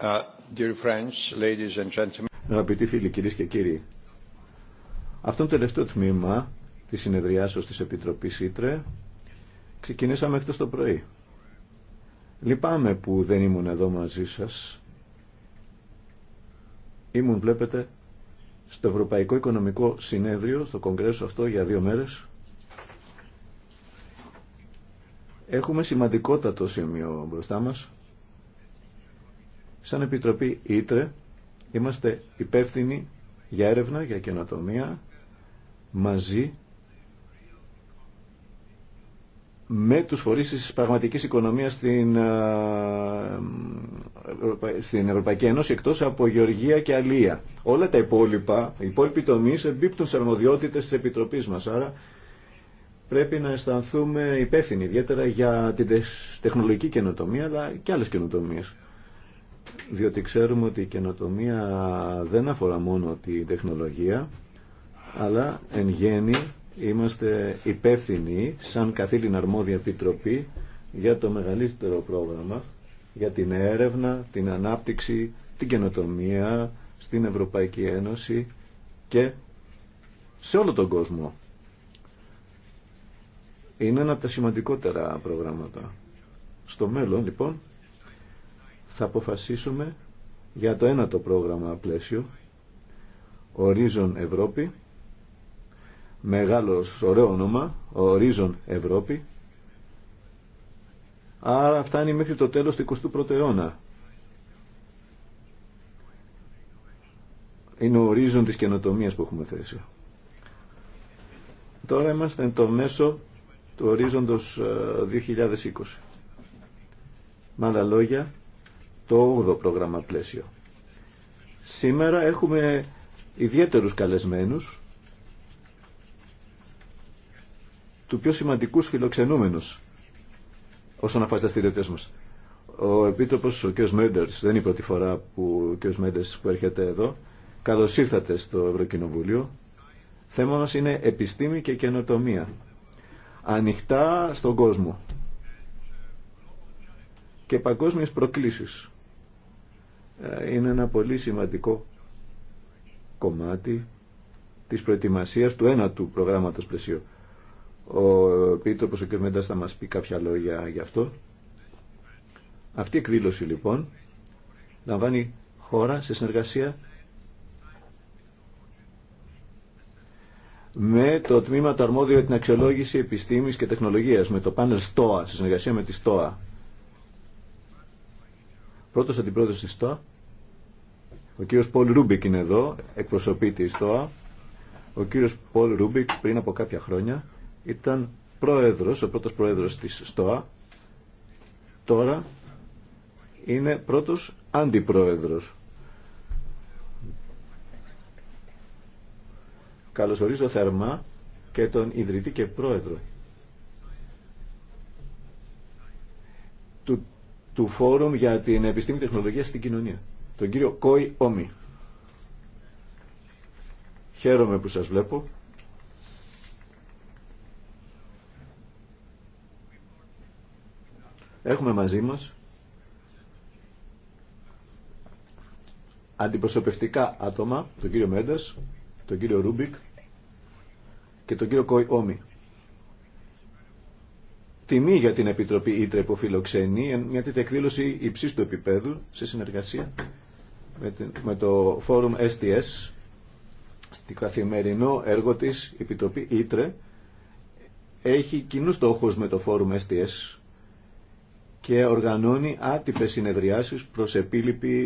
Uh, Αγαπητοί φίλοι, κυρίες και κύριοι, αυτό το τελευταίο τμήμα της συνεδριάσεως της Επιτροπής Ήτρε ξεκινήσαμε αυτό το πρωί. Λυπάμαι που δεν ήμουν εδώ μαζί σας. Ήμουν, βλέπετε, στο Ευρωπαϊκό Οικονομικό Συνέδριο, στο Κογκρέσο αυτό, για δύο μέρες. Έχουμε σημαντικότατο σημείο μπροστά μας. Σαν Επιτροπή Ήτρε είμαστε υπεύθυνοι για έρευνα, για καινοτομία, μαζί με τους φορείς της πραγματικής οικονομίας στην, στην Ευρωπαϊκή Ένωση εκτός από Γεωργία και Αλία. Όλα τα υπόλοιπα, οι υπόλοιποι τομείς εμπίπτουν σε αρμοδιότητες της Επιτροπής μας. Άρα πρέπει να αισθανθούμε υπεύθυνοι ιδιαίτερα για την τεχνολογική καινοτομία αλλά και άλλες καινοτομίες διότι ξέρουμε ότι η καινοτομία δεν αφορά μόνο την τεχνολογία, αλλά εν γέννη είμαστε υπεύθυνοι σαν καθήλυνα αρμόδια επιτροπή για το μεγαλύτερο πρόγραμμα για την έρευνα, την ανάπτυξη, την καινοτομία στην Ευρωπαϊκή Ένωση και σε όλο τον κόσμο. Είναι ένα από τα σημαντικότερα προγράμματα. Στο μέλλον, λοιπόν, θα αποφασίσουμε για το ένατο πρόγραμμα πλαίσιο Horizon Ευρώπη μεγάλος ωραίο όνομα Ορίζον Ευρώπη άρα φτάνει μέχρι το τέλος του 21ου αιώνα είναι ο ορίζον της καινοτομίας που έχουμε θέσει τώρα είμαστε το μέσο του ορίζοντος 2020 ε, με άλλα λόγια το 8ο πρόγραμμα πλαίσιο. Σήμερα έχουμε ιδιαίτερους καλεσμένους, του πιο σημαντικούς φιλοξενούμενους όσον αφορά τι μας Ο Επίτροπος ο κ. Μέντερς δεν είναι η πρώτη φορά που ο κ. Μέντερ που έρχεται εδώ. Καλώ ήρθατε στο Ευρωκοινοβούλιο. Θέμα μας είναι επιστήμη και καινοτομία. Ανοιχτά στον κόσμο. Και παγκόσμιες προκλήσεις. Ε, είναι ένα πολύ σημαντικό κομμάτι της προετοιμασίας του ένατου προγράμματος πλαισίου. Ο Επίτροπος ο κ. Μέντας θα μας πει κάποια λόγια γι' αυτό. Αυτή η εκδήλωση λοιπόν λαμβάνει χώρα σε συνεργασία με το τμήμα το αρμόδιο για την αξιολόγηση επιστήμης και τεχνολογίας, με το πάνελ ΣΤΟΑ, σε συνεργασία με τη ΣΤΟΑ. Πρώτος αντιπρόεδρος της ΣΤΟΑ, ο κύριος Πολ Ρούμπικ είναι εδώ, εκπροσωπεί τη ΣΤΟΑ. Ο κύριος Πολ Ρούμπικ πριν από κάποια χρόνια ήταν πρόεδρος, ο πρώτος πρόεδρος της ΣΤΟΑ. Τώρα είναι πρώτος αντιπρόεδρος. Καλωσορίζω θερμά και τον ιδρυτή και πρόεδρο του του Φόρουμ για την Επιστήμη Τεχνολογία στην Κοινωνία, τον κύριο Κόι Όμι. Χαίρομαι που σας βλέπω. Έχουμε μαζί μας αντιπροσωπευτικά άτομα, τον κύριο Μέντας, τον κύριο Ρούμπικ και τον κύριο Κόι Όμι τιμή για την Επιτροπή Ήτρε που φιλοξενεί μια τέτοια εκδήλωση του επίπεδου σε συνεργασία με, το Φόρουμ STS στη καθημερινό έργο της η Επιτροπή Ήτρε έχει κοινούς στόχους με το Φόρουμ STS και οργανώνει άτυπες συνεδριάσεις προς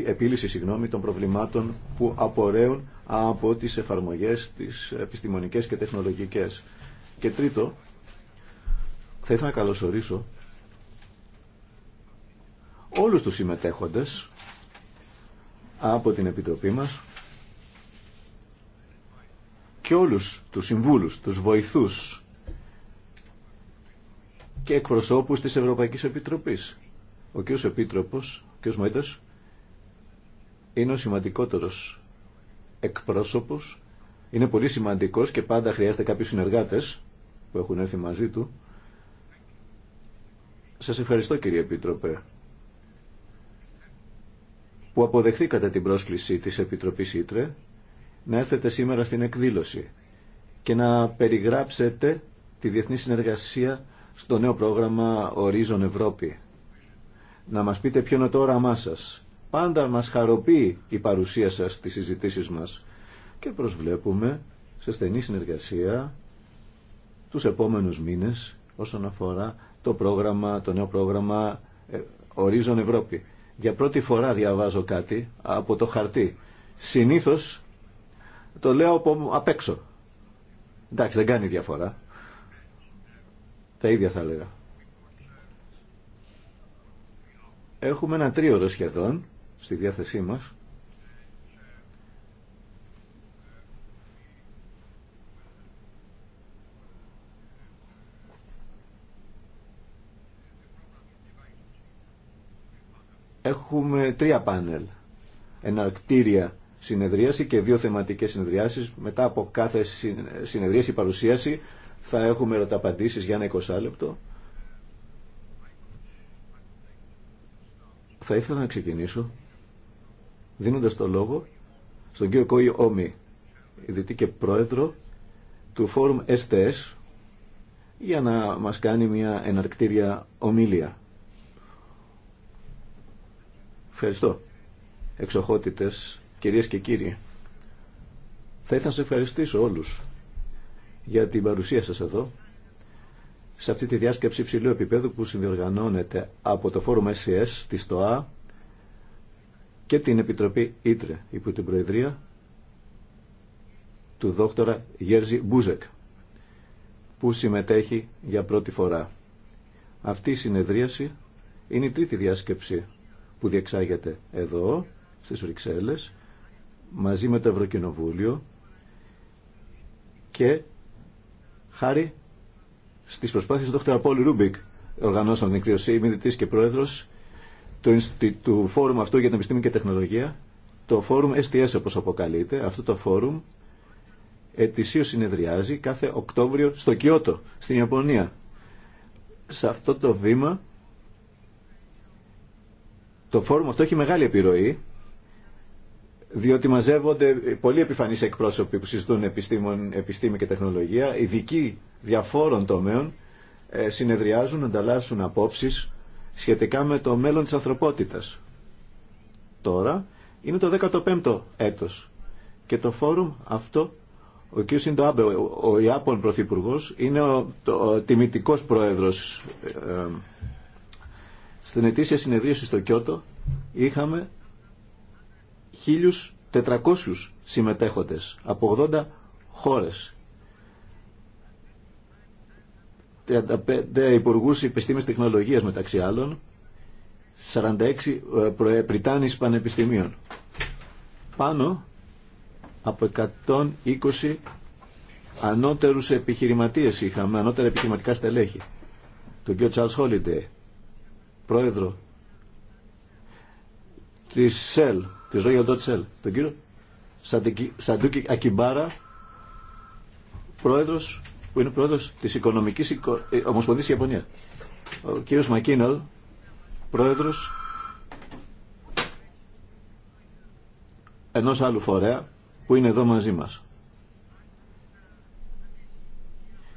επίλυση συγγνώμη, των προβλημάτων που απορρέουν από τις εφαρμογές τις επιστημονικές και τεχνολογικές. Και τρίτο, θα ήθελα να καλωσορίσω όλους τους συμμετέχοντες από την Επιτροπή μας και όλους τους συμβούλους, τους βοηθούς και εκπροσώπους της Ευρωπαϊκής Επιτροπής. Ο κ. Επίτροπος, ο κ. Μαΐτας, είναι ο σημαντικότερος εκπρόσωπος. Είναι πολύ σημαντικός και πάντα χρειάζεται κάποιους συνεργάτες που έχουν έρθει μαζί του σας ευχαριστώ κύριε Επίτροπε που αποδεχθήκατε την πρόσκληση της Επιτροπής Ήτρε να έρθετε σήμερα στην εκδήλωση και να περιγράψετε τη διεθνή συνεργασία στο νέο πρόγραμμα Ορίζον Ευρώπη. Να μας πείτε ποιο είναι το όραμά σας. Πάντα μας χαροποιεί η παρουσία σας στις συζητήσεις μας και προσβλέπουμε σε στενή συνεργασία τους επόμενους μήνες όσον αφορά το πρόγραμμα, το νέο πρόγραμμα Ορίζον ε, Ευρώπη. Για πρώτη φορά διαβάζω κάτι από το χαρτί. Συνήθως το λέω από απ' έξω. Εντάξει, δεν κάνει διαφορά. Τα ίδια θα έλεγα. Έχουμε ένα τρίωρο σχεδόν στη διάθεσή μας. Έχουμε τρία πάνελ. Εναρκτήρια συνεδρίαση και δύο θεματικές συνεδριάσεις. Μετά από κάθε συνεδρίαση παρουσίαση θα έχουμε ερωταπαντήσεις για ένα 20 λεπτό. Θα ήθελα να ξεκινήσω δίνοντας το λόγο στον κύριο Κόι Όμι, ιδιωτή και πρόεδρο του Φόρουμ STS, για να μας κάνει μια εναρκτήρια ομίλια. Ευχαριστώ. Εξοχότητες, κυρίες και κύριοι. Θα ήθελα να ευχαριστήσω όλους για την παρουσία σας εδώ σε αυτή τη διάσκεψη υψηλού επίπεδου που συνδιοργανώνεται από το Φόρουμ SES, τη ΤΟΑ και την Επιτροπή Ήτρε υπό την Προεδρία του δόκτορα Γέρζη Μπούζεκ που συμμετέχει για πρώτη φορά. Αυτή η συνεδρίαση είναι η τρίτη διάσκεψη που διεξάγεται εδώ, στις Βρυξέλλες, μαζί με το Ευρωκοινοβούλιο και χάρη στις προσπάθειες του Δ. Πόλη Ρούμπικ, οργανώσεων την εκδίωση, και πρόεδρος του, του φόρουμ αυτού για την επιστήμη και τεχνολογία, το φόρουμ STS όπως αποκαλείται, αυτό το φόρουμ ετησίως συνεδριάζει κάθε Οκτώβριο στο Κιώτο, στην Ιαπωνία. Σε αυτό το βήμα το φόρουμ αυτό έχει μεγάλη επιρροή, διότι μαζεύονται πολλοί επιφανείς εκπρόσωποι που συζητούν επιστήμη και τεχνολογία, ειδικοί διαφόρων τομέων, ε, συνεδριάζουν, ανταλλάσσουν απόψεις σχετικά με το μέλλον της ανθρωπότητας. Τώρα είναι το 15ο έτος και το φόρουμ αυτό ο κ. Σιντοάμπε, ο Ιάπων Πρωθυπουργό, είναι ο τιμητικός πρόεδρος ε, στην ετήσια συνεδρίαση στο Κιώτο είχαμε 1.400 συμμετέχοντες από 80 χώρες. 35 υπουργούς επιστήμης τεχνολογίας μεταξύ άλλων, 46 ε, Πριτάνης πανεπιστημίων. Πάνω από 120 ανώτερους επιχειρηματίες είχαμε, ανώτερα επιχειρηματικά στελέχη. Το κ. Charles Holiday, πρόεδρο της ΣΕΛ, Royal Dutch Shell, τον κύριο Σαντούκη Ακιμπάρα, πρόεδρος, που είναι πρόεδρο της Οικονομικής ε, Ομοσπονδίας Ιαπωνία. Ο κύριος Μακίναλ, πρόεδρος ενός άλλου φορέα που είναι εδώ μαζί μας.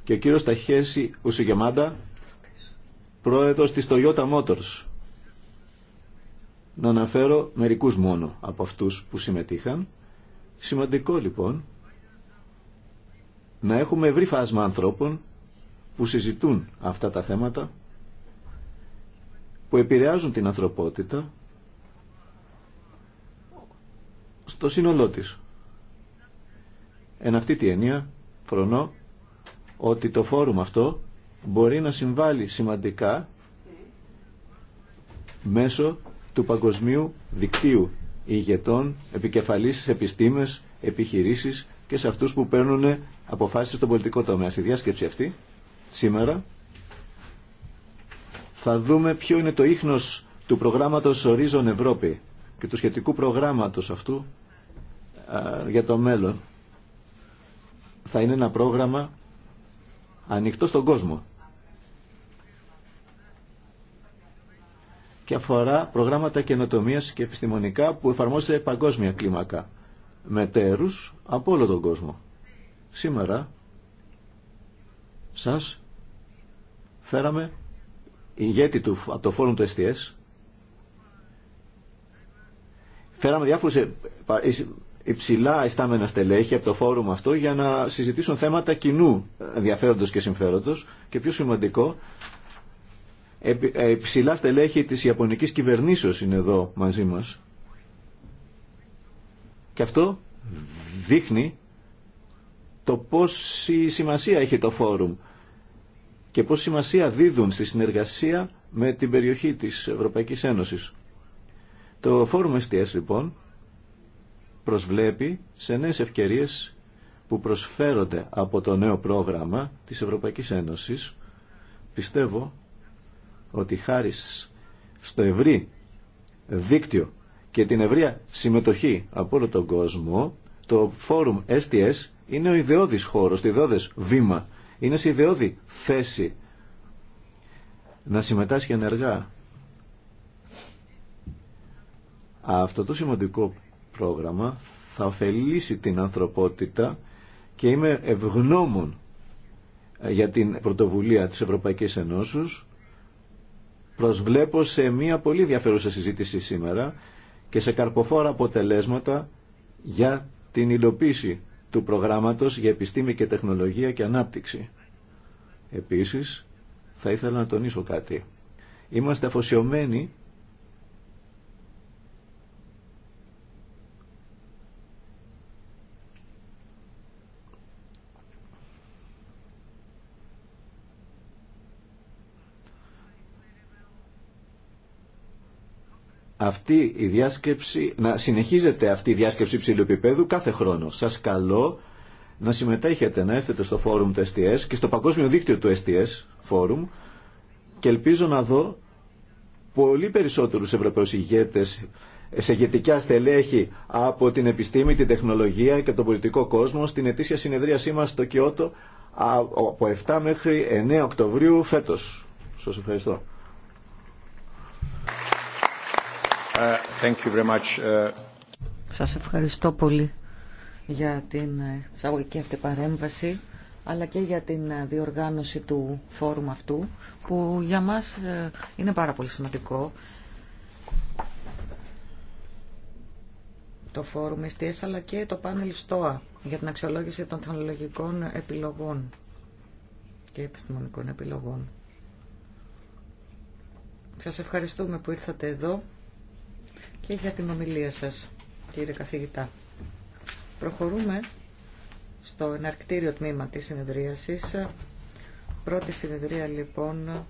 Και ο κύριο Ταχέση Ουσουγεμάντα, πρόεδρος της Toyota Motors. Να αναφέρω μερικούς μόνο από αυτούς που συμμετείχαν. Σημαντικό λοιπόν να έχουμε ευρύ φάσμα ανθρώπων που συζητούν αυτά τα θέματα, που επηρεάζουν την ανθρωπότητα στο σύνολό της. Εν αυτή τη έννοια φρονώ ότι το φόρουμ αυτό μπορεί να συμβάλλει σημαντικά μέσω του παγκοσμίου δικτύου ηγετών, επικεφαλής επιστήμες, επιχειρήσεις και σε αυτούς που παίρνουν αποφάσεις στον πολιτικό τομέα. Στη διάσκεψη αυτή, σήμερα, θα δούμε ποιο είναι το ίχνος του προγράμματος Ορίζον Ευρώπη και του σχετικού προγράμματος αυτού για το μέλλον. Θα είναι ένα πρόγραμμα ανοιχτό στον κόσμο και αφορά προγράμματα καινοτομία και επιστημονικά που εφαρμόζεται παγκόσμια κλίμακα με τέρους από όλο τον κόσμο. Σήμερα σας φέραμε ηγέτη του, από το φόρουμ του STS φέραμε διάφορους ε, υψηλά αισθάμενα στελέχη από το φόρουμ αυτό για να συζητήσουν θέματα κοινού ενδιαφέροντος και συμφέροντος και πιο σημαντικό ε, υψηλά στελέχη της Ιαπωνικής κυβερνήσεως είναι εδώ μαζί μας. Και αυτό δείχνει το πόση σημασία έχει το φόρουμ και πόση σημασία δίδουν στη συνεργασία με την περιοχή της Ευρωπαϊκής Ένωσης. Το φόρουμ STS λοιπόν προσβλέπει σε νέες ευκαιρίες που προσφέρονται από το νέο πρόγραμμα της Ευρωπαϊκής Ένωσης. Πιστεύω ότι χάρη στο ευρύ δίκτυο και την ευρεία συμμετοχή από όλο τον κόσμο, το Forum STS είναι ο ιδεώδης χώρος, το ιδεώδες βήμα. Είναι σε ιδεώδη θέση να συμμετάσχει ενεργά. Αυτό το σημαντικό πρόγραμμα θα ωφελήσει την ανθρωπότητα και είμαι ευγνώμων για την πρωτοβουλία της Ευρωπαϊκής Ενώσης Προσβλέπω σε μια πολύ ενδιαφέρουσα συζήτηση σήμερα και σε καρποφόρα αποτελέσματα για την υλοποίηση του προγράμματος για επιστήμη και τεχνολογία και ανάπτυξη. Επίσης, θα ήθελα να τονίσω κάτι. Είμαστε αφοσιωμένοι αυτή η διάσκεψη, να συνεχίζεται αυτή η διάσκεψη ψηλού επίπεδου κάθε χρόνο. Σας καλώ να συμμετέχετε, να έρθετε στο φόρουμ του STS και στο παγκόσμιο δίκτυο του STS φόρουμ και ελπίζω να δω πολύ περισσότερους Ευρωπαίους ηγέτες σε ηγετικά στελέχη από την επιστήμη, την τεχνολογία και τον πολιτικό κόσμο στην ετήσια συνεδρίασή μας στο Κιώτο από 7 μέχρι 9 Οκτωβρίου φέτος. Σας ευχαριστώ. Σα uh, uh, Σας ευχαριστώ πολύ για την εισαγωγική αυτή παρέμβαση αλλά και για την ε, διοργάνωση του φόρουμ αυτού που για μας ε, είναι πάρα πολύ σημαντικό. Το φόρουμ STS αλλά και το πάνελ ΣΤΟΑ για την αξιολόγηση των τεχνολογικών επιλογών και επιστημονικών επιλογών. Σας ευχαριστούμε που ήρθατε εδώ και για την ομιλία σας, κύριε καθηγητά. Προχωρούμε στο εναρκτήριο τμήμα της συνεδρίασης. Πρώτη συνεδρία λοιπόν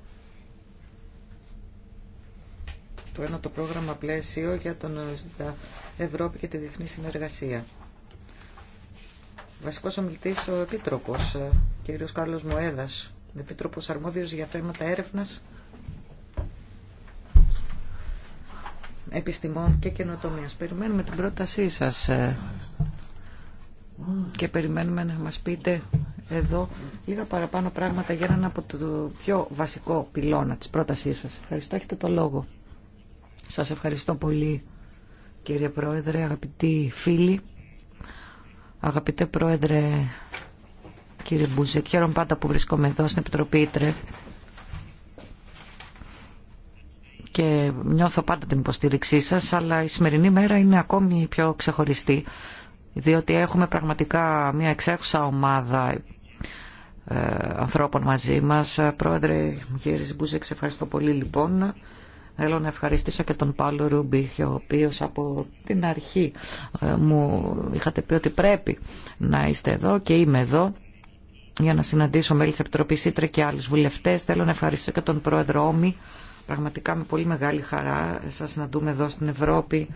του ένα το πρόγραμμα πλαίσιο για τον Ευρώπη και τη διεθνή συνεργασία. Βασικός ομιλητής ο Επίτροπος, ε, κύριος Κάρλος Μοέδας, Επίτροπος Αρμόδιος για θέματα έρευνας επιστημών και καινοτομίας. Περιμένουμε την πρότασή σας ε, και περιμένουμε να μας πείτε εδώ λίγα παραπάνω πράγματα για έναν από το πιο βασικό πυλώνα της πρότασής σας. Ευχαριστώ, έχετε το λόγο. Σας ευχαριστώ πολύ κύριε Πρόεδρε, αγαπητοί φίλοι, αγαπητέ Πρόεδρε κύριε Μπούζε, χαίρομαι πάντα που βρίσκομαι εδώ στην Επιτροπή Ήτρε και νιώθω πάντα την υποστήριξή σας, αλλά η σημερινή μέρα είναι ακόμη πιο ξεχωριστή, διότι έχουμε πραγματικά μια εξέχουσα ομάδα ε, ανθρώπων μαζί μας. Πρόεδρε, κύριε Ζιμπούζε, ευχαριστώ πολύ λοιπόν. Θέλω να ευχαριστήσω και τον Παύλο Ρούμπι, ο οποίος από την αρχή ε, μου είχατε πει ότι πρέπει να είστε εδώ και είμαι εδώ για να συναντήσω μέλη της Επιτροπής Ήτρε και άλλους βουλευτές. Θέλω να ευχαριστήσω και τον Πρόεδρο Όμη, Πραγματικά με πολύ μεγάλη χαρά σας να εδώ στην Ευρώπη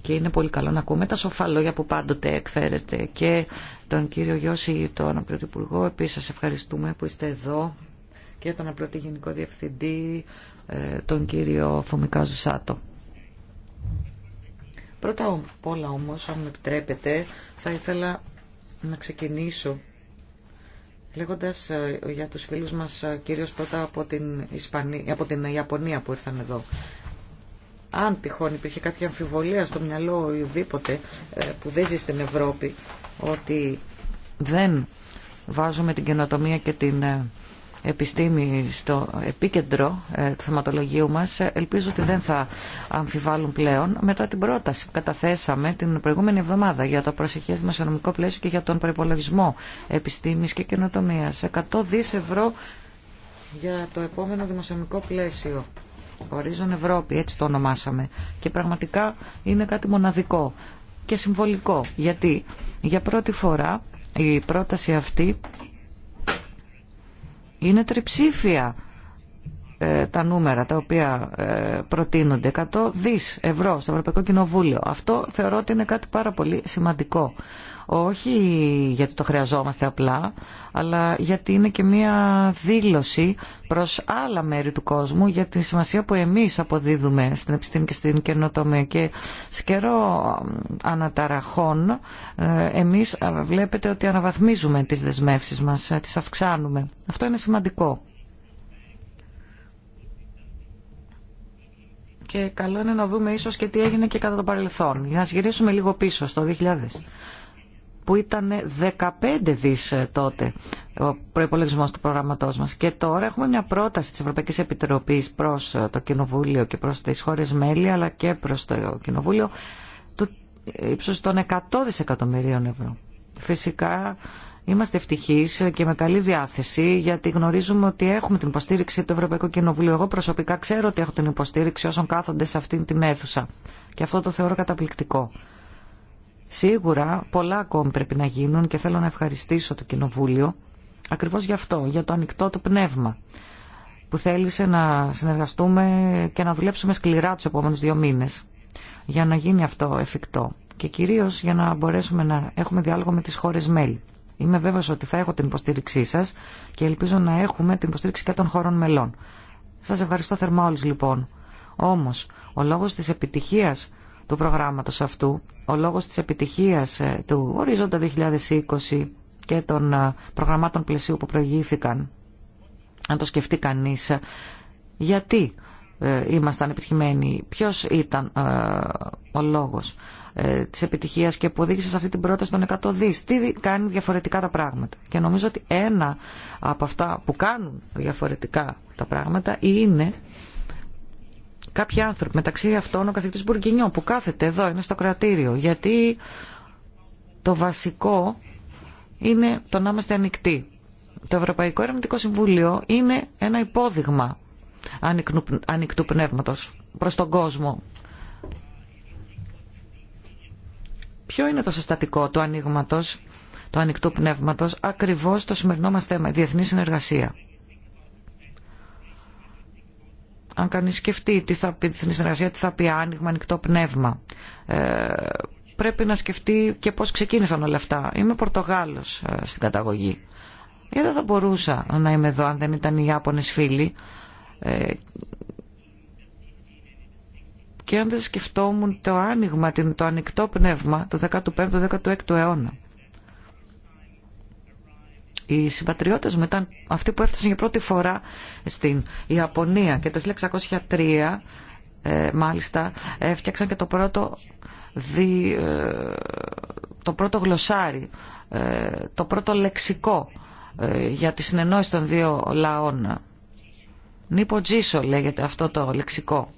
και είναι πολύ καλό να ακούμε τα σοφά λόγια που πάντοτε εκφέρετε και τον κύριο Γιώση, τον Πρωθυπουργό επίσης σας ευχαριστούμε που είστε εδώ και τον Αναπληρωτή Γενικό Διευθυντή, ε, τον κύριο Φωμικά Ζουσάτο. Πρώτα απ' όλα όμως, αν με επιτρέπετε, θα ήθελα να ξεκινήσω λέγοντας ε, για τους φίλους μας ε, κυρίως πρώτα από την, Ισπανία, από την Ιαπωνία που ήρθαν εδώ. Αν τυχόν υπήρχε κάποια αμφιβολία στο μυαλό οδήποτε ε, που δεν ζει στην Ευρώπη ότι δεν βάζουμε την καινοτομία και την επιστήμη στο επίκεντρο ε, του θεματολογίου μας ε, ελπίζω ότι δεν θα αμφιβάλλουν πλέον μετά την πρόταση που καταθέσαμε την προηγούμενη εβδομάδα για το προσεχές δημοσιονομικό πλαίσιο και για τον προπολογισμό επιστήμης και καινοτομίας. 100 δις ευρώ για το επόμενο δημοσιονομικό πλαίσιο. Ορίζον Ευρώπη, έτσι το ονομάσαμε. Και πραγματικά είναι κάτι μοναδικό και συμβολικό. Γιατί για πρώτη φορά η πρόταση αυτή είναι τριψήφια ε, τα νούμερα τα οποία ε, προτείνονται. 100 δις ευρώ στο Ευρωπαϊκό Κοινοβούλιο. Αυτό θεωρώ ότι είναι κάτι πάρα πολύ σημαντικό. Όχι γιατί το χρειαζόμαστε απλά, αλλά γιατί είναι και μία δήλωση προς άλλα μέρη του κόσμου για τη σημασία που εμείς αποδίδουμε στην επιστήμη και στην καινοτομία. Και σε καιρό ε, αναταραχών εμείς βλέπετε ότι αναβαθμίζουμε τις δεσμεύσεις μας, τις αυξάνουμε. Αυτό είναι σημαντικό. και καλό είναι να δούμε ίσως και τι έγινε και κατά το παρελθόν. Για να γυρίσουμε λίγο πίσω στο 2000 που ήταν 15 δις ε, τότε ο προπολογισμό του προγραμματός μας. Και τώρα έχουμε μια πρόταση της Ευρωπαϊκής Επιτροπής προς ε, το Κοινοβούλιο και προς τις χώρες μέλη, αλλά και προς το Κοινοβούλιο, του ε, των 100 δισεκατομμυρίων ευρώ. Φυσικά Είμαστε ευτυχεί και με καλή διάθεση γιατί γνωρίζουμε ότι έχουμε την υποστήριξη του Ευρωπαϊκού Κοινοβουλίου. Εγώ προσωπικά ξέρω ότι έχω την υποστήριξη όσων κάθονται σε αυτήν την αίθουσα και αυτό το θεωρώ καταπληκτικό. Σίγουρα πολλά ακόμη πρέπει να γίνουν και θέλω να ευχαριστήσω το Κοινοβούλιο ακριβώς γι' αυτό, για το ανοιχτό του πνεύμα που θέλησε να συνεργαστούμε και να δουλέψουμε σκληρά τους επόμενους δύο μήνες για να γίνει αυτό εφικτό και κυρίως για να μπορέσουμε να έχουμε διάλογο με τις χώρες μέλη. Είμαι βέβαιος ότι θα έχω την υποστήριξή σα και ελπίζω να έχουμε την υποστήριξη και των χωρών μελών. Σας ευχαριστώ θερμά όλους λοιπόν. Όμως, ο λόγος της επιτυχίας του προγράμματος αυτού, ο λόγος της επιτυχίας ε, του Ορίζοντα 2020 και των ε, προγραμμάτων πλαισίου που προηγήθηκαν, αν το σκεφτεί κανεί, ε, γιατί ήμασταν επιτυχημένοι, ποιο ήταν ο λόγο ε, της επιτυχίας και που οδήγησε σε αυτή την πρόταση των 100 δις. Τι κάνει διαφορετικά τα πράγματα. Και νομίζω ότι ένα από αυτά που κάνουν διαφορετικά τα πράγματα είναι κάποιοι άνθρωποι, μεταξύ αυτών ο καθηγητής Μπουργκινιό που κάθεται εδώ, είναι στο κρατήριο, γιατί το βασικό είναι το να είμαστε ανοιχτοί. Το Ευρωπαϊκό Ερευνητικό Συμβούλιο είναι ένα υπόδειγμα ανοιχτού πνεύματος προς τον κόσμο Ποιο είναι το συστατικό του ανοίγματο, του ανοιχτού πνεύματο, ακριβώ το σημερινό μα θέμα, η διεθνή συνεργασία. Αν κανεί σκεφτεί τι θα πει διεθνή συνεργασία, τι θα πει άνοιγμα, ανοιχτό πνεύμα, ε, πρέπει να σκεφτεί και πώ ξεκίνησαν όλα αυτά. Είμαι Πορτογάλο ε, στην καταγωγή. Γιατί ε, δεν θα μπορούσα να είμαι εδώ αν δεν ήταν οι Ιάπωνε φίλοι ε, και αν δεν σκεφτόμουν το άνοιγμα, το ανοιχτό πνεύμα του 15ου-16ου αιώνα. Οι συμπατριώτες μου ήταν αυτοί που έφτασαν για πρώτη φορά στην Ιαπωνία και το 1603 ε, μάλιστα έφτιαξαν και το πρώτο, ε, το πρώτο γλωσσάρι, ε, το πρώτο λεξικό για τη συνεννόηση των δύο λαών. Νίπο Τζίσο λέγεται αυτό το λεξικό.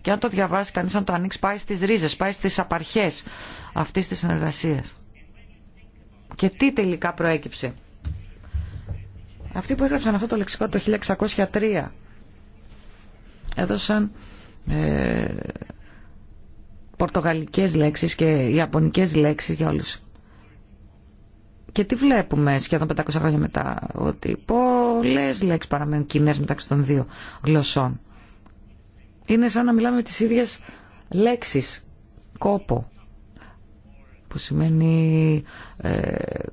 Και αν το διαβάσει κανείς, αν το ανοίξει, πάει στις ρίζες, πάει στις απαρχές αυτής της συνεργασίας. Και τι τελικά προέκυψε. Αυτοί που έγραψαν αυτό το λεξικό το 1603 έδωσαν ε, πορτογαλικές λέξεις και ιαπωνικές λέξεις για όλους. Και τι βλέπουμε σχεδόν 500 χρόνια μετά, ότι πολλές λέξεις παραμένουν κοινέ μεταξύ των δύο γλωσσών είναι σαν να μιλάμε με τις ίδιες λέξεις. Κόπο, που σημαίνει ε,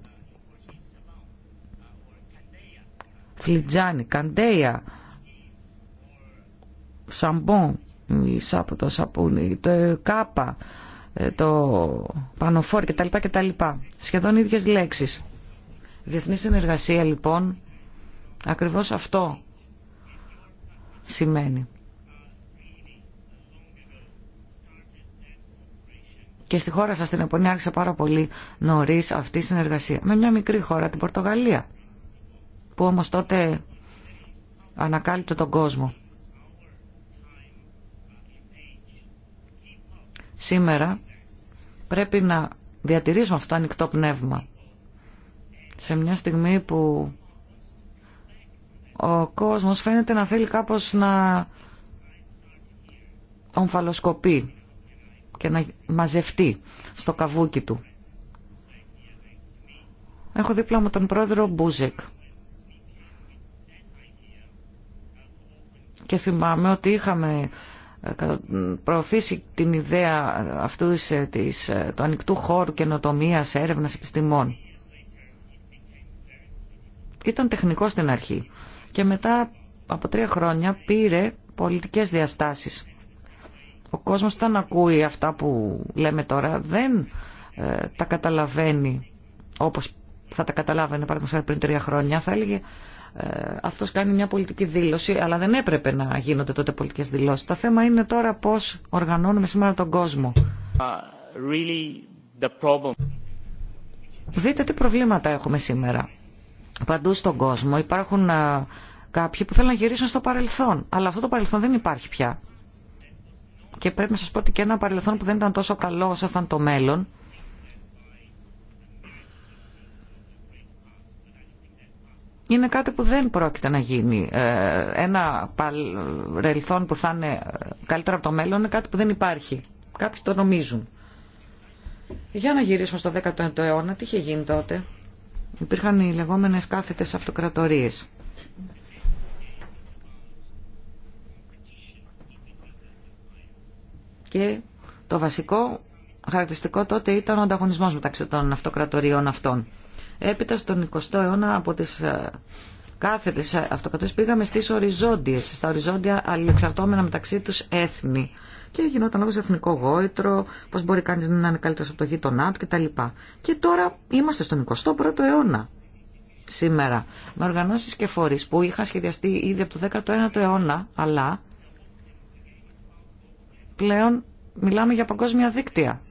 φλιτζάνι, καντέια, σαμπόν, η σάπο, το σαπούνι, το κάπα, ε, το πανοφόρ κτλ. λοιπά Σχεδόν ίδιες λέξεις. Διεθνή συνεργασία λοιπόν ακριβώς αυτό σημαίνει. και στη χώρα σας την Ιαπωνία άρχισε πάρα πολύ νωρίς αυτή η συνεργασία με μια μικρή χώρα, την Πορτογαλία που όμως τότε ανακάλυπτε τον κόσμο. Σήμερα πρέπει να διατηρήσουμε αυτό το ανοιχτό πνεύμα σε μια στιγμή που ο κόσμος φαίνεται να θέλει κάπως να ομφαλοσκοπεί και να μαζευτεί στο καβούκι του. Έχω δίπλα μου τον πρόεδρο Μπούζεκ. Και θυμάμαι ότι είχαμε ε, προωθήσει την ιδέα αυτού ε, της, ε, του ανοιχτού χώρου καινοτομία έρευνας επιστημών. Ήταν τεχνικό στην αρχή και μετά από τρία χρόνια πήρε πολιτικές διαστάσεις. Ο κόσμος όταν ακούει αυτά που λέμε τώρα δεν ε, τα καταλαβαίνει όπως θα τα καταλάβαινε παράδειγμα πριν τρία χρόνια. Θα έλεγε ε, αυτός κάνει μια πολιτική δήλωση, αλλά δεν έπρεπε να γίνονται τότε πολιτικές δηλώσεις. Το θέμα είναι τώρα πώς οργανώνουμε σήμερα τον κόσμο. Uh, really the problem. Δείτε τι προβλήματα έχουμε σήμερα. Παντού στον κόσμο υπάρχουν ε, κάποιοι που θέλουν να γυρίσουν στο παρελθόν, αλλά αυτό το παρελθόν δεν υπάρχει πια και πρέπει να σας πω ότι και ένα παρελθόν που δεν ήταν τόσο καλό όσο ήταν το μέλλον είναι κάτι που δεν πρόκειται να γίνει. Ε, ένα παρελθόν που θα είναι καλύτερο από το μέλλον είναι κάτι που δεν υπάρχει. Κάποιοι το νομίζουν. Για να γυρίσουμε στο 19ο αιώνα, τι είχε γίνει τότε. Υπήρχαν οι λεγόμενες κάθετες αυτοκρατορίες. και το βασικό χαρακτηριστικό τότε ήταν ο ανταγωνισμός μεταξύ των αυτοκρατοριών αυτών. Έπειτα στον 20ο αιώνα από τις ε, κάθετες αυτοκρατορίες πήγαμε στις οριζόντιες, στα οριζόντια αλληλεξαρτώμενα μεταξύ τους έθνη. Και γινόταν λόγος εθνικό γόητρο, πώς μπορεί κανείς να είναι καλύτερος από το γείτονά του κτλ. Και τώρα είμαστε στον 21ο αιώνα σήμερα με οργανώσεις και φορείς που είχαν σχεδιαστεί ήδη από το 19ο αιώνα αλλά πλέον μιλάμε για παγκόσμια δίκτυα.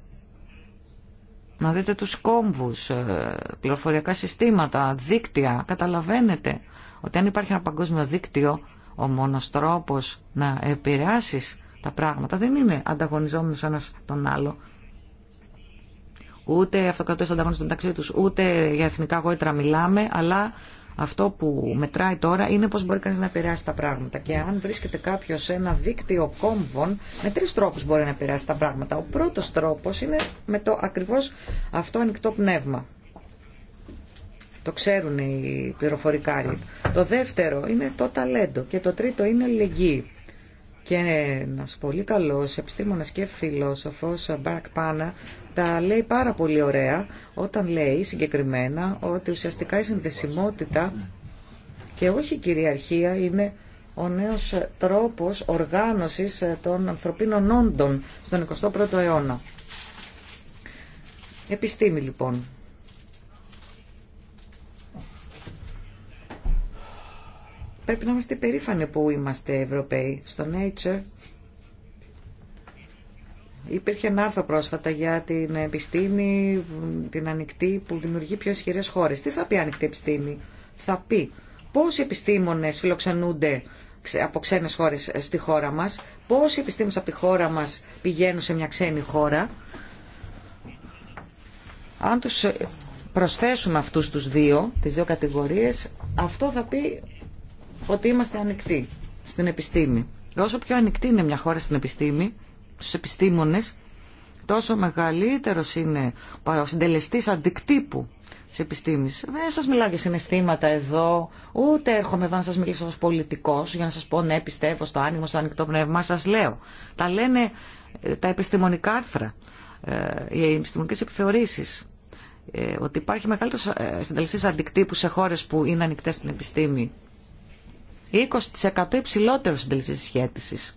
Να δείτε τους κόμβους, ε, πληροφοριακά συστήματα, δίκτυα. Καταλαβαίνετε ότι αν υπάρχει ένα παγκόσμιο δίκτυο, ο μόνος τρόπος να επηρεάσει τα πράγματα δεν είναι ανταγωνιζόμενος ένας τον άλλο. Ούτε αυτοκρατές ανταγωνίζονται μεταξύ τους, ούτε για εθνικά γόητρα μιλάμε, αλλά αυτό που μετράει τώρα είναι πώς μπορεί κανείς να επηρεάσει τα πράγματα. Και αν βρίσκεται κάποιο σε ένα δίκτυο κόμβων, με τρεις τρόπους μπορεί να επηρεάσει τα πράγματα. Ο πρώτος τρόπος είναι με το ακριβώς αυτό ανοιχτό πνεύμα. Το ξέρουν οι πληροφορικάροι. Το δεύτερο είναι το ταλέντο και το τρίτο είναι λεγγύη και ένα πολύ καλό επιστήμονας και φιλόσοφος Μπακ Πάνα τα λέει πάρα πολύ ωραία όταν λέει συγκεκριμένα ότι ουσιαστικά η συνδεσιμότητα και όχι η κυριαρχία είναι ο νέος τρόπος οργάνωσης των ανθρωπίνων όντων στον 21ο αιώνα. Επιστήμη λοιπόν. Πρέπει να είμαστε περήφανοι που είμαστε Ευρωπαίοι. Στο Nature υπήρχε ένα άρθρο πρόσφατα για την επιστήμη, την ανοιχτή που δημιουργεί πιο ισχυρέ χώρε. Τι θα πει ανοιχτή επιστήμη, θα πει πόσοι επιστήμονε φιλοξενούνται από ξένες χώρες ε, στη χώρα μας, πόσοι επιστήμονες από τη χώρα μας πηγαίνουν σε μια ξένη χώρα. Αν τους ε, προσθέσουμε αυτούς τους δύο, τις δύο κατηγορίες, αυτό θα πει ότι είμαστε ανοιχτοί στην επιστήμη. Όσο πιο ανοιχτή είναι μια χώρα στην επιστήμη, στους επιστήμονες, τόσο μεγαλύτερος είναι ο συντελεστής αντικτύπου της επιστήμης. Δεν σας μιλάω για συναισθήματα εδώ, ούτε έρχομαι εδώ να σας μιλήσω ως πολιτικός για να σας πω ναι πιστεύω στο άνοιγμα, στο ανοιχτό πνεύμα, σας λέω. Τα λένε ε, τα επιστημονικά άρθρα, ε, οι επιστημονικές επιθεωρήσεις ε, ότι υπάρχει μεγαλύτερο συντελεστής αντικτύπου σε χώρες που είναι ανοιχτέ στην επιστήμη 20% υψηλότερο τελική σχέτισης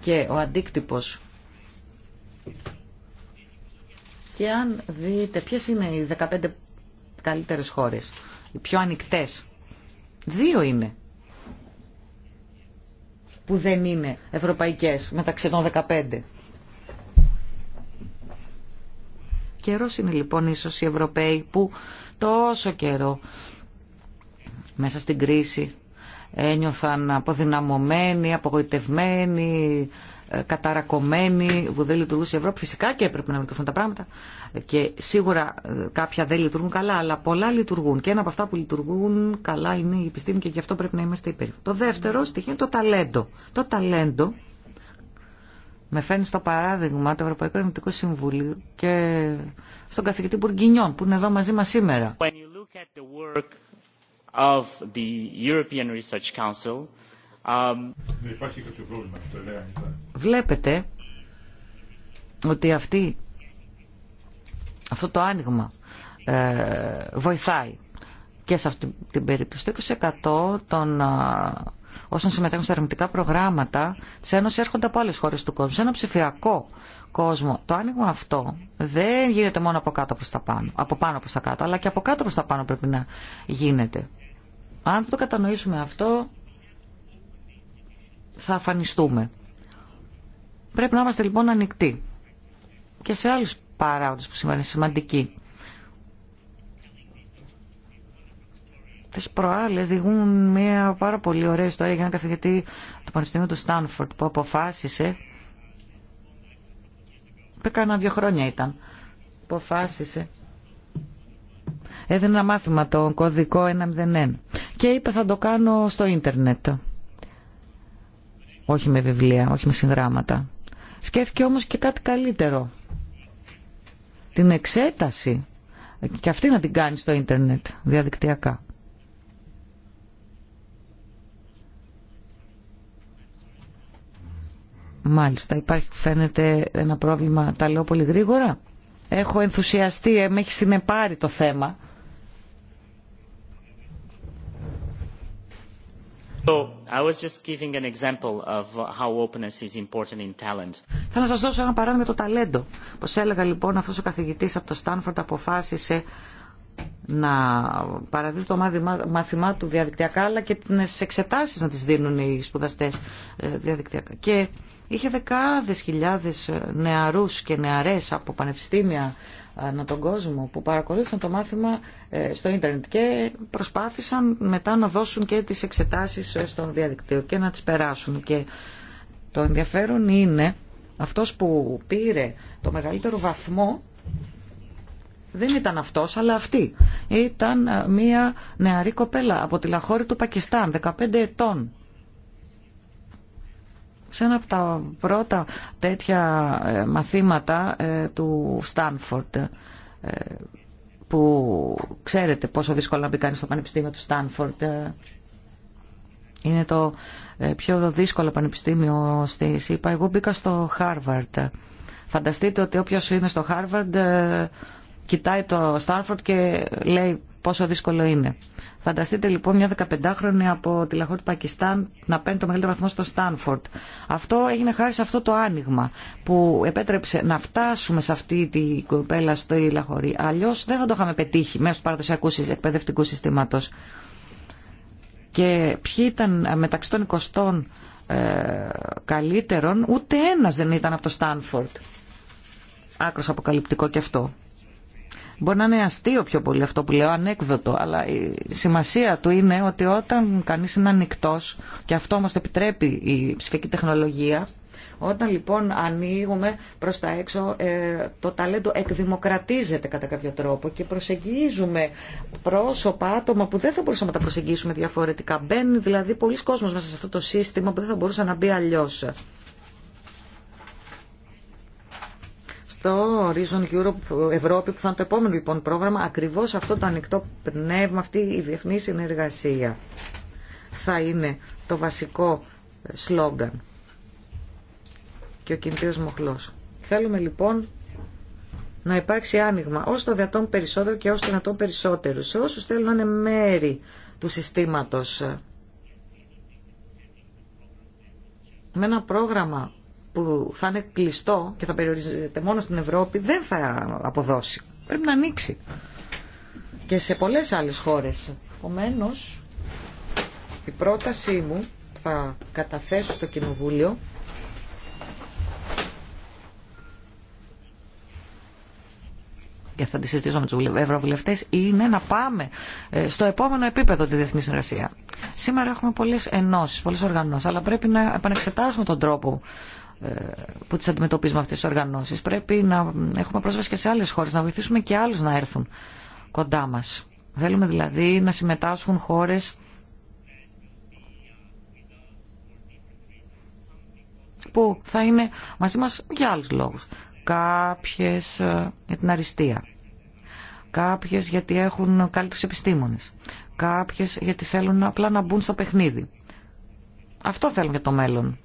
Και ο αντίκτυπος. Και αν δείτε ποιε είναι οι 15 καλύτερε χώρες, οι πιο ανοιχτέ. δύο είναι που δεν είναι ευρωπαϊκές μεταξύ των 15. Καιρός είναι λοιπόν ίσως οι Ευρωπαίοι που τόσο καιρό μέσα στην κρίση ένιωθαν αποδυναμωμένοι, απογοητευμένοι, ε, καταρακωμένοι, που δεν λειτουργούσε η Ευρώπη. Φυσικά και έπρεπε να λειτουργούν τα πράγματα και σίγουρα ε, κάποια δεν λειτουργούν καλά, αλλά πολλά λειτουργούν. Και ένα από αυτά που λειτουργούν καλά είναι η επιστήμη και γι' αυτό πρέπει να είμαστε υπέρ. Το δεύτερο στοιχείο είναι το ταλέντο. Το ταλέντο με φέρνει στο παράδειγμα του Ευρωπαϊκού Ενωτικό Συμβουλίου και στον καθηγητή Μπουργκινιόν που είναι εδώ μαζί μας σήμερα of the European Research Council. Um... Ναι, Βλέπετε ότι αυτή, αυτό το άνοιγμα ε, βοηθάει και σε αυτή την περίπτωση. Το 20% των ε, όσων συμμετέχουν στα ερευνητικά προγράμματα τη Ένωση έρχονται από άλλε χώρε του κόσμου. Σε ένα ψηφιακό κόσμο, το άνοιγμα αυτό δεν γίνεται μόνο από κάτω προ τα πάνω, από πάνω προ τα κάτω, αλλά και από κάτω προ τα πάνω πρέπει να γίνεται. Αν το κατανοήσουμε αυτό, θα αφανιστούμε. Πρέπει να είμαστε λοιπόν ανοιχτοί και σε άλλους παράγοντες που σήμερα είναι σημαντικοί. Τις προάλλες διηγούν μια πάρα πολύ ωραία ιστορία για έναν καθηγητή του Πανεπιστημίου του Στάνφορντ που αποφάσισε πέκανα δύο χρόνια ήταν που αποφάσισε Έδινε ένα μάθημα το κωδικό 101 και είπε θα το κάνω στο ίντερνετ. Όχι με βιβλία, όχι με συνδράματα. Σκέφτηκε όμως και κάτι καλύτερο. Την εξέταση και αυτή να την κάνει στο ίντερνετ διαδικτυακά. Μάλιστα, υπάρχει φαίνεται ένα πρόβλημα, τα λέω πολύ γρήγορα. Έχω ενθουσιαστεί, ε, με έχει συνεπάρει το θέμα. Θέλω να σας δώσω ένα παράδειγμα το ταλέντο. Πώς έλεγα λοιπόν αυτός ο καθηγητής από το Στάνφορντ αποφάσισε να παραδίδει το μάθημά του διαδικτυακά αλλά και τις εξετάσεις να τις δίνουν οι σπουδαστές ε, διαδικτυακά. Και είχε δεκάδες χιλιάδες ε, νεαρούς και νεαρές από πανεπιστήμια ανά τον κόσμο που παρακολούθησαν το μάθημα ε, στο ίντερνετ και προσπάθησαν μετά να δώσουν και τις εξετάσεις ε, στο διαδικτύο και να τις περάσουν. Και το ενδιαφέρον είναι αυτός που πήρε το μεγαλύτερο βαθμό δεν ήταν αυτός, αλλά αυτή. Ήταν ε, μια νεαρή κοπέλα από τη Λαχώρη του Πακιστάν, 15 ετών σε ένα από τα πρώτα τέτοια ε, μαθήματα ε, του Στάνφορντ ε, που ξέρετε πόσο δύσκολο να μπει κανείς στο Πανεπιστήμιο του Στάνφορντ είναι το πιο δύσκολο πανεπιστήμιο στη ΣΥΠΑ. Εγώ μπήκα στο Χάρβαρντ. Φανταστείτε ότι όποιος είναι στο Χάρβαρντ κοιτάει το Στάνφορντ και λέει πόσο δύσκολο είναι. Φανταστείτε λοιπόν μια 15χρονη από τη Λαχώρη του Πακιστάν να παίρνει το μεγαλύτερο βαθμό στο Στάνφορντ. Αυτό έγινε χάρη σε αυτό το άνοιγμα που επέτρεψε να φτάσουμε σε αυτή την κοπέλα στο Λαχώρη. Αλλιώ δεν θα το είχαμε πετύχει μέσω του παραδοσιακού εκπαιδευτικού συστήματο. Και ποιοι ήταν ε, μεταξύ των 20 ε, καλύτερων, ούτε ένα δεν ήταν από το Στάνφορντ. άκρο αποκαλυπτικό και αυτό. Μπορεί να είναι αστείο πιο πολύ αυτό που λέω, ανέκδοτο, αλλά η σημασία του είναι ότι όταν κανείς είναι ανοιχτό και αυτό όμως το επιτρέπει η ψηφιακή τεχνολογία, όταν λοιπόν ανοίγουμε προς τα έξω, ε, το ταλέντο εκδημοκρατίζεται κατά κάποιο τρόπο και προσεγγίζουμε πρόσωπα, άτομα που δεν θα μπορούσαμε να τα προσεγγίσουμε διαφορετικά. Μπαίνει δηλαδή πολλοί κόσμος μέσα σε αυτό το σύστημα που δεν θα μπορούσε να μπει αλλιώς. το Horizon Europe Ευρώπη που θα είναι το επόμενο λοιπόν πρόγραμμα ακριβώς αυτό το ανοιχτό πνεύμα, αυτή η διεθνή συνεργασία θα είναι το βασικό σλόγγαν και ο κινητήριο μοχλός. Θέλουμε λοιπόν να υπάρξει άνοιγμα όσο το δυνατόν περισσότερο και όσο το δυνατόν περισσότερο σε όσους θέλουν να είναι μέρη του συστήματος με ένα πρόγραμμα που θα είναι κλειστό και θα περιορίζεται μόνο στην Ευρώπη δεν θα αποδώσει. Πρέπει να ανοίξει. Και σε πολλές άλλες χώρες. Επομένω, η πρότασή μου θα καταθέσω στο Κοινοβούλιο και θα τη συζητήσω με τους ευρωβουλευτέ, είναι να πάμε ε, στο επόμενο επίπεδο τη διεθνή συνεργασία. Σήμερα έχουμε πολλές ενώσεις, πολλές οργανώσει, αλλά πρέπει να επανεξετάσουμε τον τρόπο που τις αντιμετωπίζουμε αυτές τις οργανώσεις. Πρέπει να έχουμε πρόσβαση και σε άλλες χώρες, να βοηθήσουμε και άλλους να έρθουν κοντά μας. Θέλουμε δηλαδή να συμμετάσχουν χώρες που θα είναι μαζί μας για άλλους λόγους. Κάποιες ε, για την αριστεία, κάποιες γιατί έχουν καλύτερους επιστήμονες, κάποιες γιατί θέλουν απλά να μπουν στο παιχνίδι. Αυτό θέλουν για το μέλλον.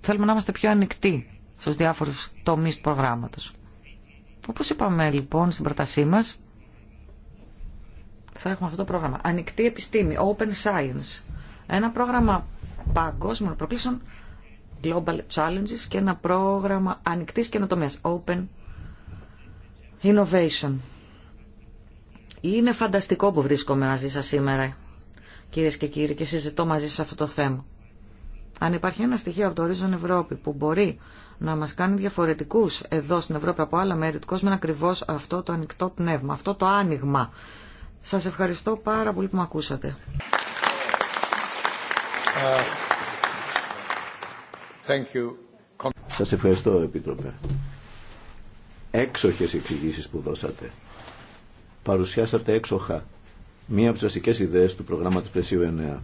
Θέλουμε να είμαστε πιο ανοιχτοί στους διάφορους τομείς του προγράμματος. Όπως είπαμε λοιπόν στην πρότασή μας, θα έχουμε αυτό το πρόγραμμα. Ανοιχτή επιστήμη, Open Science. Ένα πρόγραμμα παγκόσμιων προκλήσεων, Global Challenges και ένα πρόγραμμα ανοιχτής καινοτομίας, Open Innovation. Είναι φανταστικό που βρίσκομαι μαζί σας σήμερα, κυρίες και κύριοι, και συζητώ μαζί σας αυτό το θέμα. Αν υπάρχει ένα στοιχείο από το ορίζον Ευρώπη που μπορεί να μας κάνει διαφορετικούς εδώ στην Ευρώπη από άλλα μέρη του κόσμου, είναι ακριβώς αυτό το ανοιχτό πνεύμα, αυτό το άνοιγμα. Σας ευχαριστώ πάρα πολύ που με ακούσατε. Uh, thank Σας ευχαριστώ, Επίτροπε. Έξοχες εξηγήσεις που δώσατε. Παρουσιάσατε έξοχα μία από τις βασικέ ιδέες του προγράμματος Πλαισίου 9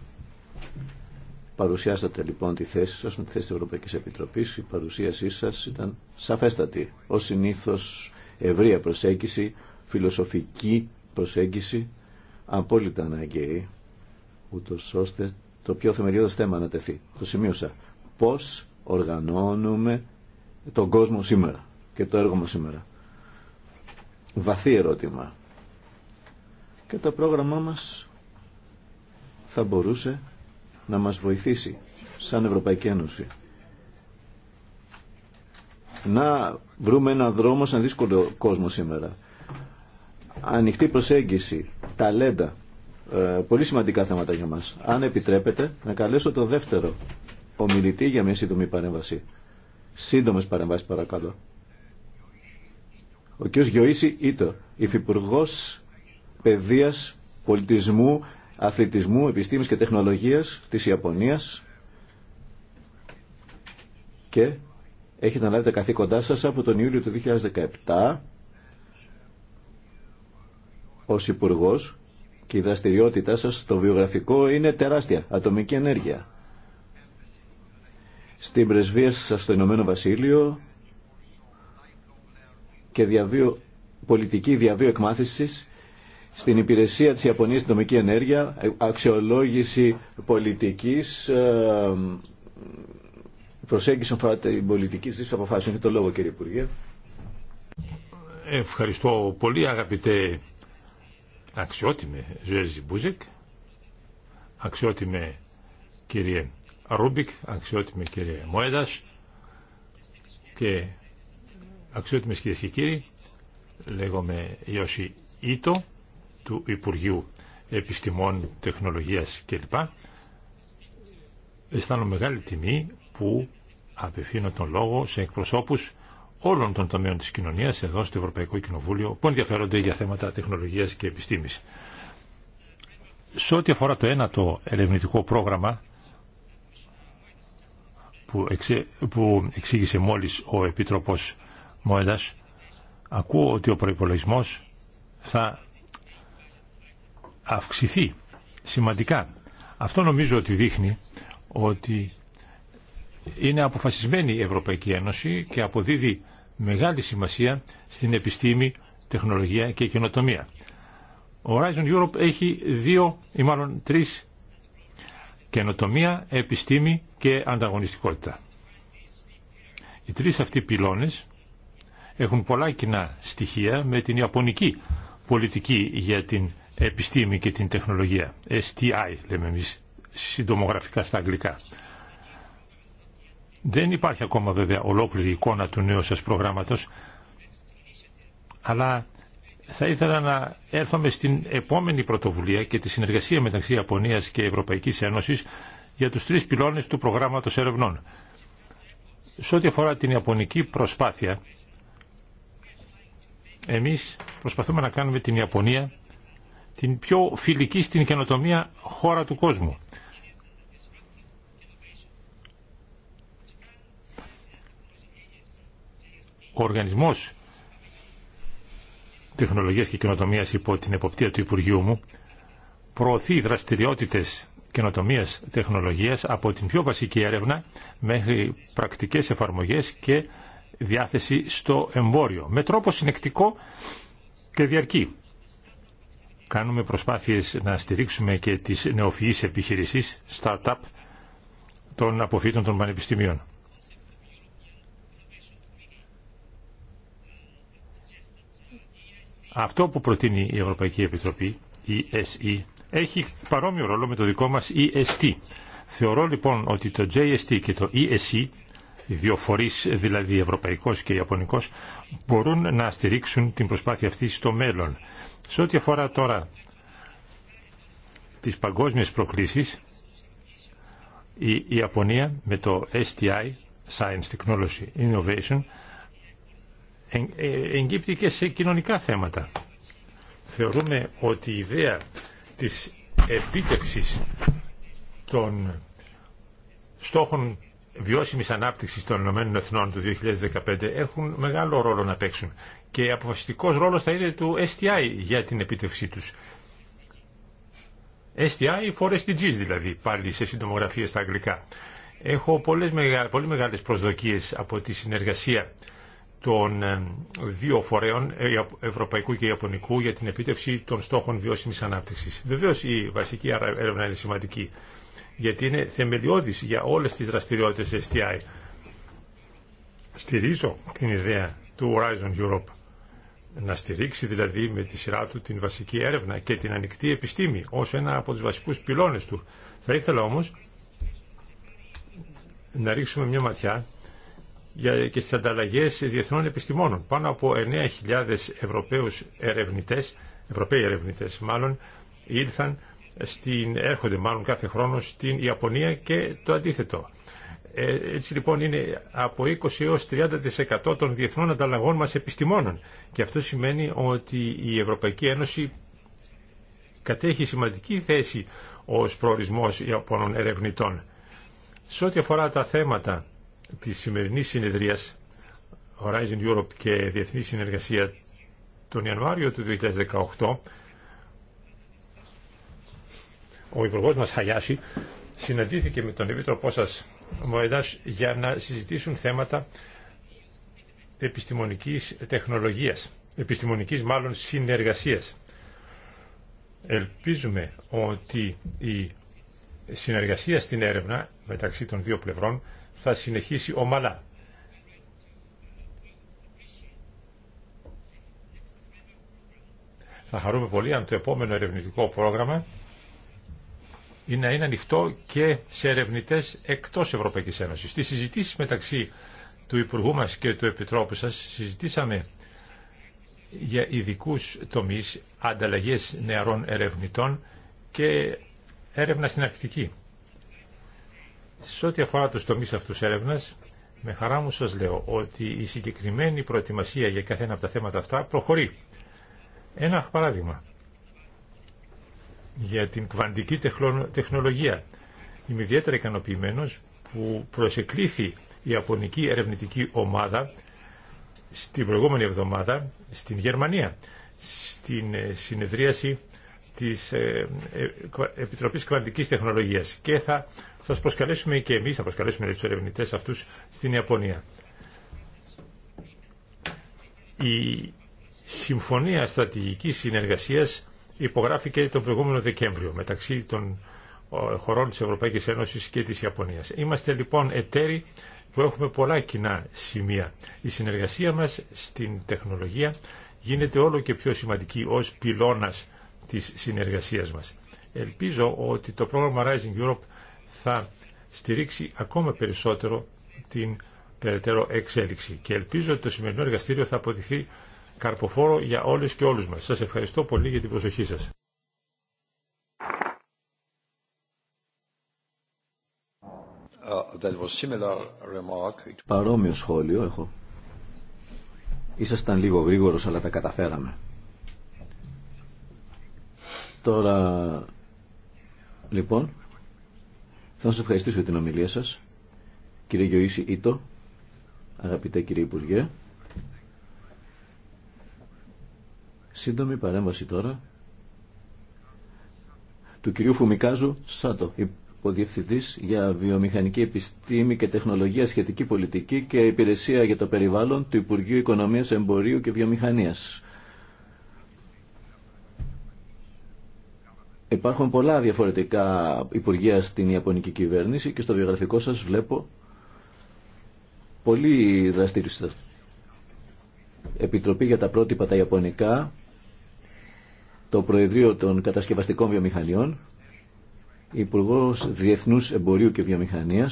Παρουσιάσατε λοιπόν τη θέση σας, τη θέση της Ευρωπαϊκής Επιτροπής. Η παρουσίασή σας ήταν σαφέστατη. Ως συνήθως ευρεία προσέγγιση, φιλοσοφική προσέγγιση, απόλυτα αναγκαία, ούτω ώστε το πιο θεμελιώδες θέμα να τεθεί. Το σημείωσα. Πώς οργανώνουμε τον κόσμο σήμερα και το έργο μας σήμερα. Βαθύ ερώτημα. Και το πρόγραμμά μας θα μπορούσε να μας βοηθήσει σαν Ευρωπαϊκή Ένωση. Να βρούμε έναν δρόμο σαν δύσκολο κόσμο σήμερα. Ανοιχτή προσέγγιση, ταλέντα, ε, πολύ σημαντικά θέματα για μας. Αν επιτρέπετε, να καλέσω το δεύτερο ομιλητή για μια σύντομη παρέμβαση. Σύντομες παρεμβάσεις παρακαλώ. Ο κ. Γιώηση Ήτο, υφυπουργός παιδείας, πολιτισμού Αθλητισμού, Επιστήμης και Τεχνολογίας της Ιαπωνίας και έχετε αναλάβει τα καθήκοντά σας από τον Ιούλιο του 2017 ως υπουργό και η δραστηριότητά σας στο βιογραφικό είναι τεράστια, ατομική ενέργεια. Στην πρεσβεία σας στο Ηνωμένο Βασίλειο και διαβίω, πολιτική διαβίω εκμάθησης στην υπηρεσία της Ιαπωνίας στην νομική ενέργεια, αξιολόγηση πολιτικής, ε, προσέγγιση αφορά την πολιτική της αποφάσεων. το λόγο κύριε Υπουργέ. Ευχαριστώ πολύ αγαπητέ αξιότιμε Ζέρζι Μπούζεκ, αξιότιμε κύριε Ρούμπικ, αξιότιμε κύριε Μόεδας και αξιότιμες κυρίες και κύριοι, λέγομαι Ιώση Ήτο του Υπουργείου Επιστημών, Τεχνολογίας κλπ. Αισθάνομαι μεγάλη τιμή που απευθύνω τον λόγο σε εκπροσώπους όλων των τομέων της κοινωνίας εδώ στο Ευρωπαϊκό Κοινοβούλιο που ενδιαφέρονται για θέματα τεχνολογίας και επιστήμης. Σε ό,τι αφορά το ένατο ερευνητικό πρόγραμμα που, εξήγησε μόλις ο Επίτροπος Μόελας, ακούω ότι ο προϋπολογισμός θα αυξηθεί σημαντικά. Αυτό νομίζω ότι δείχνει ότι είναι αποφασισμένη η Ευρωπαϊκή Ένωση και αποδίδει μεγάλη σημασία στην επιστήμη, τεχνολογία και καινοτομία. Ο Horizon Europe έχει δύο ή μάλλον τρεις καινοτομία, επιστήμη και ανταγωνιστικότητα. Οι τρεις αυτοί πυλώνες έχουν πολλά κοινά στοιχεία με την ιαπωνική πολιτική για την επιστήμη και την τεχνολογία. STI λέμε εμείς συντομογραφικά στα αγγλικά. Δεν υπάρχει ακόμα βέβαια ολόκληρη εικόνα του νέου σας προγράμματος, αλλά θα ήθελα να έρθουμε στην επόμενη πρωτοβουλία και τη συνεργασία μεταξύ Ιαπωνίας και Ευρωπαϊκής Ένωσης για τους τρεις πυλώνες του προγράμματος ερευνών. Σε ό,τι αφορά την Ιαπωνική προσπάθεια, εμείς προσπαθούμε να κάνουμε την Ιαπωνία την πιο φιλική στην καινοτομία χώρα του κόσμου. Ο οργανισμός τεχνολογίας και καινοτομίας υπό την εποπτεία του Υπουργείου μου προωθεί δραστηριότητες καινοτομίας τεχνολογίας από την πιο βασική έρευνα μέχρι πρακτικές εφαρμογές και διάθεση στο εμπόριο με τρόπο συνεκτικό και διαρκή. Κάνουμε προσπάθειες να στηρίξουμε και τις νεοφυείς επιχειρήσεις, start-up των αποφύτων των πανεπιστημίων. Αυτό που προτείνει η Ευρωπαϊκή Επιτροπή, η ESE, έχει παρόμοιο ρόλο με το δικό μας EST. Θεωρώ λοιπόν ότι το JST και το ESE, e, οι δύο φορείς, δηλαδή ευρωπαϊκός και ιαπωνικός, μπορούν να στηρίξουν την προσπάθεια αυτή στο μέλλον. Σε ό,τι αφορά τώρα τις παγκόσμιες προκλήσεις, η Ιαπωνία με το STI, Science Technology Innovation, ε, εγκύπτει και σε κοινωνικά θέματα. Θεωρούμε ότι η ιδέα της επίτευξης των στόχων Βιώσιμη ανάπτυξη των Ηνωμένων Εθνών του 2015 έχουν μεγάλο ρόλο να παίξουν και αποφασιστικό ρόλο θα είναι του STI για την επίτευξή τους. STI for SDGs δηλαδή, πάλι σε συντομογραφίε στα αγγλικά. Έχω πολλές, πολύ μεγάλες προσδοκίες από τη συνεργασία των ε, δύο φορέων ε, Ευρωπαϊκού και Ιαπωνικού για την επίτευξη των στόχων βιώσιμης ανάπτυξης. Βεβαίως η βασική έρευνα είναι σημαντική γιατί είναι θεμελιώδης για όλες τις δραστηριότητες STI. Στηρίζω την ιδέα του Horizon Europe να στηρίξει δηλαδή με τη σειρά του την βασική έρευνα και την ανοιχτή επιστήμη ως ένα από τους βασικούς πυλώνες του. Θα ήθελα όμως να ρίξουμε μια ματιά και στις ανταλλαγές διεθνών επιστημόνων. Πάνω από 9.000 Ευρωπαίους ερευνητές, Ευρωπαίοι ερευνητές μάλλον, ήλθαν στην, έρχονται μάλλον κάθε χρόνο στην Ιαπωνία και το αντίθετο. Ε, έτσι λοιπόν είναι από 20 έως 30% των διεθνών ανταλλαγών μας επιστημόνων. Και αυτό σημαίνει ότι η Ευρωπαϊκή Ένωση κατέχει σημαντική θέση ως προορισμός Ιαπωνών ερευνητών. Σε ό,τι αφορά τα θέματα της σημερινής συνεδρίας Horizon Europe και Διεθνή Συνεργασία τον Ιανουάριο του 2018 ο υπουργό μα Χαγιάση συναντήθηκε με τον Επίτροπό σας Μοεντά για να συζητήσουν θέματα επιστημονικής τεχνολογίας, επιστημονικής μάλλον συνεργασίας. Ελπίζουμε ότι η συνεργασία στην έρευνα μεταξύ των δύο πλευρών θα συνεχίσει ομαλά. Θα χαρούμε πολύ αν το επόμενο ερευνητικό πρόγραμμα είναι να είναι ανοιχτό και σε ερευνητέ εκτός Ευρωπαϊκής Ένωση. Στις συζητήσει μεταξύ του Υπουργού μα και του Επιτρόπου σας συζητήσαμε για ειδικού τομείς, ανταλλαγέ νεαρών ερευνητών και έρευνα στην Αρκτική. Σε ό,τι αφορά τους τομείς αυτούς έρευνας, με χαρά μου σας λέω ότι η συγκεκριμένη προετοιμασία για κάθε ένα από τα θέματα αυτά προχωρεί. Ένα παράδειγμα για την κβαντική τεχνολογία. Είμαι ιδιαίτερα ικανοποιημένο που προσεκλήθη η Ιαπωνική ερευνητική ομάδα στην προηγούμενη εβδομάδα στην Γερμανία στην ε, συνεδρίαση της ε, ε, Επιτροπής Κβαντικής Τεχνολογίας και θα σας προσκαλέσουμε και εμείς, θα προσκαλέσουμε τους ερευνητές αυτούς στην Ιαπωνία. Η Συμφωνία Στρατηγικής Συνεργασίας υπογράφηκε τον προηγούμενο Δεκέμβριο μεταξύ των χωρών της Ευρωπαϊκής Ένωσης και της Ιαπωνίας. Είμαστε λοιπόν εταίροι που έχουμε πολλά κοινά σημεία. Η συνεργασία μας στην τεχνολογία γίνεται όλο και πιο σημαντική ως πυλώνας της συνεργασίας μας. Ελπίζω ότι το πρόγραμμα Rising Europe θα στηρίξει ακόμα περισσότερο την περαιτέρω εξέλιξη και ελπίζω ότι το σημερινό εργαστήριο θα αποδειχθεί καρποφόρο για όλες και όλους μας. Σας ευχαριστώ πολύ για την προσοχή σας. Uh, Παρόμοιο σχόλιο έχω. Ήσασταν λίγο γρήγορος, αλλά τα καταφέραμε. Τώρα, λοιπόν, θα σας ευχαριστήσω για την ομιλία σας, κύριε Γιωήση Ήτο, αγαπητέ κύριε Υπουργέ. Σύντομη παρέμβαση τώρα του κυρίου Φουμικάζου Σάτο, υποδιευθυντή για βιομηχανική επιστήμη και τεχνολογία σχετική πολιτική και υπηρεσία για το περιβάλλον του Υπουργείου Οικονομίας, Εμπορίου και Βιομηχανία. Υπάρχουν πολλά διαφορετικά υπουργεία στην Ιαπωνική κυβέρνηση και στο βιογραφικό σας βλέπω πολύ δραστήριο Επιτροπή για τα πρότυπα τα Ιαπωνικά το Προεδρείο των Κατασκευαστικών Βιομηχανιών, Υπουργό Διεθνού Εμπορίου και Βιομηχανία,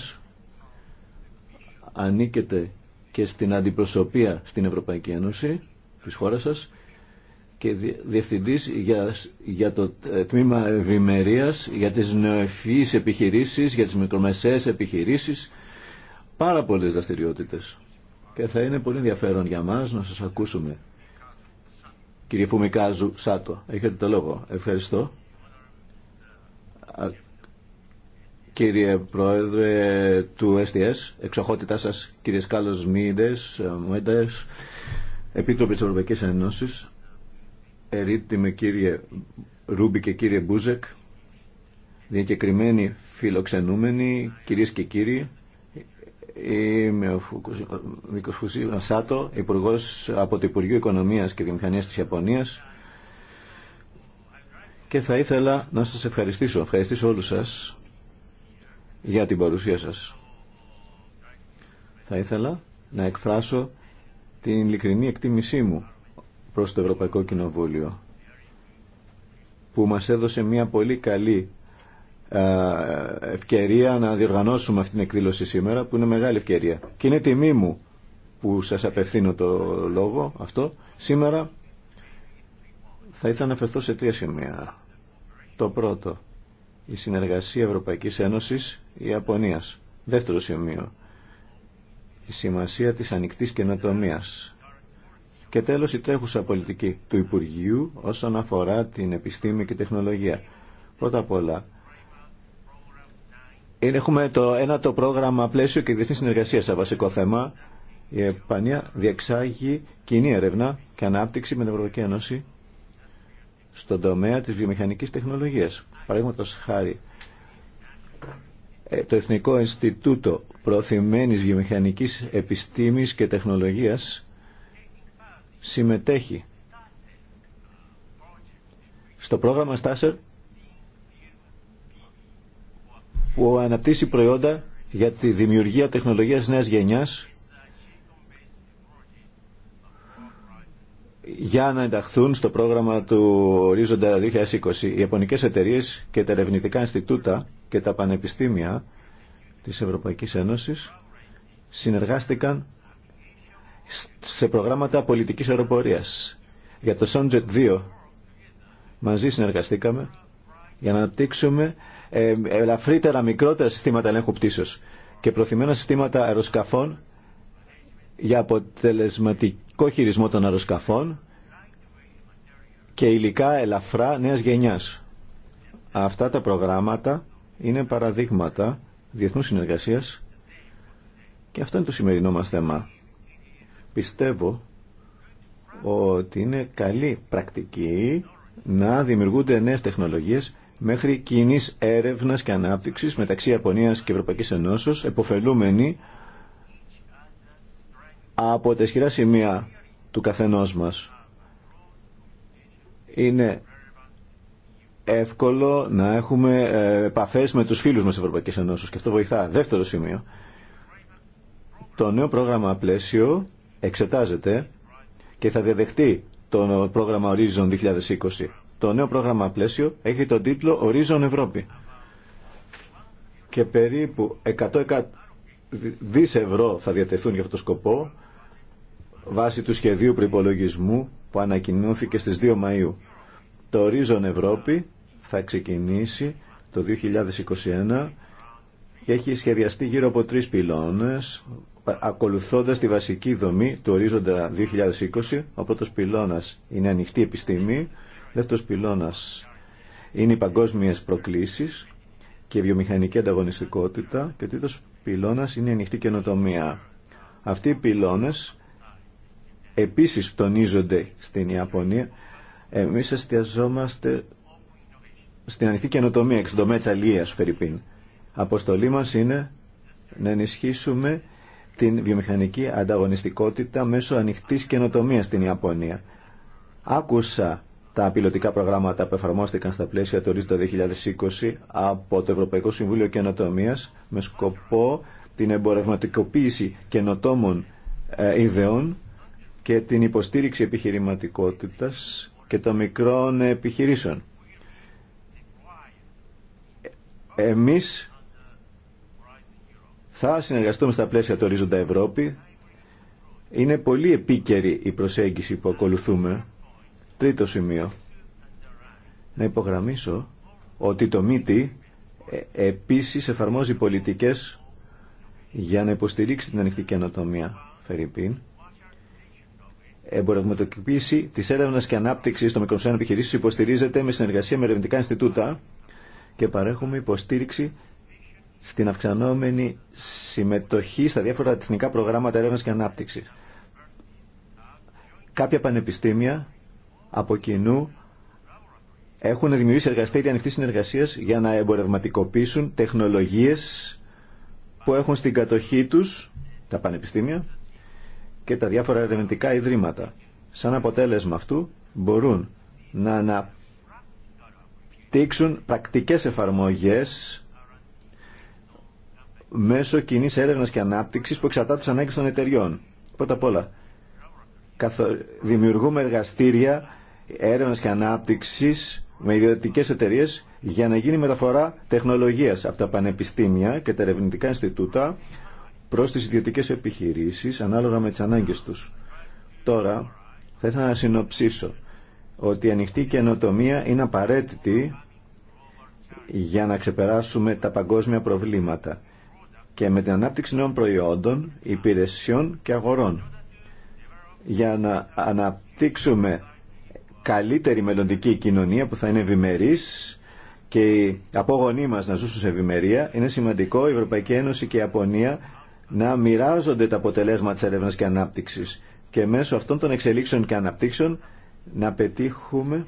ανήκετε και στην αντιπροσωπεία στην Ευρωπαϊκή Ένωση τη χώρα σα και διευθυντή για, για το ε, τμήμα ευημερία, για τι νεοεφυεί επιχειρήσει, για τι μικρομεσαίε επιχειρήσει. Πάρα πολλέ δραστηριότητε. Και θα είναι πολύ ενδιαφέρον για μα να σα ακούσουμε Κύριε Φουμικάζου Σάτο, έχετε το λόγο. Ευχαριστώ. Κύριε Πρόεδρε του STS, εξοχότητά σας κύριε Σκάλος Μίδες, ε, Μέντες, Επίτροπη της Ευρωπαϊκής Ενώσης, με κύριε Ρούμπι και κύριε Μπούζεκ, διακεκριμένοι φιλοξενούμενοι, κυρίες και κύριοι, Είμαι ο Φουκουσίμα Σάτο, υπουργό από το Υπουργείο Οικονομία και Βιομηχανία τη Ιαπωνία. Και θα ήθελα να σας ευχαριστήσω, ευχαριστήσω όλους σας για την παρουσία σας. Θα ήθελα να εκφράσω την ειλικρινή εκτίμησή μου προς το Ευρωπαϊκό Κοινοβούλιο που μας έδωσε μια πολύ καλή ε, ευκαιρία να διοργανώσουμε αυτή την εκδήλωση σήμερα που είναι μεγάλη ευκαιρία. Και είναι τιμή μου που σας απευθύνω το λόγο αυτό. Σήμερα θα ήθελα να αφαιρθώ σε τρία σημεία. Το πρώτο, η συνεργασία Ευρωπαϊκής Ένωσης Ιαπωνίας. Δεύτερο σημείο, η σημασία της ανοιχτής καινοτομία. Και τέλος η τρέχουσα πολιτική του Υπουργείου όσον αφορά την επιστήμη και τεχνολογία. Πρώτα απ' όλα, Έχουμε το ένα το πρόγραμμα πλαίσιο και διεθνή συνεργασία σε βασικό θέμα. Η Επανία διεξάγει κοινή έρευνα και ανάπτυξη με την Ευρωπαϊκή Ένωση στον τομέα της βιομηχανικής τεχνολογίας. Παραδείγματο χάρη, ε, το Εθνικό Ινστιτούτο Προωθημένης Βιομηχανικής Επιστήμης και Τεχνολογίας συμμετέχει στο πρόγραμμα Στάσερ που αναπτύσσει προϊόντα για τη δημιουργία τεχνολογίας νέας γενιάς για να ενταχθούν στο πρόγραμμα του Ορίζοντα 2020. Οι ιαπωνικές εταιρείες και τα ερευνητικά Ινστιτούτα και τα πανεπιστήμια της Ευρωπαϊκής Ένωσης συνεργάστηκαν σε προγράμματα πολιτικής αεροπορίας. Για το Sunjet 2 μαζί συνεργαστήκαμε για να αναπτύξουμε ε, ελαφρύτερα μικρότερα συστήματα ελέγχου πτήσεως και προθυμένα συστήματα αεροσκαφών για αποτελεσματικό χειρισμό των αεροσκαφών και υλικά ελαφρά νέας γενιάς. Αυτά τα προγράμματα είναι παραδείγματα διεθνούς συνεργασίας και αυτό είναι το σημερινό μας θέμα. Πιστεύω ότι είναι καλή πρακτική να δημιουργούνται νέες τεχνολογίες μέχρι κοινή έρευνα και ανάπτυξη μεταξύ Ιαπωνία και Ευρωπαϊκής Ενώσεω, εποφελούμενοι από τα ισχυρά σημεία του καθενό μας. Είναι εύκολο να έχουμε ε, επαφέ με τους φίλους μας Ευρωπαϊκής Ενώσεω και αυτό βοηθά. Δεύτερο σημείο. Το νέο πρόγραμμα πλαίσιο εξετάζεται και θα διαδεχτεί το πρόγραμμα Horizon 2020. Το νέο πρόγραμμα πλαίσιο έχει τον τίτλο Ορίζον Ευρώπη και περίπου 100 δις ευρώ θα διατεθούν για αυτό το σκοπό βάσει του σχεδίου προπολογισμού που ανακοινώθηκε στις 2 Μαΐου. Το Ορίζον Ευρώπη θα ξεκινήσει το 2021 και έχει σχεδιαστεί γύρω από τρεις πυλώνες ακολουθώντας τη βασική δομή του ορίζοντα 2020. Ο πρώτος πυλώνας είναι ανοιχτή επιστήμη Δεύτερος πυλώνας είναι οι παγκόσμιες προκλήσεις και η βιομηχανική ανταγωνιστικότητα και ο τρίτος πυλώνας είναι η ανοιχτή καινοτομία. Αυτοί οι πυλώνες επίσης τονίζονται στην Ιαπωνία. Εμείς εστιαζόμαστε στην ανοιχτή καινοτομία, εξ λίας Αλίας Φερρυπίν. Αποστολή μας είναι να ενισχύσουμε την βιομηχανική ανταγωνιστικότητα μέσω ανοιχτής καινοτομία στην Ιαπωνία. Άκουσα τα πιλωτικά προγράμματα που εφαρμόστηκαν στα πλαίσια του ορίζοντα 2020 από το Ευρωπαϊκό Συμβούλιο Καινοτομία με σκοπό την εμπορευματικοποίηση καινοτόμων ε, ιδεών και την υποστήριξη επιχειρηματικότητας και των μικρών επιχειρήσεων. Εμείς θα συνεργαστούμε στα πλαίσια του ορίζοντα Ευρώπη. Είναι πολύ επίκαιρη η προσέγγιση που ακολουθούμε Τρίτο σημείο. Να υπογραμμίσω ότι το ΜΙΤΙ ε, επίσης εφαρμόζει πολιτικές για να υποστηρίξει την ανοιχτή καινοτομία Φερρυπίν, εμπορευματοποίηση τη έρευνα και ανάπτυξη των μικρομεσαίων επιχειρήσεων υποστηρίζεται με συνεργασία με ερευνητικά Ινστιτούτα και παρέχουμε υποστήριξη στην αυξανόμενη συμμετοχή στα διάφορα εθνικά προγράμματα έρευνα και ανάπτυξη. Κάποια πανεπιστήμια από κοινού έχουν δημιουργήσει εργαστήρια ανοιχτή συνεργασία για να εμπορευματικοποιήσουν τεχνολογίε που έχουν στην κατοχή του τα πανεπιστήμια και τα διάφορα ερευνητικά ιδρύματα. Σαν αποτέλεσμα αυτού μπορούν να αναπτύξουν πρακτικές εφαρμογές μέσω κοινή έρευνας και ανάπτυξης που εξαρτάται τις ανάγκες των εταιριών. Πρώτα απ' όλα, δημιουργούμε εργαστήρια έρευνας και ανάπτυξης με ιδιωτικές εταιρείες για να γίνει μεταφορά τεχνολογίας από τα πανεπιστήμια και τα ερευνητικά Ινστιτούτα προς τις ιδιωτικές επιχειρήσεις ανάλογα με τις ανάγκες τους. Τώρα θα ήθελα να συνοψίσω ότι η ανοιχτή καινοτομία είναι απαραίτητη για να ξεπεράσουμε τα παγκόσμια προβλήματα και με την ανάπτυξη νέων προϊόντων, υπηρεσιών και αγορών. Για να αναπτύξουμε καλύτερη μελλοντική κοινωνία που θα είναι ευημερή και οι απόγονοί μα να ζούσουν σε ευημερία, είναι σημαντικό η Ευρωπαϊκή Ένωση και η Ιαπωνία να μοιράζονται τα αποτελέσματα τη έρευνα και ανάπτυξη και μέσω αυτών των εξελίξεων και αναπτύξεων να πετύχουμε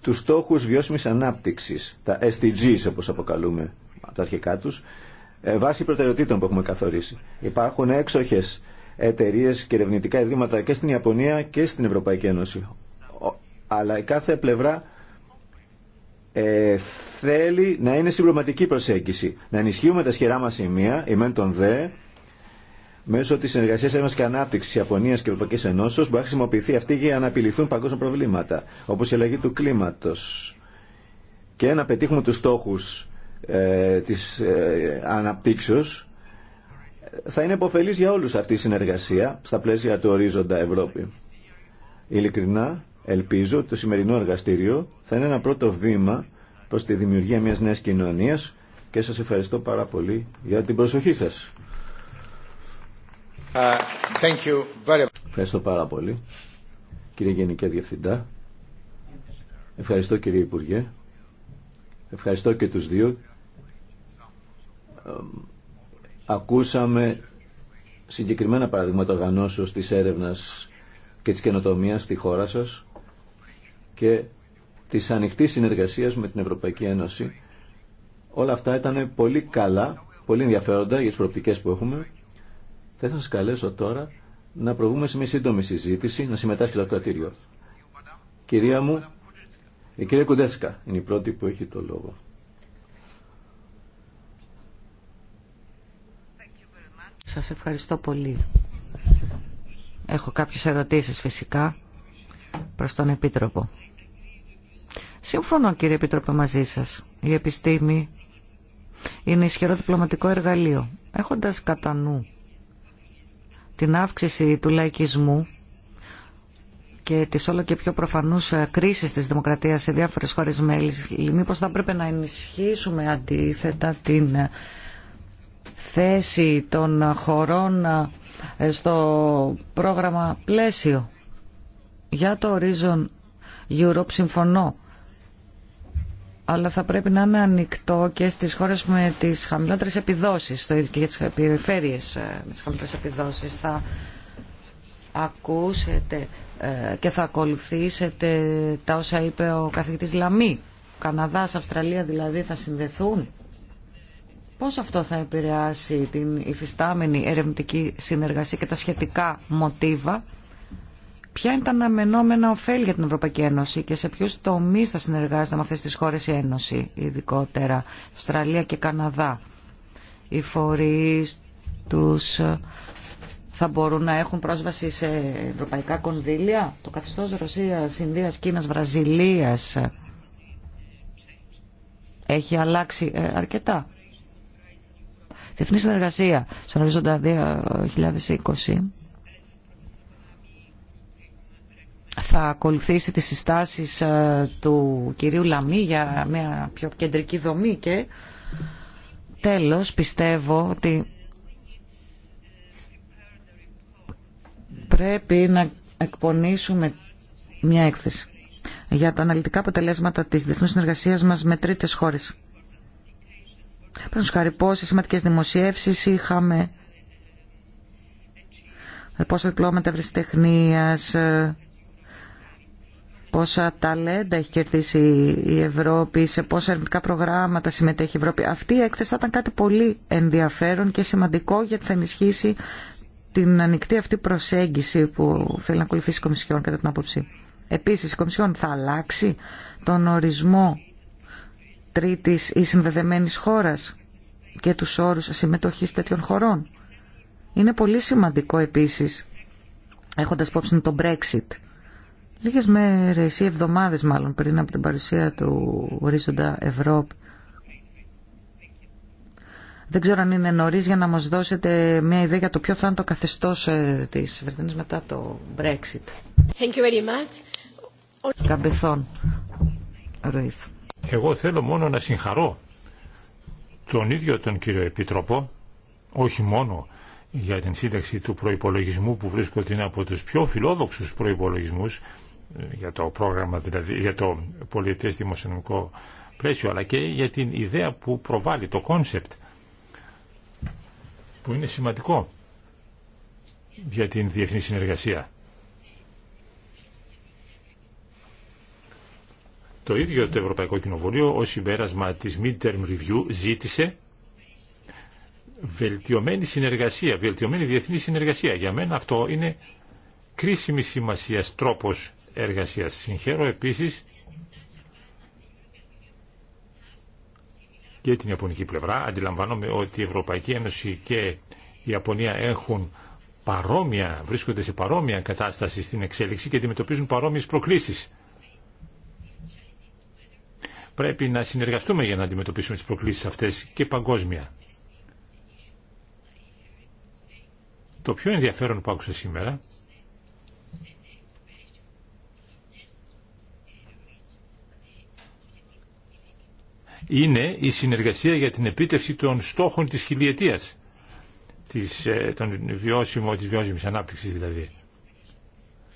τους στόχους βιώσιμης ανάπτυξης, τα SDGs όπως αποκαλούμε από τα αρχικά τους, ε, βάσει προτεραιοτήτων που έχουμε καθορίσει. Υπάρχουν έξοχες εταιρείε και ερευνητικά ιδρύματα και στην Ιαπωνία και στην Ευρωπαϊκή Ένωση αλλά η κάθε πλευρά ε, θέλει να είναι συμπληρωματική προσέγγιση. Να ενισχύουμε τα σχερά μας σημεία, ημέν τον δε, μέσω τη συνεργασία μας και ανάπτυξη Ιαπωνία και Ευρωπαϊκή Ενώσεω, που να χρησιμοποιηθεί αυτή για να απειληθούν παγκόσμια προβλήματα, όπω η αλλαγή του κλίματο, και να πετύχουμε του στόχου ε, τη ε, αναπτύξεω. Θα είναι υποφελής για όλους αυτή η συνεργασία στα πλαίσια του ορίζοντα Ευρώπη. Ειλικρινά, Ελπίζω ότι το σημερινό εργαστήριο θα είναι ένα πρώτο βήμα προς τη δημιουργία μιας νέας κοινωνίας και σας ευχαριστώ πάρα πολύ για την προσοχή σας. Uh, thank you very... Ευχαριστώ πάρα πολύ, κύριε Γενική Διευθυντά. Ευχαριστώ κύριε Υπουργέ. Ευχαριστώ και τους δύο. Ακούσαμε συγκεκριμένα παραδείγματα οργανώσεως της έρευνας και της καινοτομίας στη χώρα σας και της ανοιχτής συνεργασίας με την Ευρωπαϊκή Ένωση. Όλα αυτά ήταν πολύ καλά, πολύ ενδιαφέροντα για τις προοπτικές που έχουμε. Θα σας καλέσω τώρα να προβούμε σε μια σύντομη συζήτηση, να συμμετάσχει το κρατήριο. Κυρία μου, η κυρία Κουντέσκα είναι η πρώτη που έχει το λόγο. Σας ευχαριστώ πολύ. Έχω κάποιες ερωτήσεις φυσικά προς τον Επίτροπο. Συμφωνώ κύριε Επίτροπε μαζί σας. Η επιστήμη είναι ισχυρό διπλωματικό εργαλείο. Έχοντας κατά νου την αύξηση του λαϊκισμού και τις όλο και πιο προφανούς ε, κρίσεις της δημοκρατίας σε διάφορες χώρες μέλη, μήπως θα πρέπει να ενισχύσουμε αντίθετα την ε, θέση των χωρών ε, στο πρόγραμμα πλαίσιο. Για το Horizon Europe συμφωνώ αλλά θα πρέπει να είναι ανοιχτό και στις χώρες με τις χαμηλότερες επιδόσεις, το ίδιο και για τις περιφέρειες ε, με τις χαμηλότερες επιδόσεις. Θα ακούσετε ε, και θα ακολουθήσετε τα όσα είπε ο καθηγητής Λαμή. Καναδάς, Αυστραλία δηλαδή θα συνδεθούν. Πώς αυτό θα επηρεάσει την υφιστάμενη ερευνητική συνεργασία και τα σχετικά μοτίβα Ποια είναι τα αναμενόμενα ωφέλη για την Ευρωπαϊκή Ένωση και σε ποιου τομεί θα συνεργάζεται με αυτέ τι χώρε η Ένωση, ειδικότερα Αυστραλία και Καναδά. Οι φορεί του ε, θα μπορούν να έχουν πρόσβαση σε ευρωπαϊκά κονδύλια. Το καθεστώ Ρωσία, Ινδία, Κίνα, Βραζιλία ε, έχει αλλάξει ε, αρκετά. Διεθνή συνεργασία στον ορίζοντα 2020 θα ακολουθήσει τις συστάσεις ε, του κυρίου Λαμή για μια πιο κεντρική δομή και τέλος πιστεύω ότι πρέπει να εκπονήσουμε μια έκθεση για τα αναλυτικά αποτελέσματα της διεθνούς συνεργασίας μας με τρίτες χώρες. Πρέπει να χαρυπώ πόσες σημαντικές δημοσιεύσεις είχαμε, πόσα διπλώματα ευρεσιτεχνίας, ε, πόσα ταλέντα έχει κερδίσει η Ευρώπη, σε πόσα ερευνητικά προγράμματα συμμετέχει η Ευρώπη. Αυτή η έκθεση θα ήταν κάτι πολύ ενδιαφέρον και σημαντικό γιατί θα ενισχύσει την ανοιχτή αυτή προσέγγιση που θέλει να ακολουθήσει η Κομισιόν κατά την άποψή. Επίσης, η Κομισιόν θα αλλάξει τον ορισμό τρίτης ή συνδεδεμένης χώρας και τους όρους συμμετοχής τέτοιων χωρών. Είναι πολύ σημαντικό επίσης, έχοντας υπόψη τον Brexit, Λίγες μέρες ή εβδομάδες μάλλον πριν από την παρουσία του ορίζοντα Ευρώπη δεν ξέρω αν είναι νωρίς για να μας δώσετε μια ιδέα για το ποιο θα είναι το καθεστώς ε, της μετά το Brexit. Thank you very much. Εγώ θέλω μόνο να συγχαρώ τον ίδιο τον κύριο Επίτροπο, όχι μόνο για την σύνταξη του προϋπολογισμού που βρίσκω ότι είναι από τους πιο φιλόδοξους προϋπολογισμούς για το πρόγραμμα, δηλαδή για το πολιτές δημοσιονομικό πλαίσιο, αλλά και για την ιδέα που προβάλλει το κόνσεπτ, που είναι σημαντικό για την διεθνή συνεργασία. Το ίδιο το Ευρωπαϊκό Κοινοβούλιο ως συμπέρασμα της Midterm Review ζήτησε βελτιωμένη συνεργασία, βελτιωμένη διεθνή συνεργασία. Για μένα αυτό είναι κρίσιμη σημασία τρόπος εργασίας. Συγχαίρω επίσης και την Ιαπωνική πλευρά. Αντιλαμβάνομαι ότι η Ευρωπαϊκή Ένωση και η Ιαπωνία έχουν παρόμοια, βρίσκονται σε παρόμοια κατάσταση στην εξέλιξη και αντιμετωπίζουν παρόμοιες προκλήσεις. Πρέπει να συνεργαστούμε για να αντιμετωπίσουμε τις προκλήσεις αυτές και παγκόσμια. Το πιο ενδιαφέρον που άκουσα σήμερα είναι η συνεργασία για την επίτευξη των στόχων της χιλιετίας, της, ε, των βιώσιμο, της βιώσιμης ανάπτυξης δηλαδή.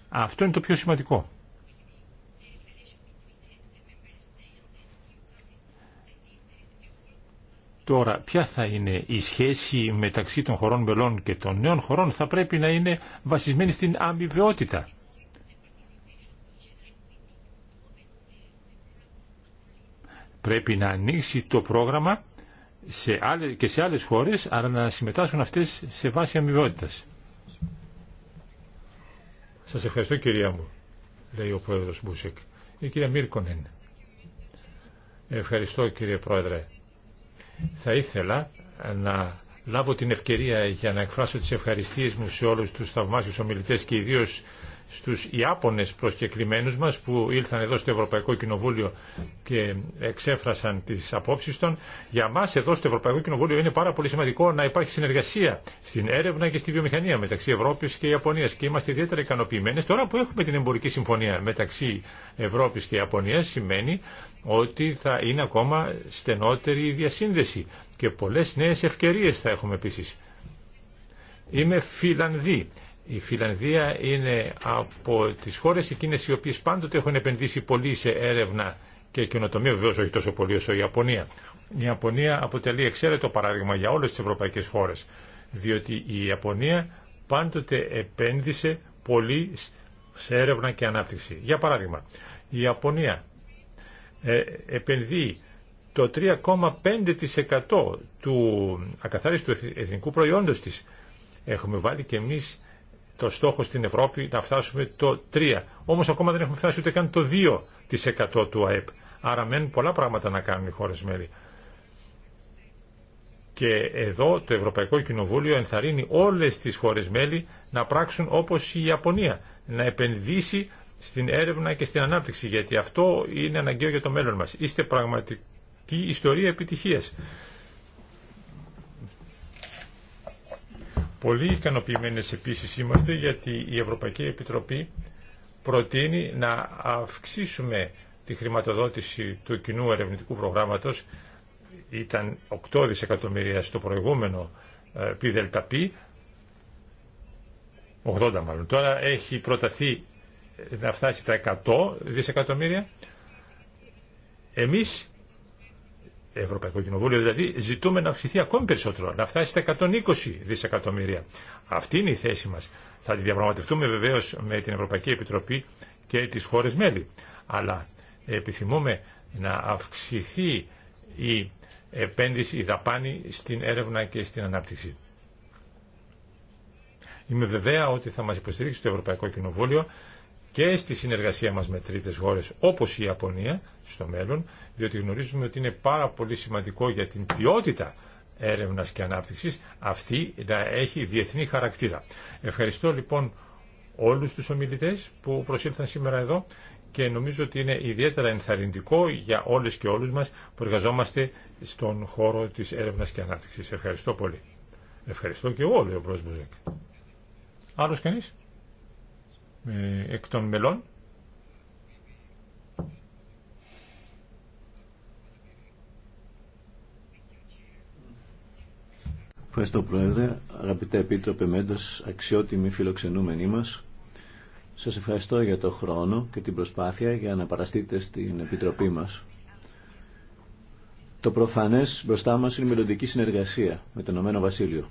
Αυτό είναι το πιο σημαντικό. Τώρα, ποια θα είναι η σχέση μεταξύ των χωρών μελών και των νέων χωρών θα πρέπει να είναι βασισμένη στην αμοιβαιότητα. Πρέπει να ανοίξει το πρόγραμμα σε και σε άλλες χώρες, αλλά να συμμετάσχουν αυτές σε βάση αμοιβαιότητας. Σας ευχαριστώ κυρία μου, λέει ο πρόεδρος Μπούσεκ. Η κυρία Μίρκονεν. Ευχαριστώ κύριε πρόεδρε. Θα ήθελα να λάβω την ευκαιρία για να εκφράσω τις ευχαριστίες μου σε όλους τους θαυμάσιους ομιλητές και ιδίως στους Ιάπωνες προσκεκλημένους μας που ήλθαν εδώ στο Ευρωπαϊκό Κοινοβούλιο και εξέφρασαν τις απόψεις των. Για μας εδώ στο Ευρωπαϊκό Κοινοβούλιο είναι πάρα πολύ σημαντικό να υπάρχει συνεργασία στην έρευνα και στη βιομηχανία μεταξύ Ευρώπης και Ιαπωνίας και είμαστε ιδιαίτερα ικανοποιημένοι. Τώρα που έχουμε την εμπορική συμφωνία μεταξύ Ευρώπης και Ιαπωνίας σημαίνει ότι θα είναι ακόμα στενότερη η διασύνδεση και πολλές νέες ευκαιρίες θα έχουμε επίσης. Είμαι Φιλανδή η Φιλανδία είναι από τις χώρες εκείνες οι οποίες πάντοτε έχουν επενδύσει πολύ σε έρευνα και καινοτομία, βεβαίω όχι τόσο πολύ όσο η Ιαπωνία. Η Ιαπωνία αποτελεί εξαίρετο παράδειγμα για όλες τις ευρωπαϊκές χώρες, διότι η Ιαπωνία πάντοτε επένδυσε πολύ σε έρευνα και ανάπτυξη. Για παράδειγμα, η Ιαπωνία ε, επενδύει το 3,5% του ακαθάριστου εθνικού προϊόντος της. Έχουμε βάλει και εμείς το στόχο στην Ευρώπη να φτάσουμε το 3. Όμως ακόμα δεν έχουμε φτάσει ούτε καν το 2% του ΑΕΠ. Άρα μένουν πολλά πράγματα να κάνουν οι χώρες μέλη. Και εδώ το Ευρωπαϊκό Κοινοβούλιο ενθαρρύνει όλες τις χώρες μέλη να πράξουν όπως η Ιαπωνία, να επενδύσει στην έρευνα και στην ανάπτυξη, γιατί αυτό είναι αναγκαίο για το μέλλον μας. Είστε πραγματική ιστορία επιτυχίας. Πολύ ικανοποιημένες επίσης είμαστε γιατί η Ευρωπαϊκή Επιτροπή προτείνει να αυξήσουμε τη χρηματοδότηση του κοινού ερευνητικού προγράμματος ήταν 8 δισεκατομμύρια στο προηγούμενο ε, ΠΔΠ 80 μάλλον. Τώρα έχει προταθεί ε, να φτάσει τα 100 δισεκατομμύρια. Εμείς Ευρωπαϊκό Κοινοβούλιο δηλαδή ζητούμε να αυξηθεί ακόμη περισσότερο, να φτάσει στα 120 δισεκατομμύρια. Αυτή είναι η θέση μας. Θα τη διαπραγματευτούμε βεβαίως με την Ευρωπαϊκή Επιτροπή και τις χώρες μέλη. Αλλά επιθυμούμε να αυξηθεί η επένδυση, η δαπάνη στην έρευνα και στην ανάπτυξη. Είμαι βεβαία ότι θα μας υποστηρίξει το Ευρωπαϊκό Κοινοβούλιο και στη συνεργασία μας με τρίτες χώρες όπως η Ιαπωνία στο μέλλον, διότι γνωρίζουμε ότι είναι πάρα πολύ σημαντικό για την ποιότητα έρευνας και ανάπτυξης αυτή να έχει διεθνή χαρακτήρα. Ευχαριστώ λοιπόν όλους τους ομιλητές που προσήλθαν σήμερα εδώ και νομίζω ότι είναι ιδιαίτερα ενθαρρυντικό για όλες και όλους μας που εργαζόμαστε στον χώρο της έρευνας και ανάπτυξης. Ευχαριστώ πολύ. Ευχαριστώ και εγώ, λέει ο Άλλος κανείς? Ε, εκ των μελών. Ευχαριστώ Πρόεδρε, αγαπητέ Επίτροπε Μέντος, αξιότιμοι φιλοξενούμενοι μας. Σας ευχαριστώ για το χρόνο και την προσπάθεια για να παραστείτε στην Επιτροπή μας. Το προφανές μπροστά μας είναι η μελλοντική συνεργασία με τον Ηνωμένο Βασίλειο.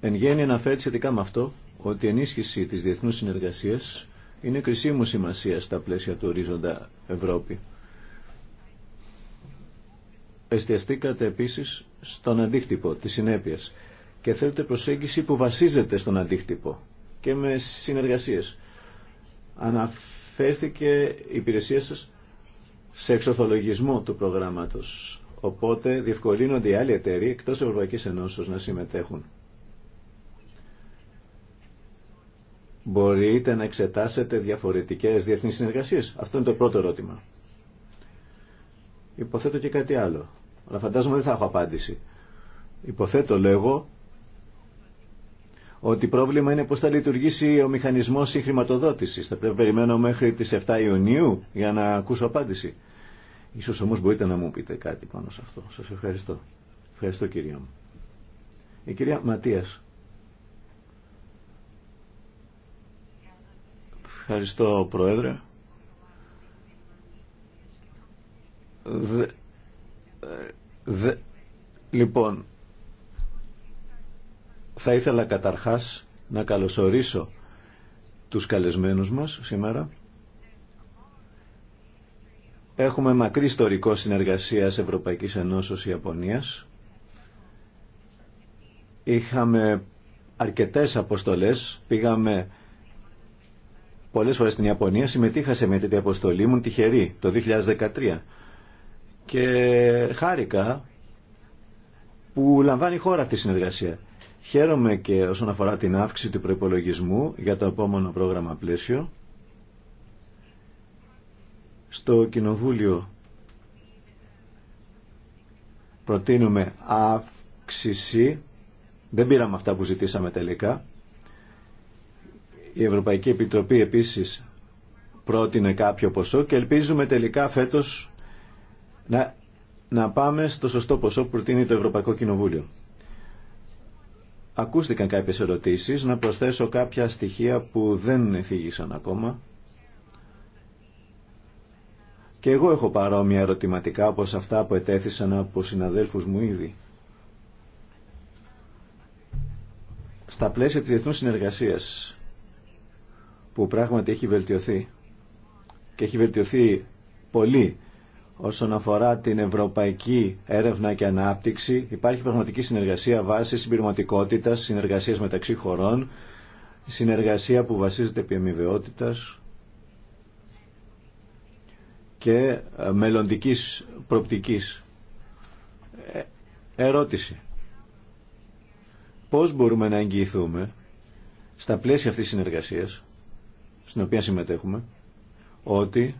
Εν γέννη αναφέρει σχετικά με αυτό ότι η ενίσχυση της διεθνούς συνεργασίας είναι κρισίμου σημασία στα πλαίσια του ορίζοντα Ευρώπη. Εστιαστήκατε επίσης στον αντίκτυπο της συνέπειας και θέλετε προσέγγιση που βασίζεται στον αντίκτυπο και με συνεργασίες. Αναφέρθηκε η υπηρεσία σας σε εξοθολογισμό του προγράμματος. Οπότε διευκολύνονται οι άλλοι εταίροι εκτός Ευρωπαϊκής Ενώσεως να συμμετέχουν. μπορείτε να εξετάσετε διαφορετικές διεθνείς συνεργασίες. Αυτό είναι το πρώτο ερώτημα. Υποθέτω και κάτι άλλο. Αλλά φαντάζομαι δεν θα έχω απάντηση. Υποθέτω, λέγω, ότι πρόβλημα είναι πώς θα λειτουργήσει ο μηχανισμός συγχρηματοδότησης. Θα πρέπει να περιμένω μέχρι τις 7 Ιουνίου για να ακούσω απάντηση. Ίσως όμως μπορείτε να μου πείτε κάτι πάνω σε αυτό. Σας ευχαριστώ. Ευχαριστώ κυρία μου. Η κυρία Ματίας. Ευχαριστώ, Πρόεδρε. Δε, δε, λοιπόν, θα ήθελα καταρχάς να καλωσορίσω τους καλεσμένους μας σήμερα. Έχουμε μακρύ ιστορικό συνεργασίας Ευρωπαϊκής Ενώσεως Ιαπωνίας. Είχαμε αρκετές αποστολές. Πήγαμε Πολλέ φορέ στην Ιαπωνία συμμετείχα σε μια τέτοια αποστολή, ήμουν τυχερή το 2013. Και χάρηκα που λαμβάνει η χώρα αυτή η συνεργασία. Χαίρομαι και όσον αφορά την αύξηση του προπολογισμού για το επόμενο πρόγραμμα πλαίσιο. Στο Κοινοβούλιο προτείνουμε αύξηση. Δεν πήραμε αυτά που ζητήσαμε τελικά η Ευρωπαϊκή Επιτροπή επίσης πρότεινε κάποιο ποσό και ελπίζουμε τελικά φέτος να, να πάμε στο σωστό ποσό που προτείνει το Ευρωπαϊκό Κοινοβούλιο. Ακούστηκαν κάποιες ερωτήσεις, να προσθέσω κάποια στοιχεία που δεν θίγησαν ακόμα. Και εγώ έχω παρόμοια ερωτηματικά όπως αυτά που ετέθησαν από συναδέλφους μου ήδη. Στα πλαίσια της διεθνούς συνεργασίας που πράγματι έχει βελτιωθεί και έχει βελτιωθεί πολύ όσον αφορά την ευρωπαϊκή έρευνα και ανάπτυξη. Υπάρχει πραγματική συνεργασία βάσει συμπληρωματικότητα, συνεργασία μεταξύ χωρών, συνεργασία που βασίζεται επί αμοιβαιότητας και ε, μελλοντικής προπτικής. Ε, ερώτηση. Πώς μπορούμε να εγγυηθούμε στα πλαίσια αυτής της συνεργασίας στην οποία συμμετέχουμε, ότι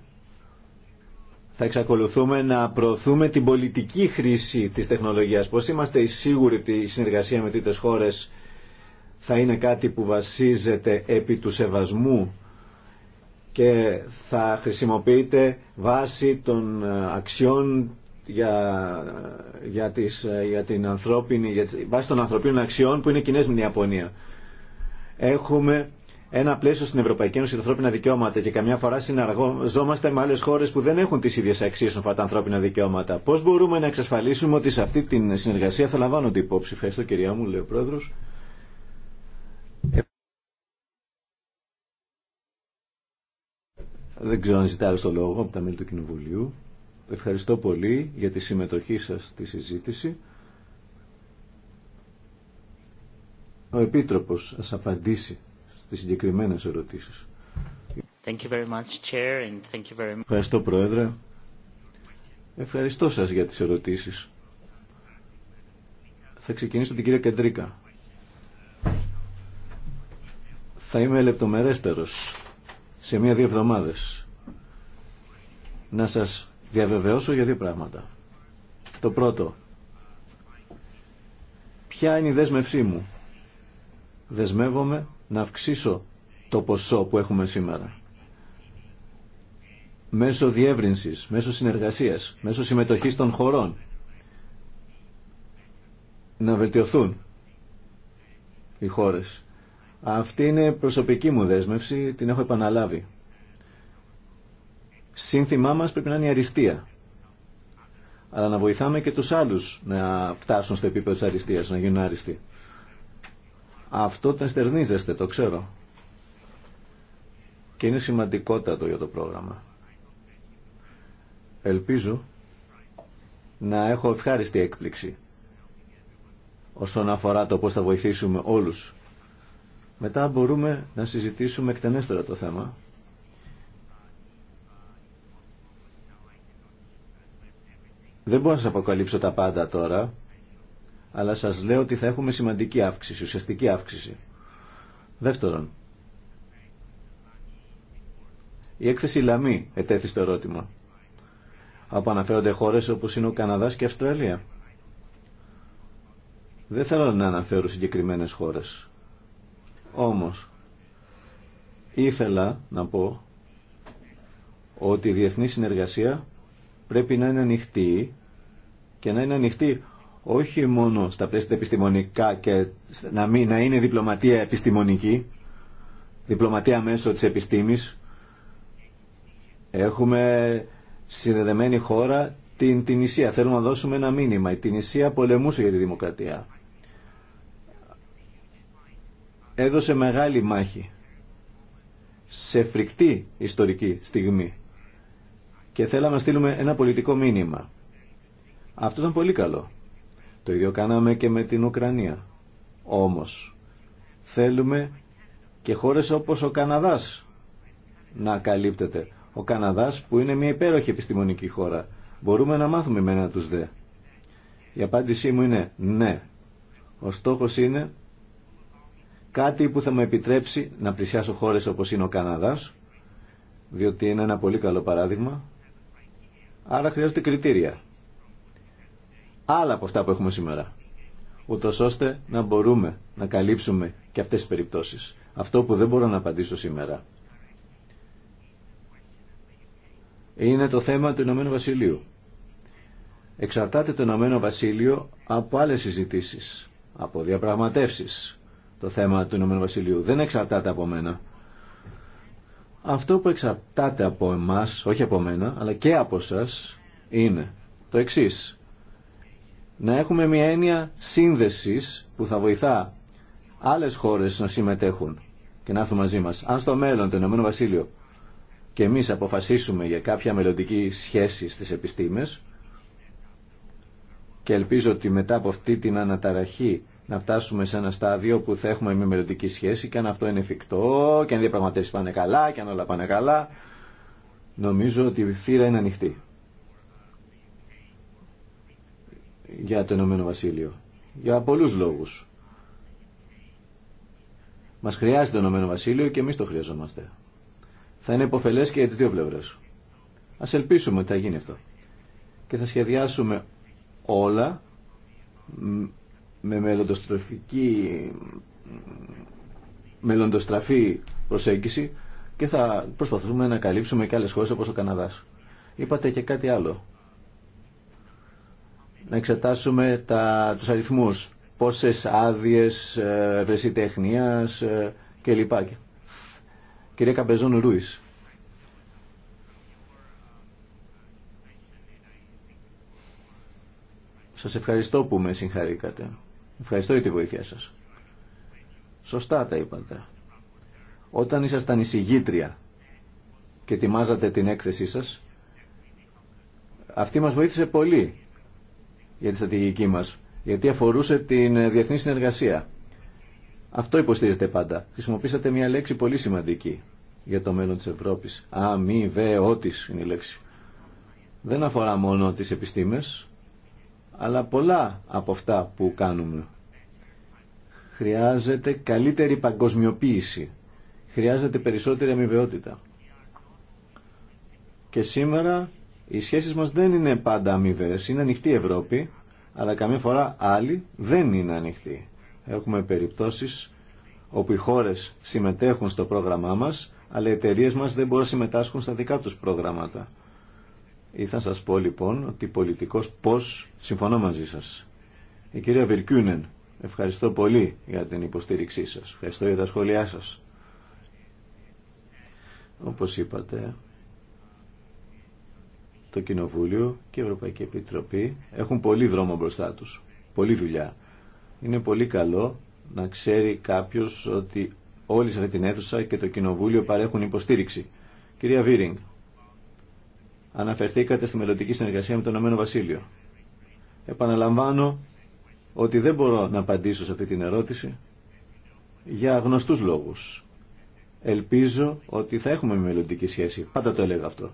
θα εξακολουθούμε να προωθούμε την πολιτική χρήση της τεχνολογίας. Πώς είμαστε σίγουροι ότι η συνεργασία με τέτοιες χώρες θα είναι κάτι που βασίζεται επί του σεβασμού και θα χρησιμοποιείται βάση των ε, αξιών για, για, τις, ε, την ανθρώπινη, για των ανθρωπίνων αξιών που είναι κοινέ με την Ιαπωνία. Έχουμε ένα πλαίσιο στην Ευρωπαϊκή Ένωση για ανθρώπινα δικαιώματα και καμιά φορά συναργόμαστε με άλλε χώρε που δεν έχουν τι ίδιε αξίε όσον τα ανθρώπινα δικαιώματα. Πώ μπορούμε να εξασφαλίσουμε ότι σε αυτή τη συνεργασία θα λαμβάνονται υπόψη. Ευχαριστώ, κυρία μου, λέει ο πρόεδρο. Δεν ξέρω αν ζητάω στο λόγο από τα μέλη του Κοινοβουλίου. Ευχαριστώ πολύ για τη συμμετοχή σας στη συζήτηση. Ο Επίτροπος σας απαντήσει στις συγκεκριμένες ερωτήσεις. Thank you very much, Chair, and thank you very much. Ευχαριστώ, Πρόεδρε. Ευχαριστώ σας για τις ερωτήσεις. Θα ξεκινήσω την κυρία Κεντρίκα. Θα είμαι λεπτομερέστερος σε μία-δύο εβδομάδες. Να σας διαβεβαιώσω για δύο πράγματα. Το πρώτο. Ποια είναι η δέσμευσή μου. Δεσμεύομαι να αυξήσω το ποσό που έχουμε σήμερα. Μέσω διεύρυνσης, μέσω συνεργασίας, μέσω συμμετοχής των χωρών. Να βελτιωθούν οι χώρες. Αυτή είναι προσωπική μου δέσμευση, την έχω επαναλάβει. Σύνθημά μας πρέπει να είναι η αριστεία. Αλλά να βοηθάμε και τους άλλους να φτάσουν στο επίπεδο της αριστείας, να γίνουν άριστοι. Αυτό το εστερνίζεστε, το ξέρω. Και είναι σημαντικότατο για το πρόγραμμα. Ελπίζω να έχω ευχάριστη έκπληξη όσον αφορά το πώς θα βοηθήσουμε όλους. Μετά μπορούμε να συζητήσουμε εκτενέστερα το θέμα. Δεν μπορώ να σας αποκαλύψω τα πάντα τώρα, αλλά σας λέω ότι θα έχουμε σημαντική αύξηση, ουσιαστική αύξηση. Δεύτερον, η έκθεση Λαμή ετέθη στο ερώτημα. Από αναφέρονται χώρες όπως είναι ο Καναδάς και η Αυστραλία. Δεν θέλω να αναφέρω συγκεκριμένες χώρες. Όμως, ήθελα να πω ότι η διεθνή συνεργασία πρέπει να είναι ανοιχτή και να είναι ανοιχτή όχι μόνο στα πλαίσια επιστημονικά και να, μην, να είναι διπλωματία επιστημονική, διπλωματία μέσω της επιστήμης. Έχουμε συνδεδεμένη χώρα την Τινησία. Θέλουμε να δώσουμε ένα μήνυμα. Η Τινησία πολεμούσε για τη δημοκρατία. Έδωσε μεγάλη μάχη σε φρικτή ιστορική στιγμή και θέλαμε να στείλουμε ένα πολιτικό μήνυμα. Αυτό ήταν πολύ καλό. Το ίδιο κάναμε και με την Ουκρανία. Όμως θέλουμε και χώρες όπως ο Καναδάς να καλύπτεται. Ο Καναδάς που είναι μια υπέροχη επιστημονική χώρα. Μπορούμε να μάθουμε με ένα τους δε. Η απάντησή μου είναι ναι. Ο στόχος είναι κάτι που θα μου επιτρέψει να πλησιάσω χώρες όπως είναι ο Καναδάς, διότι είναι ένα πολύ καλό παράδειγμα. Άρα χρειάζονται κριτήρια άλλα από αυτά που έχουμε σήμερα. Ούτω ώστε να μπορούμε να καλύψουμε και αυτές τις περιπτώσεις. Αυτό που δεν μπορώ να απαντήσω σήμερα είναι το θέμα του Ηνωμένου Βασιλείου. Εξαρτάται το Ηνωμένο Βασίλειο από άλλες συζητήσεις, από διαπραγματεύσεις το θέμα του Ηνωμένου Βασιλείου. Δεν εξαρτάται από μένα. Αυτό που εξαρτάται από εμάς, όχι από μένα, αλλά και από σας, είναι το εξής να έχουμε μια έννοια σύνδεσης που θα βοηθά άλλες χώρες να συμμετέχουν και να έρθουν μαζί μας. Αν στο μέλλον το Ηνωμένο και εμείς αποφασίσουμε για κάποια μελλοντική σχέση στις επιστήμες και ελπίζω ότι μετά από αυτή την αναταραχή να φτάσουμε σε ένα στάδιο που θα έχουμε μια μελλοντική σχέση και αν αυτό είναι εφικτό και αν διαπραγματεύσεις πάνε καλά και αν όλα πάνε καλά νομίζω ότι η θύρα είναι ανοιχτή. για το Ενωμένο Βασίλειο. Για πολλούς λόγους. Μας χρειάζεται το Ηνωμένο Βασίλειο και εμείς το χρειαζόμαστε. Θα είναι υποφελές και για τις δύο πλευρές. Ας ελπίσουμε ότι θα γίνει αυτό. Και θα σχεδιάσουμε όλα με μελλοντοστροφική μελλοντοστραφή προσέγγιση και θα προσπαθούμε να καλύψουμε και άλλες χώρες όπως ο Καναδάς. Είπατε και κάτι άλλο να εξετάσουμε τα, τους αριθμούς, πόσες άδειες ευρεσιτεχνίας ε, κλπ. Κυρία Καμπεζόν Ρούις. Σας ευχαριστώ που με συγχαρήκατε. Ευχαριστώ για τη βοήθειά σας. Σωστά τα είπατε. Όταν ήσασταν εισηγήτρια και ετοιμάζατε την έκθεσή σας, αυτή μας βοήθησε πολύ για τη στρατηγική μας, γιατί αφορούσε την ε, διεθνή συνεργασία. Αυτό υποστηρίζεται πάντα. Χρησιμοποίησατε μια λέξη πολύ σημαντική για το μέλλον της Ευρώπης. Αμοιβαιότης είναι η λέξη. Δεν αφορά μόνο τις επιστήμες, αλλά πολλά από αυτά που κάνουμε. Χρειάζεται καλύτερη παγκοσμιοποίηση. Χρειάζεται περισσότερη αμοιβαιότητα. Και σήμερα οι σχέσεις μας δεν είναι πάντα αμοιβέ. Είναι ανοιχτή η Ευρώπη, αλλά καμία φορά άλλη δεν είναι ανοιχτή. Έχουμε περιπτώσεις όπου οι χώρες συμμετέχουν στο πρόγραμμά μας, αλλά οι εταιρείε μας δεν μπορούν να συμμετάσχουν στα δικά τους προγράμματα. Ή θα σας πω λοιπόν ότι πολιτικός πώς συμφωνώ μαζί σας. Η κυρία ευχαριστώ πολύ για την υποστήριξή σας. Ευχαριστώ για τα σχόλιά σας. Όπως είπατε, το Κοινοβούλιο και η Ευρωπαϊκή Επιτροπή έχουν πολύ δρόμο μπροστά τους, Πολύ δουλειά. Είναι πολύ καλό να ξέρει κάποιο ότι όλοι σε την αίθουσα και το Κοινοβούλιο παρέχουν υποστήριξη. Κυρία Βίρινγκ, αναφερθήκατε στη μελλοντική συνεργασία με τον Ηνωμένο Βασίλειο. Επαναλαμβάνω ότι δεν μπορώ να απαντήσω σε αυτή την ερώτηση για γνωστούς λόγους. Ελπίζω ότι θα έχουμε μελλοντική σχέση. Πάντα το έλεγα αυτό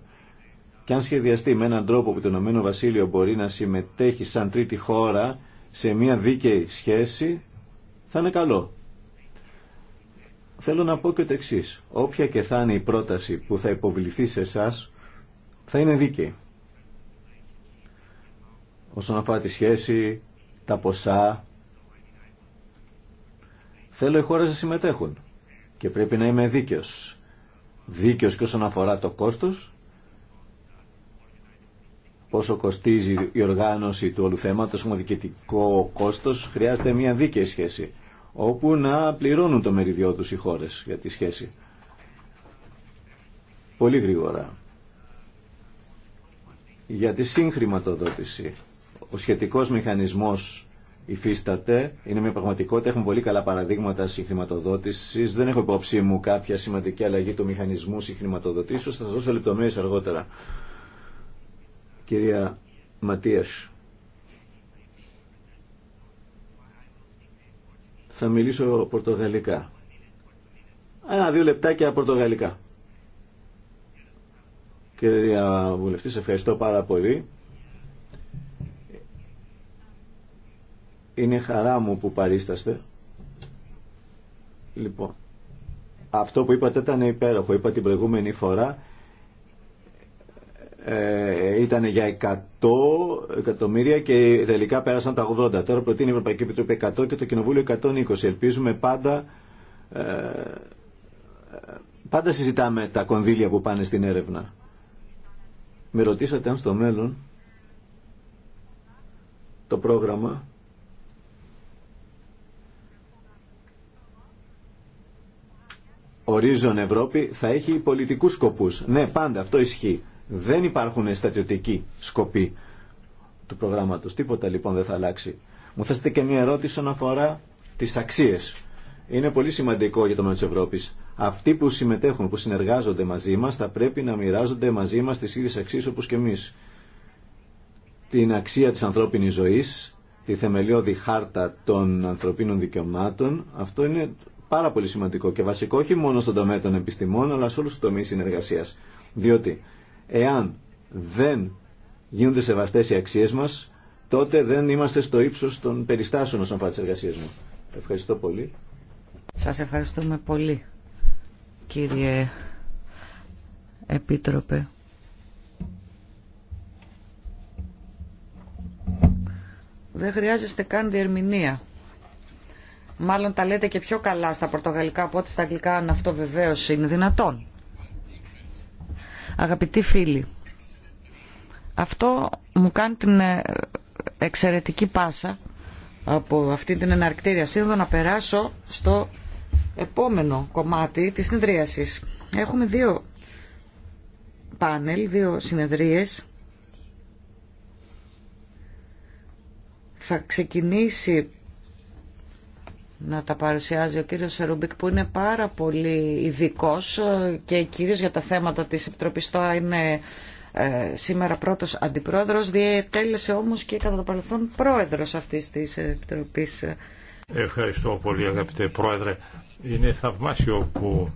και αν σχεδιαστεί με έναν τρόπο που το Ηνωμένο Βασίλειο μπορεί να συμμετέχει σαν τρίτη χώρα σε μια δίκαιη σχέση, θα είναι καλό. Θέλω να πω και το εξή. Όποια και θα είναι η πρόταση που θα υποβληθεί σε εσά, θα είναι δίκαιη. Όσον αφορά τη σχέση, τα ποσά, θέλω οι χώρες να συμμετέχουν και πρέπει να είμαι δίκαιο Δίκαιος και όσον αφορά το κόστος πόσο κοστίζει η οργάνωση του όλου θέματος, έχουμε διοικητικό κόστος, χρειάζεται μια δίκαιη σχέση, όπου να πληρώνουν το μεριδιό τους οι χώρες για τη σχέση. Πολύ γρήγορα. Για τη συγχρηματοδότηση, ο σχετικός μηχανισμός υφίσταται, είναι μια πραγματικότητα, έχουμε πολύ καλά παραδείγματα συγχρηματοδότησης, δεν έχω υπόψη μου κάποια σημαντική αλλαγή του μηχανισμού συγχρηματοδοτήσεως, θα σας δώσω λεπτομέρειες αργότερα. Κυρία Ματίας, θα μιλήσω πορτογαλικά. Ένα, δύο λεπτάκια πορτογαλικά. Κυρία Βουλευτή, ευχαριστώ πάρα πολύ. Είναι χαρά μου που παρίσταστε. Λοιπόν, αυτό που είπατε ήταν υπέροχο. Είπα την προηγούμενη φορά ε, ήταν για 100 εκατομμύρια και τελικά πέρασαν τα 80. Τώρα προτείνει η Ευρωπαϊκή Επιτροπή 100 και το Κοινοβούλιο 120. Ελπίζουμε πάντα, ε, πάντα συζητάμε τα κονδύλια που πάνε στην έρευνα. Με ρωτήσατε αν στο μέλλον το πρόγραμμα Ορίζον Ευρώπη θα έχει πολιτικούς σκοπούς. Ναι, πάντα αυτό ισχύει δεν υπάρχουν στατιωτικοί σκοποί του προγράμματος. Τίποτα λοιπόν δεν θα αλλάξει. Μου θέσετε και μια ερώτηση όσον αφορά τις αξίες. Είναι πολύ σημαντικό για το μέλλον της Ευρώπης. Αυτοί που συμμετέχουν, που συνεργάζονται μαζί μας, θα πρέπει να μοιράζονται μαζί μας τις ίδιες αξίες όπως και εμείς. Την αξία της ανθρώπινης ζωής, τη θεμελιώδη χάρτα των ανθρωπίνων δικαιωμάτων, αυτό είναι πάρα πολύ σημαντικό και βασικό όχι μόνο στον τομέα των επιστημών, αλλά σε όλους τους τομείς συνεργασίας. Διότι Εάν δεν γίνονται σεβαστές οι αξίες μας, τότε δεν είμαστε στο ύψο των περιστάσεων όσον αφορά τι εργασίε μα. Ευχαριστώ πολύ. Σας ευχαριστούμε πολύ, κύριε Επίτροπε. Δεν χρειάζεστε καν διερμηνία. Μάλλον τα λέτε και πιο καλά στα πορτογαλικά από ό,τι στα αγγλικά, αν αυτό βεβαίω είναι δυνατόν. Αγαπητοί φίλοι, αυτό μου κάνει την ε, εξαιρετική πάσα από αυτή την εναρκτήρια σύνδο να περάσω στο επόμενο κομμάτι της συνεδρίασης. Έχουμε δύο πάνελ, δύο συνεδρίες. Θα ξεκινήσει να τα παρουσιάζει ο κύριος Σερουμπίκ που είναι πάρα πολύ ειδικό και κυρίως για τα θέματα της Επιτροπής ΤΟΑ είναι ε, σήμερα πρώτος αντιπρόεδρος, διετέλεσε όμως και κατά το παρελθόν πρόεδρος αυτής της Επιτροπής. Ευχαριστώ πολύ αγαπητέ πρόεδρε. Είναι θαυμάσιο που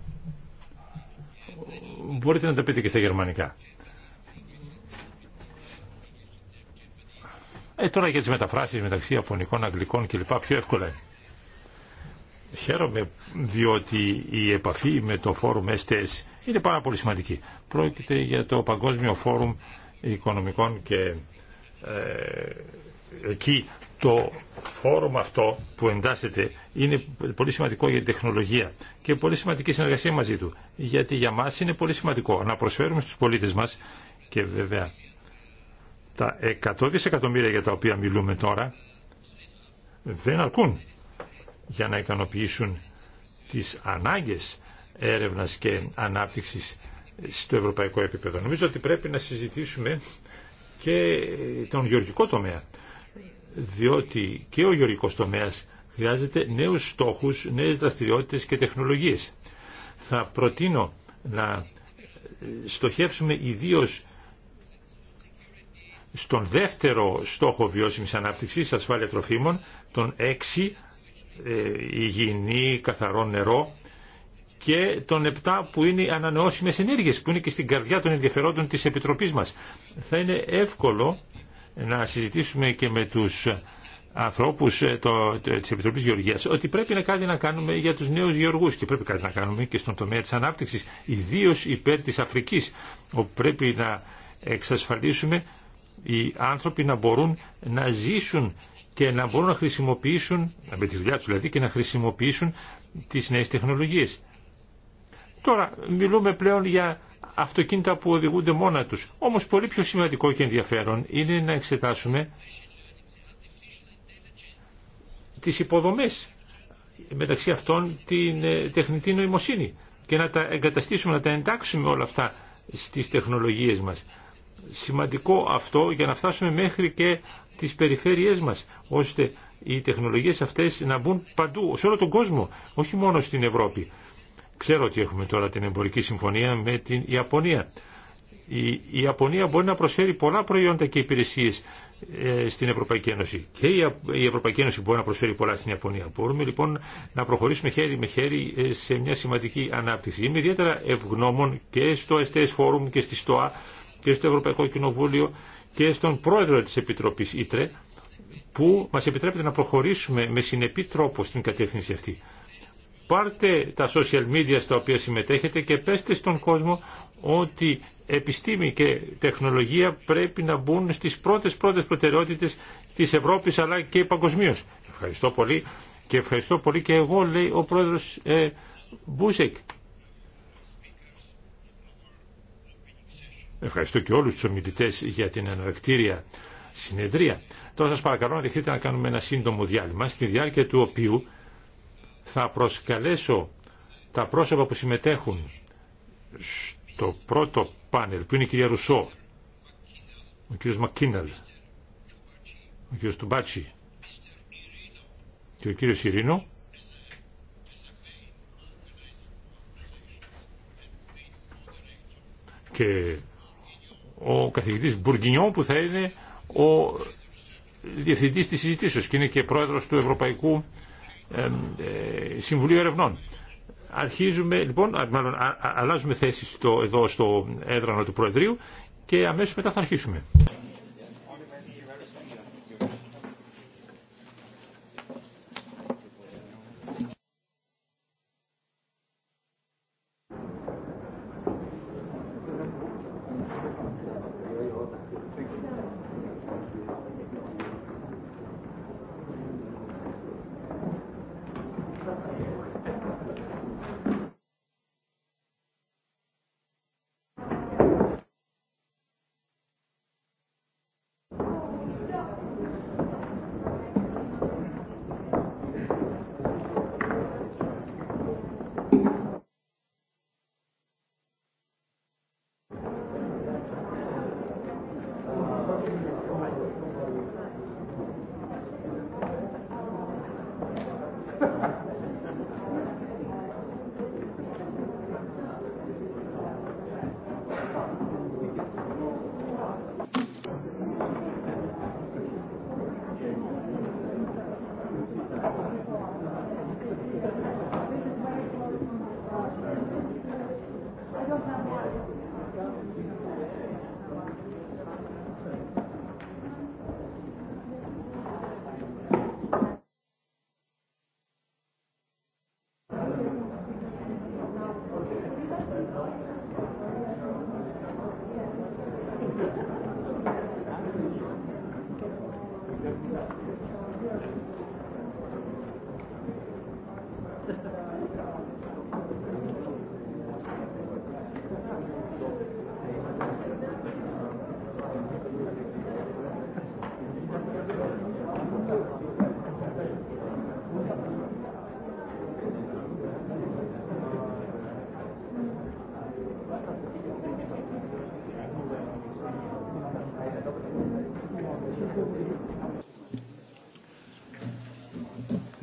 μπορείτε να τα πείτε και στα γερμανικά. Ε, τώρα για τις μεταφράσεις μεταξύ Ιαπωνικών, Αγγλικών κλπ. πιο εύκολα είναι. Χαίρομαι διότι η επαφή με το φόρουμ STS είναι πάρα πολύ σημαντική. Πρόκειται για το Παγκόσμιο Φόρουμ Οικονομικών και ε, εκεί το φόρουμ αυτό που εντάσσεται είναι πολύ σημαντικό για την τεχνολογία και πολύ σημαντική συνεργασία μαζί του. Γιατί για μας είναι πολύ σημαντικό να προσφέρουμε στους πολίτες μας και βέβαια τα 100 δισεκατομμύρια για τα οποία μιλούμε τώρα δεν αρκούν για να ικανοποιήσουν τις ανάγκες έρευνας και ανάπτυξης στο ευρωπαϊκό επίπεδο. Νομίζω ότι πρέπει να συζητήσουμε και τον γεωργικό τομέα, διότι και ο γεωργικός τομέας χρειάζεται νέους στόχους, νέες δραστηριότητες και τεχνολογίες. Θα προτείνω να στοχεύσουμε ιδίως στον δεύτερο στόχο βιώσιμης ανάπτυξης, ασφάλεια τροφίμων, τον 6 ε, υγιεινή, καθαρό νερό και των επτά που είναι ανανεώσιμες ενέργειες που είναι και στην καρδιά των ενδιαφερόντων της Επιτροπής μας. Θα είναι εύκολο να συζητήσουμε και με τους ανθρώπους ε, το, της Επιτροπής Γεωργίας ότι πρέπει να κάτι να κάνουμε για τους νέους γεωργούς και πρέπει κάτι να κάνουμε και στον τομέα της ανάπτυξης ιδίω υπέρ της Αφρικής όπου πρέπει να εξασφαλίσουμε οι άνθρωποι να μπορούν να ζήσουν και να μπορούν να χρησιμοποιήσουν, με τη δουλειά τους δηλαδή, και να χρησιμοποιήσουν τις νέες τεχνολογίες. Τώρα μιλούμε πλέον για αυτοκίνητα που οδηγούνται μόνα τους. Όμως πολύ πιο σημαντικό και ενδιαφέρον είναι να εξετάσουμε τις υποδομές μεταξύ αυτών την ε, τεχνητή νοημοσύνη και να τα εγκαταστήσουμε, να τα εντάξουμε όλα αυτά στις τεχνολογίες μας. Σημαντικό αυτό για να φτάσουμε μέχρι και τις περιφέρειές μας, ώστε οι τεχνολογίες αυτές να μπουν παντού, σε όλο τον κόσμο, όχι μόνο στην Ευρώπη. Ξέρω ότι έχουμε τώρα την εμπορική συμφωνία με την Ιαπωνία. Η Ιαπωνία μπορεί να προσφέρει πολλά προϊόντα και υπηρεσίες ε, στην Ευρωπαϊκή Ένωση. Και η Ευρωπαϊκή Ένωση μπορεί να προσφέρει πολλά στην Ιαπωνία. Μπορούμε λοιπόν να προχωρήσουμε χέρι με χέρι ε, σε μια σημαντική ανάπτυξη. Είμαι ιδιαίτερα ευγνώμων και στο STS Forum και στη ΣΤΟΑ και στο Ευρωπαϊκό Κοινοβούλιο και στον πρόεδρο της Επιτροπής Ήτρε που μας επιτρέπεται να προχωρήσουμε με συνεπή τρόπο στην κατεύθυνση αυτή. Πάρτε τα social media στα οποία συμμετέχετε και πέστε στον κόσμο ότι επιστήμη και τεχνολογία πρέπει να μπουν στις πρώτες πρώτες προτεραιότητες της Ευρώπης αλλά και παγκοσμίω. Ευχαριστώ πολύ και ευχαριστώ πολύ και εγώ λέει ο πρόεδρος ε, Μπούσεκ Ευχαριστώ και όλους τους ομιλητές για την αναρκτήρια συνεδρία. Τώρα σας παρακαλώ να δεχτείτε να κάνουμε ένα σύντομο διάλειμμα, στη διάρκεια του οποίου θα προσκαλέσω τα πρόσωπα που συμμετέχουν στο πρώτο πάνελ, που είναι η κυρία Ρουσό, ο κύριος Μακκίναλ, ο κύριος Τουμπάτσι και ο κύριος Ιρίνο και ο καθηγητής Μπουργκινιόν που θα είναι ο διευθυντής της συζητήσεως και είναι και πρόεδρος του Ευρωπαϊκού ε, Συμβουλίου Ερευνών. Αρχίζουμε, λοιπόν, μάλλον αλλάζουμε θέση στο, εδώ στο έδρανο του Προεδρείου και αμέσως μετά θα αρχίσουμε.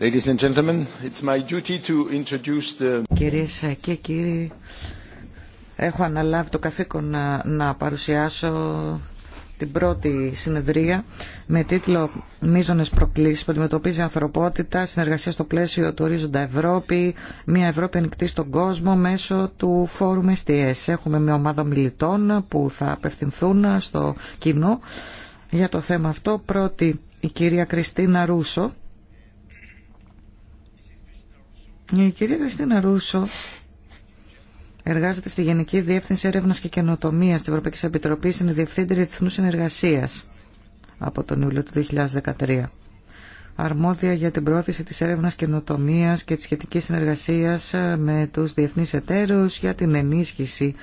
Ladies Κυρίες και κύριοι, έχω αναλάβει το καθήκον να, παρουσιάσω την πρώτη συνεδρία με τίτλο «Μίζωνες προκλήσεις που αντιμετωπίζει η ανθρωπότητα, συνεργασία στο πλαίσιο του ορίζοντα Ευρώπη, μια Ευρώπη ανοιχτή στον κόσμο μέσω του φόρουμ STS». Έχουμε μια ομάδα μιλητών που θα απευθυνθούν στο κοινό για το θέμα αυτό. Πρώτη η κυρία Κριστίνα Ρούσο Η κυρία Χριστίνα Ρούσο εργάζεται στη Γενική Διεύθυνση Έρευνας και καινοτομία της Ευρωπαϊκής Επιτροπή είναι Διευθύντρια Διεθνού Συνεργασία από τον Ιούλιο του 2013. Αρμόδια για την πρόθεση της έρευνας καινοτομία και τη σχετική συνεργασία ε, με τους Διεθνεί εταίρους για την ενίσχυση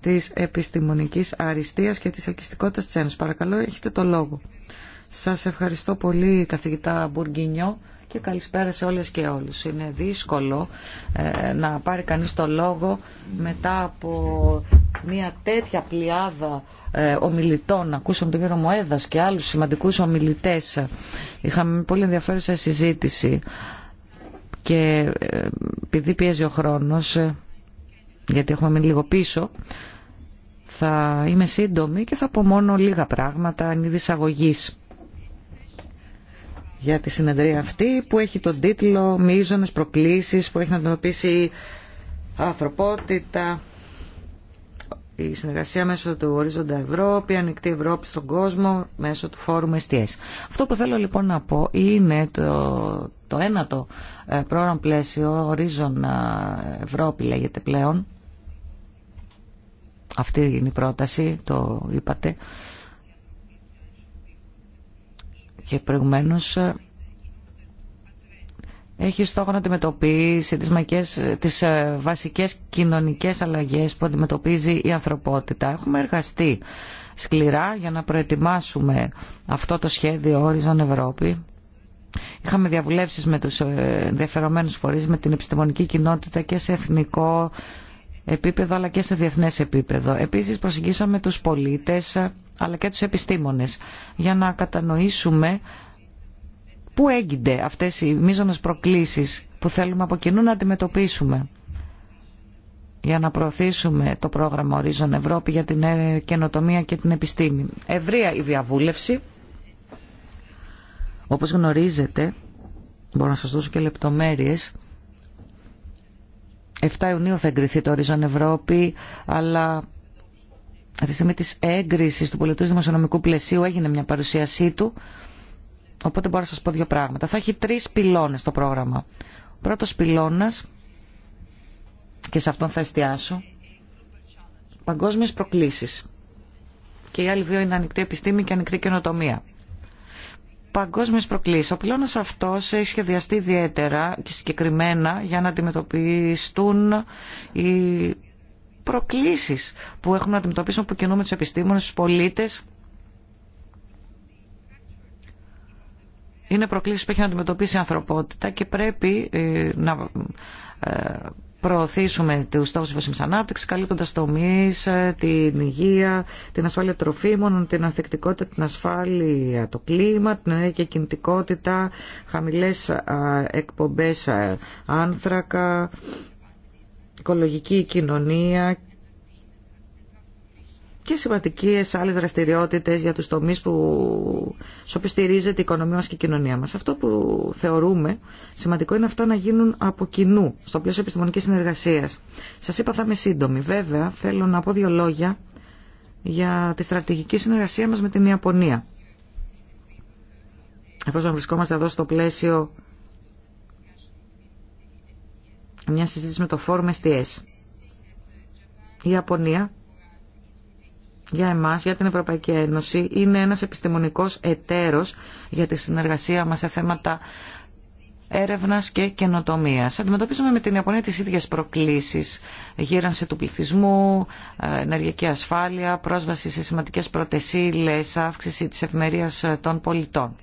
της επιστημονική αριστείας και τη ελκυστικότητα τη. Παρακαλώ, έχετε το λόγο. Σας ευχαριστώ πολύ, καθηγητά Μπουργκίνιο και καλησπέρα σε όλες και όλους. Είναι δύσκολο ε, να πάρει κανείς το λόγο μετά από μια τέτοια πλειάδα ε, ομιλητών. Ακούσαμε τον κύριο Μοέδας και άλλους σημαντικούς ομιλητές. Είχαμε πολύ ενδιαφέρουσα συζήτηση και ε, επειδή πιέζει ο χρόνος, γιατί έχουμε μείνει λίγο πίσω, θα είμαι σύντομη και θα πω μόνο λίγα πράγματα εν αγωγής για τη συνεδρία αυτή που έχει τον τίτλο «Μίζωνες προκλήσεις που έχει να αντιμετωπίσει η ανθρωπότητα, η συνεργασία μέσω του Ορίζοντα Ευρώπη, η Ανοιχτή Ευρώπη στον κόσμο, μέσω του Φόρουμ STS». Αυτό που θέλω λοιπόν να πω είναι το, το ένατο ε, πρόγραμμα πλαίσιο, Ορίζοντα ε, Ευρώπη λέγεται πλέον, αυτή είναι η πρόταση, το είπατε, και προηγουμένως ε, έχει στόχο να αντιμετωπίσει τις, μακές, τις ε, βασικές κοινωνικές αλλαγές που αντιμετωπίζει η ανθρωπότητα. Έχουμε εργαστεί σκληρά για να προετοιμάσουμε αυτό το σχέδιο Horizon Ευρώπη. Είχαμε διαβουλεύσεις με τους ε, ενδιαφερομένους φορείς, με την επιστημονική κοινότητα και σε εθνικό επίπεδο αλλά και σε διεθνές επίπεδο. Επίσης προσεγγίσαμε τους πολίτες αλλά και τους επιστήμονες για να κατανοήσουμε πού έγκυνται αυτές οι μείζονες προκλήσεις που θέλουμε από κοινού να αντιμετωπίσουμε για να προωθήσουμε το πρόγραμμα Ορίζον Ευρώπη για την καινοτομία και την επιστήμη. Ευρεία η διαβούλευση. Όπως γνωρίζετε, μπορώ να σας δώσω και λεπτομέρειες, 7 Ιουνίου θα εγκριθεί το Ορίζον Ευρώπη, αλλά τη στιγμή της έγκρισης του πολιτού δημοσιονομικού πλαισίου έγινε μια παρουσίασή του, οπότε μπορώ να σας πω δύο πράγματα. Θα έχει τρεις πυλώνες το πρόγραμμα. Ο πρώτος πυλώνας, και σε αυτόν θα εστιάσω, παγκόσμιες προκλήσεις. Και οι άλλοι δύο είναι ανοιχτή επιστήμη και ανοιχτή καινοτομία. Παγκόσμιες προκλήσεις. Ο πυλώνας αυτός έχει σχεδιαστεί ιδιαίτερα και συγκεκριμένα για να αντιμετωπιστούν οι προκλήσεις που έχουμε να αντιμετωπίσουμε, που κινούμε τους επιστήμονες, τους πολίτες. Είναι προκλήσεις που έχει να αντιμετωπίσει η ανθρωπότητα και πρέπει ε, να ε, προωθήσουμε του στόχου βιώσιμη ανάπτυξη, καλύπτοντα τομεί, ε, την υγεία, την ασφάλεια τροφίμων, την ανθεκτικότητα, την ασφάλεια, το κλίμα, την ενέργεια κινητικότητα, χαμηλέ εκπομπέ άνθρακα, οικολογική κοινωνία και σημαντικέ άλλε δραστηριότητε για του τομεί που οποίου στηρίζεται η οικονομία μα και η κοινωνία μα. Αυτό που θεωρούμε σημαντικό είναι αυτά να γίνουν από κοινού, στο πλαίσιο επιστημονική συνεργασία. Σα είπα θα είμαι σύντομη. Βέβαια, θέλω να πω δύο λόγια για τη στρατηγική συνεργασία μα με την Ιαπωνία. Εφόσον βρισκόμαστε εδώ στο πλαίσιο μια συζήτηση με το Φόρμες STS. Η Ιαπωνία για εμάς, για την Ευρωπαϊκή Ένωση, είναι ένας επιστημονικός εταίρος για τη συνεργασία μας σε θέματα έρευνας και καινοτομίας. Αντιμετωπίζουμε με την Ιαπωνία τις ίδιες προκλήσεις. Γύρανση του πληθυσμού, ενεργειακή ασφάλεια, πρόσβαση σε σημαντικές πρωτεσίλες, αύξηση της ευμερίας των πολιτών.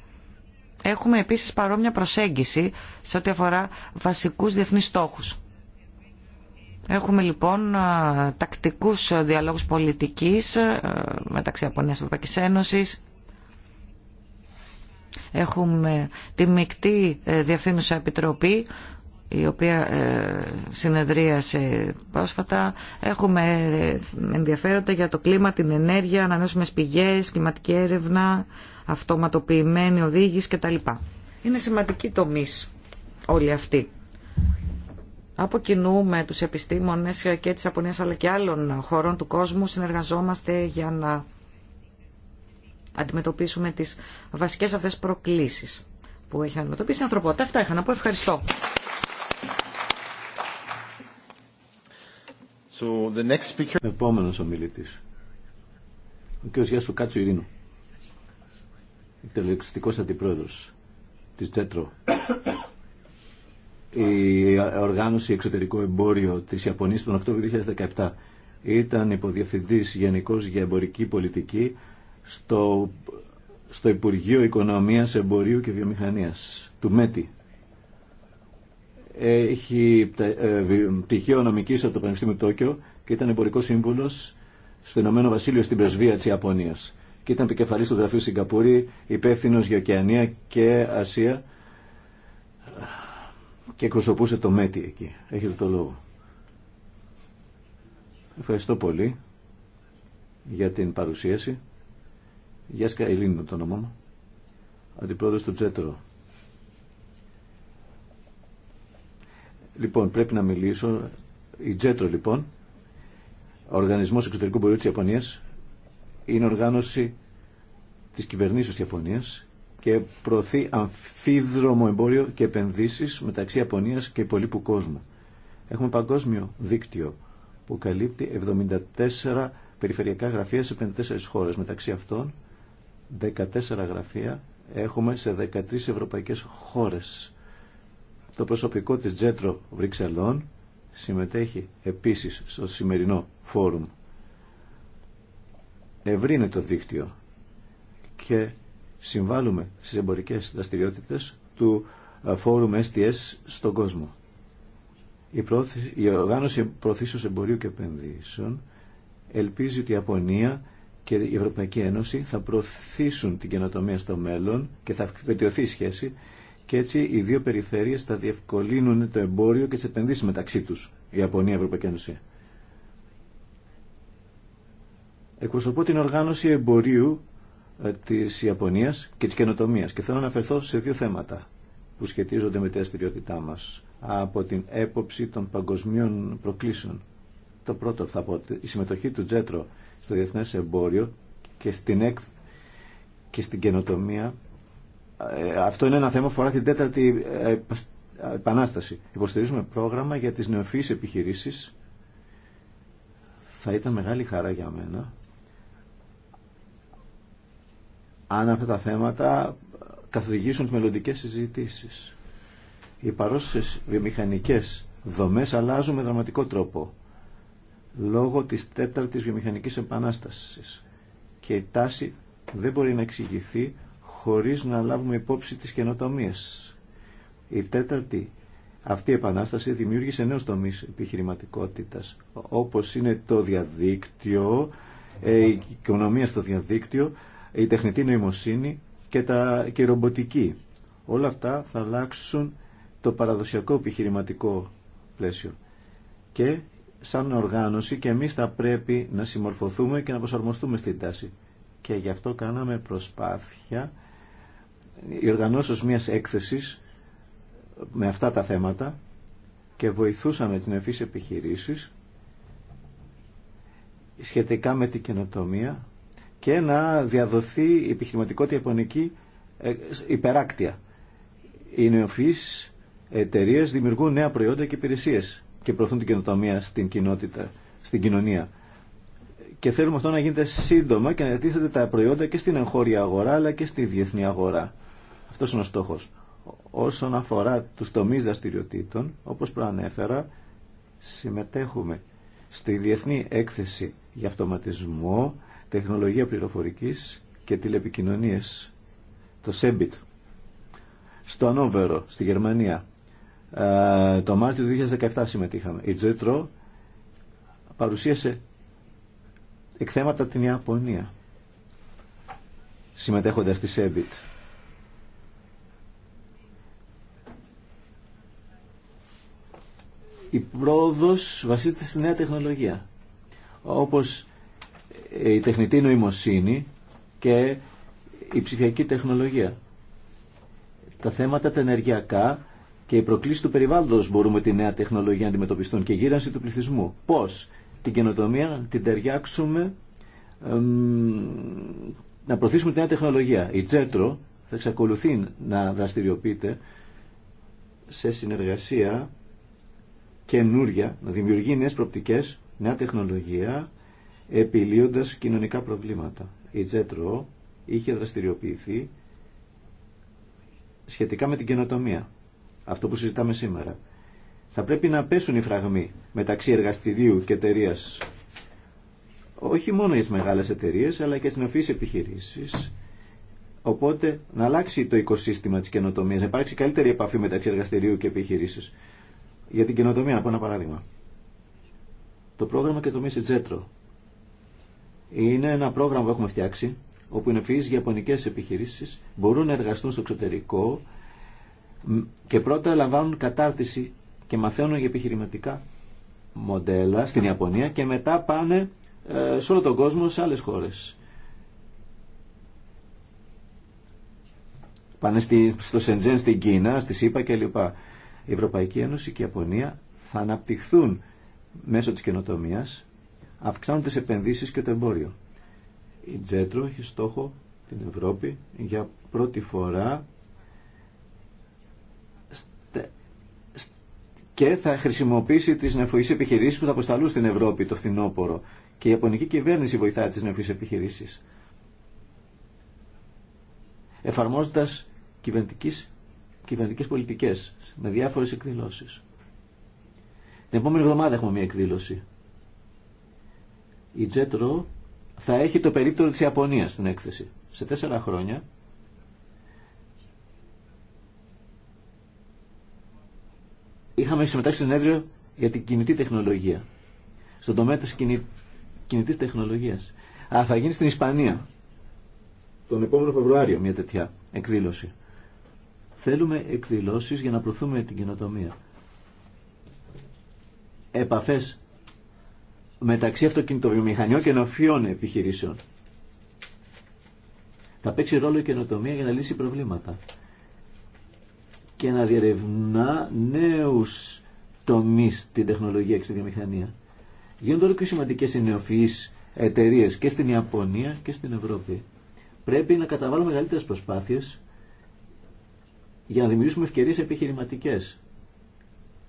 Έχουμε επίσης παρόμοια προσέγγιση σε ό,τι αφορά βασικούς διεθνείς στόχους. Έχουμε λοιπόν τακτικούς διαλόγους πολιτικής μεταξύ Απωνίας και Ευρωπαϊκής Ένωσης. Έχουμε τη μεικτή ε, διευθύνουσα επιτροπή η οποία ε, συνεδρίασε πρόσφατα. Έχουμε ε, ενδιαφέροντα για το κλίμα, την ενέργεια, ανανεώσιμες πηγές, κλιματική έρευνα, αυτοματοποιημένη οδήγηση κτλ. Είναι σημαντική τομή όλοι αυτοί. Από κοινού με τους επιστήμονες και της Απωνίας αλλά και άλλων χωρών του κόσμου συνεργαζόμαστε για να αντιμετωπίσουμε τις βασικές αυτές προκλήσεις που έχει αντιμετωπίσει η ανθρωπότητα. Αυτά είχα να πω. Ευχαριστώ. So the Επόμενος ομιλητής. Ο κ. Γιάσου Κάτσου τελεξιστικός αντιπρόεδρος της ΤΕΤΡΟ η οργάνωση εξωτερικό εμπόριο της Ιαπωνίας τον Οκτώβριο 2017 ήταν υποδιευθυντή γενικός για εμπορική πολιτική στο, στο Υπουργείο Οικονομίας, Εμπορίου και Βιομηχανίας του ΜΕΤΗ. Έχει ε, πτυχίο νομικής από το Πανεπιστήμιο Τόκιο και ήταν εμπορικό σύμβουλο στο Ηνωμένο Βασίλειο στην Πρεσβεία τη Ιαπωνία και ήταν επικεφαλής του γραφείου Σιγκαπούρη, υπεύθυνο για Οκεανία και Ασία και εκπροσωπούσε το ΜΕΤΙ εκεί. Έχετε το λόγο. Ευχαριστώ πολύ για την παρουσίαση. Γεια σας, είναι το όνομά μου. Αντιπρόεδρος του Τζέτρο. Λοιπόν, πρέπει να μιλήσω. Η Τζέτρο, λοιπόν, ο Οργανισμός Εξωτερικού Μπορείου της Ιαπωνίας, είναι οργάνωση της κυβερνήσεως της Ιαπωνίας και προωθεί αμφίδρομο εμπόριο και επενδύσεις μεταξύ Ιαπωνίας και υπολείπου κόσμου. Έχουμε παγκόσμιο δίκτυο που καλύπτει 74 περιφερειακά γραφεία σε 54 χώρες. Μεταξύ αυτών 14 γραφεία έχουμε σε 13 ευρωπαϊκές χώρες. Το προσωπικό της Τζέτρο Βρυξελών συμμετέχει επίσης στο σημερινό φόρουμ Ευρύνεται το δίκτυο και συμβάλλουμε στις εμπορικές δραστηριότητες του ε, φόρουμ STS στον κόσμο. Η, η οργάνωση προθήσεως εμπορίου και επενδύσεων ελπίζει ότι η Ιαπωνία και η Ευρωπαϊκή Ένωση θα προωθήσουν την καινοτομία στο μέλλον και θα βελτιωθεί η σχέση και έτσι οι δύο περιφέρειες θα διευκολύνουν το εμπόριο και τις επενδύσεις μεταξύ τους, η Ιαπωνία και η Ευρωπαϊκή Ένωση. Εκπροσωπώ την οργάνωση εμπορίου ε, της Ιαπωνίας και της καινοτομίας και θέλω να αναφερθώ σε δύο θέματα που σχετίζονται με τη δραστηριότητά μας από την έποψη των παγκοσμίων προκλήσεων. Το πρώτο θα πω, η συμμετοχή του Τζέτρο στο διεθνές εμπόριο και στην, εκ, και στην καινοτομία. Ε, αυτό είναι ένα θέμα που αφορά την τέταρτη ε, επανάσταση. Υποστηρίζουμε πρόγραμμα για τις νεοφυείς επιχειρήσεις. Θα ήταν μεγάλη χαρά για μένα αν αυτά τα θέματα ε, καθοδηγήσουν τι μελλοντικέ συζητήσεις. Οι παρόσε βιομηχανικές δομές αλλάζουν με δραματικό τρόπο λόγω της τέταρτη βιομηχανικής επανάστασης και η τάση δεν μπορεί να εξηγηθεί χωρίς να λάβουμε υπόψη τι καινοτομίε. Η τέταρτη αυτή η επανάσταση δημιούργησε νέου τομεί επιχειρηματικότητα. όπως είναι το διαδίκτυο, ε, η οικονομία στο διαδίκτυο, η τεχνητή νοημοσύνη και, τα, και η ρομποτική. Όλα αυτά θα αλλάξουν το παραδοσιακό επιχειρηματικό πλαίσιο. Και σαν οργάνωση και εμείς θα πρέπει να συμμορφωθούμε και να προσαρμοστούμε στην τάση. Και γι' αυτό κάναμε προσπάθεια η οργανώσεως μιας έκθεσης με αυτά τα θέματα και βοηθούσαμε τις νεφείς επιχειρήσεις σχετικά με την καινοτομία και να διαδοθεί η επιχειρηματικότητα ιαπωνική ε, υπεράκτια. Οι νεοφυείς εταιρείε δημιουργούν νέα προϊόντα και υπηρεσίε και προωθούν την καινοτομία στην κοινότητα, στην κοινωνία. Και θέλουμε αυτό να γίνεται σύντομα και να διατίθεται τα προϊόντα και στην εγχώρια αγορά αλλά και στη διεθνή αγορά. Αυτό είναι ο στόχος. Όσον αφορά του τομεί δραστηριοτήτων, όπως προανέφερα, συμμετέχουμε στη Διεθνή Έκθεση για Αυτοματισμό τεχνολογία πληροφορικής και τηλεπικοινωνίες, το SEBIT, στο Ανόβερο, στη Γερμανία. Ε, το Μάρτιο του 2017 συμμετείχαμε. Η Τζέτρο παρουσίασε εκθέματα την Ιαπωνία, συμμετέχοντας στη SEBIT. Η πρόοδος βασίζεται στη νέα τεχνολογία, όπως ε, η τεχνητή νοημοσύνη και η ψηφιακή τεχνολογία. Τα θέματα τα ενεργειακά και η προκλήση του περιβάλλοντο μπορούμε τη νέα τεχνολογία να αντιμετωπιστούν και η γύρανση του πληθυσμού. Πώ την καινοτομία να την ταιριάξουμε, να προωθήσουμε τη νέα τεχνολογία. Η Τζέτρο θα εξακολουθεί να δραστηριοποιείται σε συνεργασία καινούρια, να δημιουργεί νέε προπτικές, νέα τεχνολογία επιλύοντας κοινωνικά προβλήματα. Η Τζέτρο είχε δραστηριοποιηθεί σχετικά με την καινοτομία, αυτό που συζητάμε σήμερα. Θα πρέπει να πέσουν οι φραγμοί μεταξύ εργαστηρίου και εταιρεία. Όχι μόνο για τις μεγάλες εταιρείε, αλλά και τι νοφεί επιχειρήσει, Οπότε να αλλάξει το οικοσύστημα τη καινοτομία, να υπάρξει καλύτερη επαφή μεταξύ εργαστηρίου και επιχειρήσεις. Για την καινοτομία, να πω ένα παράδειγμα. Το πρόγραμμα και το Τζέτρο είναι ένα πρόγραμμα που έχουμε φτιάξει, όπου οι νεφείς γιαπωνικές επιχειρήσεις μπορούν να εργαστούν στο εξωτερικό και πρώτα λαμβάνουν κατάρτιση και μαθαίνουν για επιχειρηματικά μοντέλα στην Ιαπωνία και μετά πάνε ε, σε όλο τον κόσμο σε άλλες χώρες. Πάνε στο Σεντζέν στην Κίνα, στη ΣΥΠΑ κλπ. Η Ευρωπαϊκή Ένωση και η Ιαπωνία θα αναπτυχθούν μέσω της καινοτομίας αυξάνουν τις επενδύσεις και το εμπόριο. Η Τζέτρο έχει στόχο την Ευρώπη για πρώτη φορά και θα χρησιμοποιήσει τις νεφοείς επιχειρήσεις που θα αποσταλούν στην Ευρώπη το φθινόπωρο. Και η Ιαπωνική κυβέρνηση βοηθάει τις νεφοείς επιχειρήσεις. Εφαρμόζοντας κυβερνητικές, κυβερνητικές πολιτικές με διάφορες εκδηλώσεις. Την επόμενη εβδομάδα έχουμε μια εκδήλωση η JetRo θα έχει το περίπτωρο της Ιαπωνίας στην έκθεση. Σε τέσσερα χρόνια είχαμε συμμετάξει στο συνέδριο για την κινητή τεχνολογία. Στον τομέα της κινη... κινητής τεχνολογίας. Αλλά θα γίνει στην Ισπανία τον επόμενο Φεβρουάριο μια τέτοια εκδήλωση. Θέλουμε εκδηλώσεις για να προωθούμε την καινοτομία. Επαφές μεταξύ αυτοκινητοβιομηχανιών και νοφιών επιχειρήσεων. Θα παίξει ρόλο η καινοτομία για να λύσει προβλήματα και να διερευνά νέους τομείς στην τεχνολογία και στη βιομηχανία. Γίνονται όλο και σημαντικές οι νεοφυείς εταιρείε και στην Ιαπωνία και στην Ευρώπη. Πρέπει να καταβάλουμε μεγαλύτερε προσπάθειες για να δημιουργήσουμε ευκαιρίε επιχειρηματικέ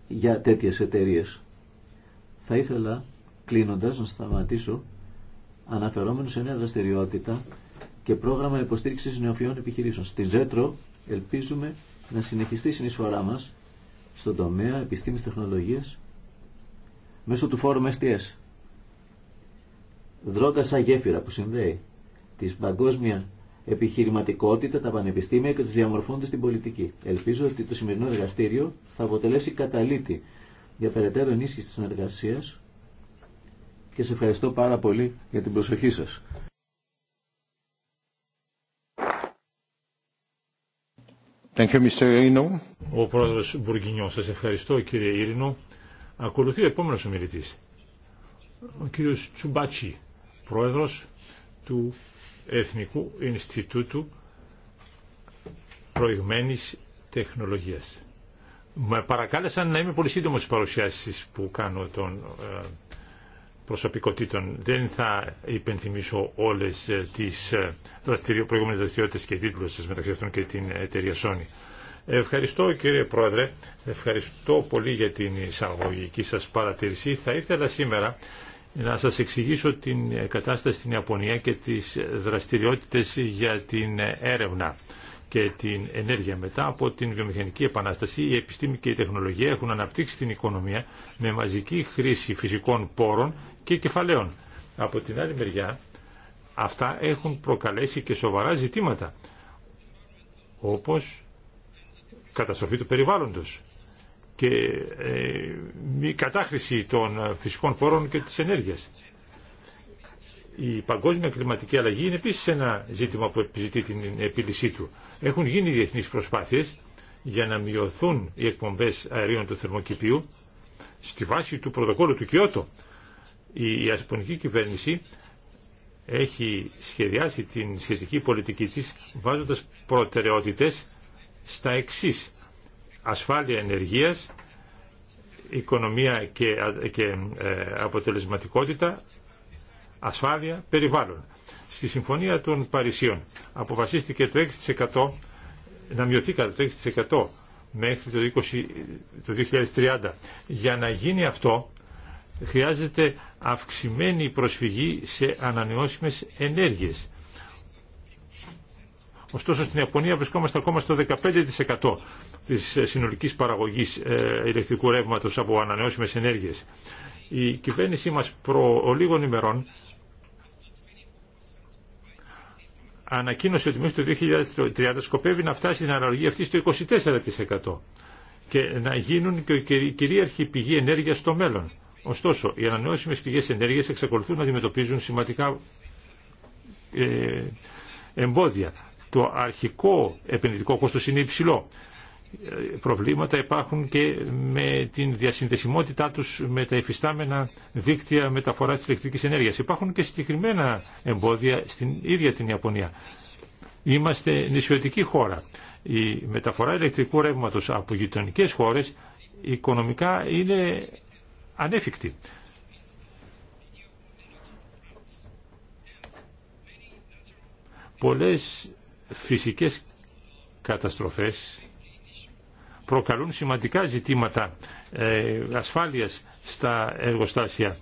για τέτοιε εταιρείε. Θα ήθελα Κλείνοντα να σταματήσω αναφερόμενο σε νέα δραστηριότητα και πρόγραμμα υποστήριξη νεοφυών επιχειρήσεων. Στην ΖΕΤΡΟ ελπίζουμε να συνεχιστεί η συνεισφορά μα στον τομέα επιστήμης τεχνολογία μέσω του φόρουμ STS. δρόκα σαν γέφυρα που συνδέει τη παγκόσμια επιχειρηματικότητα, τα πανεπιστήμια και του διαμορφώντε στην πολιτική. Ελπίζω ότι το σημερινό εργαστήριο θα αποτελέσει καταλήτη για περαιτέρω ενίσχυση τη συνεργασία και σε ευχαριστώ πάρα πολύ για την προσοχή σας. Thank you, Ο πρόεδρος Μπουργκινιό, σας ευχαριστώ κύριε Ήρινο. Ακολουθεί ο επόμενος ομιλητής, ο κύριος Τσουμπάτσι, πρόεδρος του Εθνικού Ινστιτούτου Προηγμένης Τεχνολογίας. Με παρακάλεσαν να είμαι πολύ σύντομο στις παρουσιάσεις που κάνω τον. Ε, προσωπικότητων. Δεν θα υπενθυμίσω όλες ε, τις ε, δραστηριο, προηγούμενες δραστηριότητες και τίτλους σας μεταξύ αυτών και την εταιρεία Sony. Ευχαριστώ κύριε Πρόεδρε, ευχαριστώ πολύ για την εισαγωγική σας παρατήρηση. Θα ήθελα σήμερα να σας εξηγήσω την ε, κατάσταση στην Ιαπωνία και τις δραστηριότητες για την έρευνα και την ενέργεια. Μετά από την βιομηχανική επανάσταση, η επιστήμη και η τεχνολογία έχουν αναπτύξει την οικονομία με μαζική χρήση φυσικών πόρων και κεφαλαίων. Από την άλλη μεριά, αυτά έχουν προκαλέσει και σοβαρά ζητήματα, όπως καταστροφή του περιβάλλοντος και ε, η κατάχρηση των φυσικών πόρων και της ενέργειας. Η παγκόσμια κλιματική αλλαγή είναι επίσης ένα ζήτημα που επιζητεί την επίλυσή του. Έχουν γίνει διεθνείς προσπάθειες για να μειωθούν οι εκπομπές αερίων του θερμοκηπίου στη βάση του πρωτοκόλλου του Κιώτο η Ιαπωνική κυβέρνηση έχει σχεδιάσει την σχετική πολιτική της βάζοντας προτεραιότητες στα εξής. Ασφάλεια ενεργείας, οικονομία και, και ε, αποτελεσματικότητα, ασφάλεια περιβάλλον. Στη Συμφωνία των Παρισιών αποφασίστηκε το 6% να μειωθεί κατά το 6% μέχρι το, 20, το 2030. Για να γίνει αυτό χρειάζεται αυξημένη προσφυγή σε ανανεώσιμες ενέργειες. Ωστόσο στην Ιαπωνία βρισκόμαστε ακόμα στο 15% της συνολικής παραγωγής ε, ηλεκτρικού ρεύματος από ανανεώσιμες ενέργειες. Η κυβέρνησή μας προ λίγων ημερών ανακοίνωσε ότι μέχρι το 2030 σκοπεύει να φτάσει την αναλογή αυτή στο 24% και να γίνουν και κυρίαρχη πηγή ενέργειας στο μέλλον. Ωστόσο, οι ανανεώσιμες πηγές ενέργειας εξακολουθούν να αντιμετωπίζουν σημαντικά ε, εμπόδια. Το αρχικό επενδυτικό κόστος είναι υψηλό. Ε, προβλήματα υπάρχουν και με την διασυνδεσιμότητά τους με τα υφιστάμενα δίκτυα μεταφοράς τη ηλεκτρικής ενέργειας. Υπάρχουν και συγκεκριμένα εμπόδια στην ίδια την Ιαπωνία. Είμαστε νησιωτική χώρα. Η μεταφορά ηλεκτρικού ρεύματο από γειτονικέ χώρε οικονομικά είναι ανέφικτη. Πολλές φυσικές καταστροφές προκαλούν σημαντικά ζητήματα ε, ασφάλειας στα εργοστάσια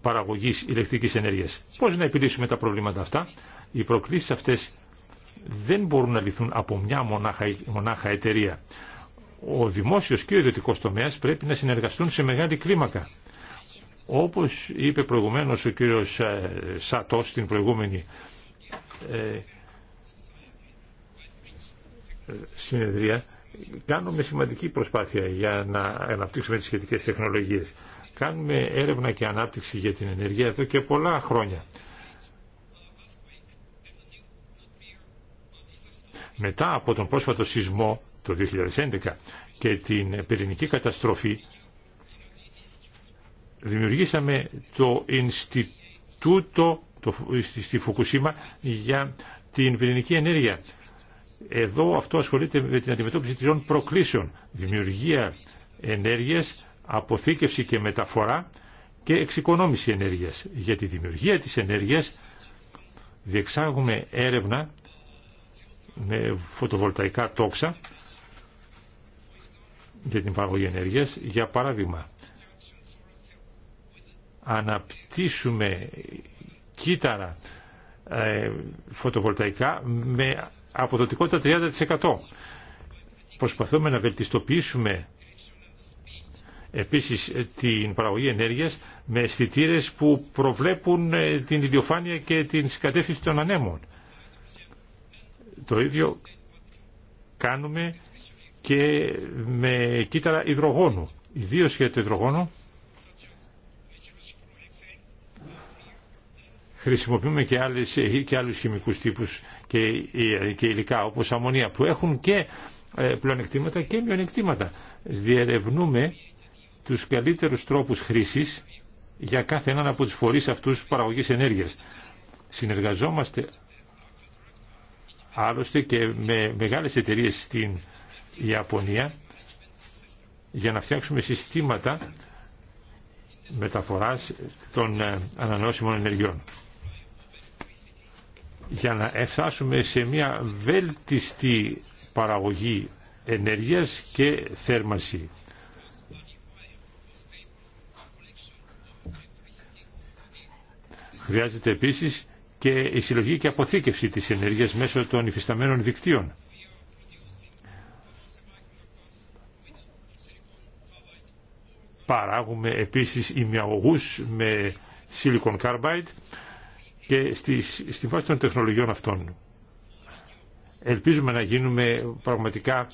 παραγωγής ηλεκτρικής ενέργειας. Πώς να επιλύσουμε τα προβλήματα αυτά. Οι προκλήσεις αυτές δεν μπορούν να λυθούν από μια μονάχα, μονάχα εταιρεία ο δημόσιος και ο ιδιωτικός τομέας πρέπει να συνεργαστούν σε μεγάλη κλίμακα. Όπως είπε προηγουμένως ο κύριος ε, Σατός στην προηγούμενη ε, συνεδρία, κάνουμε σημαντική προσπάθεια για να αναπτύξουμε τις σχετικές τεχνολογίες. Κάνουμε έρευνα και ανάπτυξη για την ενέργεια εδώ και πολλά χρόνια. Μετά από τον πρόσφατο σεισμό το 2011 και την πυρηνική καταστροφή δημιουργήσαμε το Ινστιτούτο το, στη Φουκουσίμα για την πυρηνική ενέργεια. Εδώ αυτό ασχολείται με την αντιμετώπιση τριών προκλήσεων. Δημιουργία ενέργειας, αποθήκευση και μεταφορά και εξοικονόμηση ενέργειας. Για τη δημιουργία της ενέργειας διεξάγουμε έρευνα με φωτοβολταϊκά τόξα για την παραγωγή ενέργειας. Για παράδειγμα, αναπτύσσουμε κύτταρα ε, φωτοβολταϊκά με αποδοτικότητα 30%. Προσπαθούμε να βελτιστοποιήσουμε επίσης την παραγωγή ενέργειας με αισθητήρε που προβλέπουν ε, την ηλιοφάνεια και την συγκατεύθυνση των ανέμων. Το ίδιο κάνουμε και με κύτταρα υδρογόνου. Ιδίως για το υδρογόνο χρησιμοποιούμε και, άλλες, και άλλους χημικούς τύπους και, και υλικά όπως αμμονία που έχουν και ε, πλονεκτήματα και μειονεκτήματα. Διερευνούμε τους καλύτερους τρόπους χρήσης για κάθε έναν από τους φορείς αυτούς παραγωγής ενέργειας. Συνεργαζόμαστε άλλωστε και με μεγάλες εταιρείες στην Ιαπωνία για να φτιάξουμε συστήματα μεταφοράς των ε, ανανεώσιμων ενεργειών. Για να εφτάσουμε σε μια βέλτιστη παραγωγή ενέργειας και θέρμανση. Χρειάζεται επίσης και η συλλογή και αποθήκευση της ενέργειας μέσω των υφισταμένων δικτύων. Παράγουμε επίσης ημιαγωγούς με silicon carbide και στις, στη βάση των τεχνολογιών αυτών. Ελπίζουμε να γίνουμε πραγματικά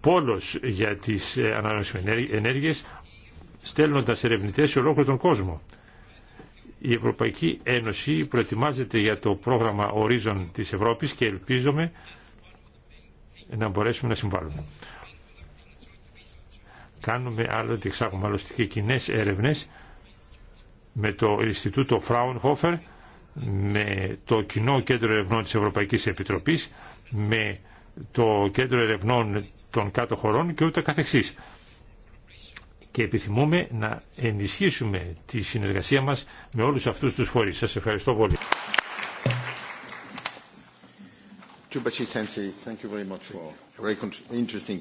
πόλος για τις ε, ανανεώσιμες ενέργειες, στέλνοντας ερευνητές σε ολόκληρο τον κόσμο. Η Ευρωπαϊκή Ένωση προετοιμάζεται για το πρόγραμμα Horizon της Ευρώπης και ελπίζουμε να μπορέσουμε να συμβάλλουμε κάνουμε άλλο, εξάγουμε άλλωστε και κοινέ έρευνες με το Ινστιτούτο Fraunhofer, με το Κοινό Κέντρο Ερευνών της Ευρωπαϊκής Επιτροπής, με το Κέντρο Ερευνών των Κάτω Χωρών και ούτε καθεξής. Και επιθυμούμε να ενισχύσουμε τη συνεργασία μας με όλους αυτούς τους φορείς. Σας ευχαριστώ πολύ. Thank you very much for very interesting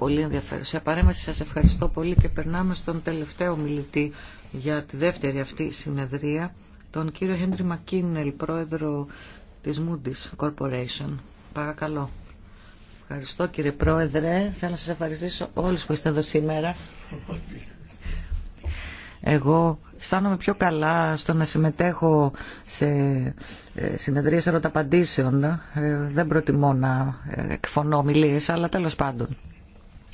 πολύ ενδιαφέρουσα παρέμβαση. Σας ευχαριστώ πολύ και περνάμε στον τελευταίο μιλητή για τη δεύτερη αυτή συνεδρία, τον κύριο Χέντρι Μακίνελ, πρόεδρο της Moody's Corporation. Παρακαλώ. Ευχαριστώ κύριε Πρόεδρε. Θέλω να σας ευχαριστήσω όλους που είστε εδώ σήμερα. Εγώ αισθάνομαι πιο καλά στο να συμμετέχω σε ε, συνεδρίες ερωταπαντήσεων. Ε, δεν προτιμώ να ε, εκφωνώ ομιλίες, αλλά τέλος πάντων.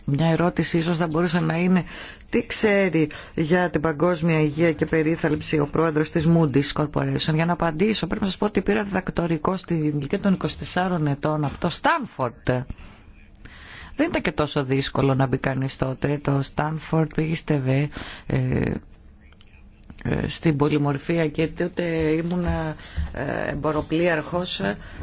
Μια ερώτηση ίσως θα μπορούσε να είναι τι ξέρει για την παγκόσμια υγεία και περίθαλψη ο πρόεδρος της Moody's Corporation. Για να απαντήσω πρέπει να σας πω ότι πήρα διδακτορικό στην ηλικία των 24 ετών από το Στάνφορντ. Δεν ήταν και τόσο δύσκολο να μπει κανείς τότε. Το Στάνφορντ πήγε στη ΒΕ, ε, στην πολυμορφία και τότε ήμουν ε,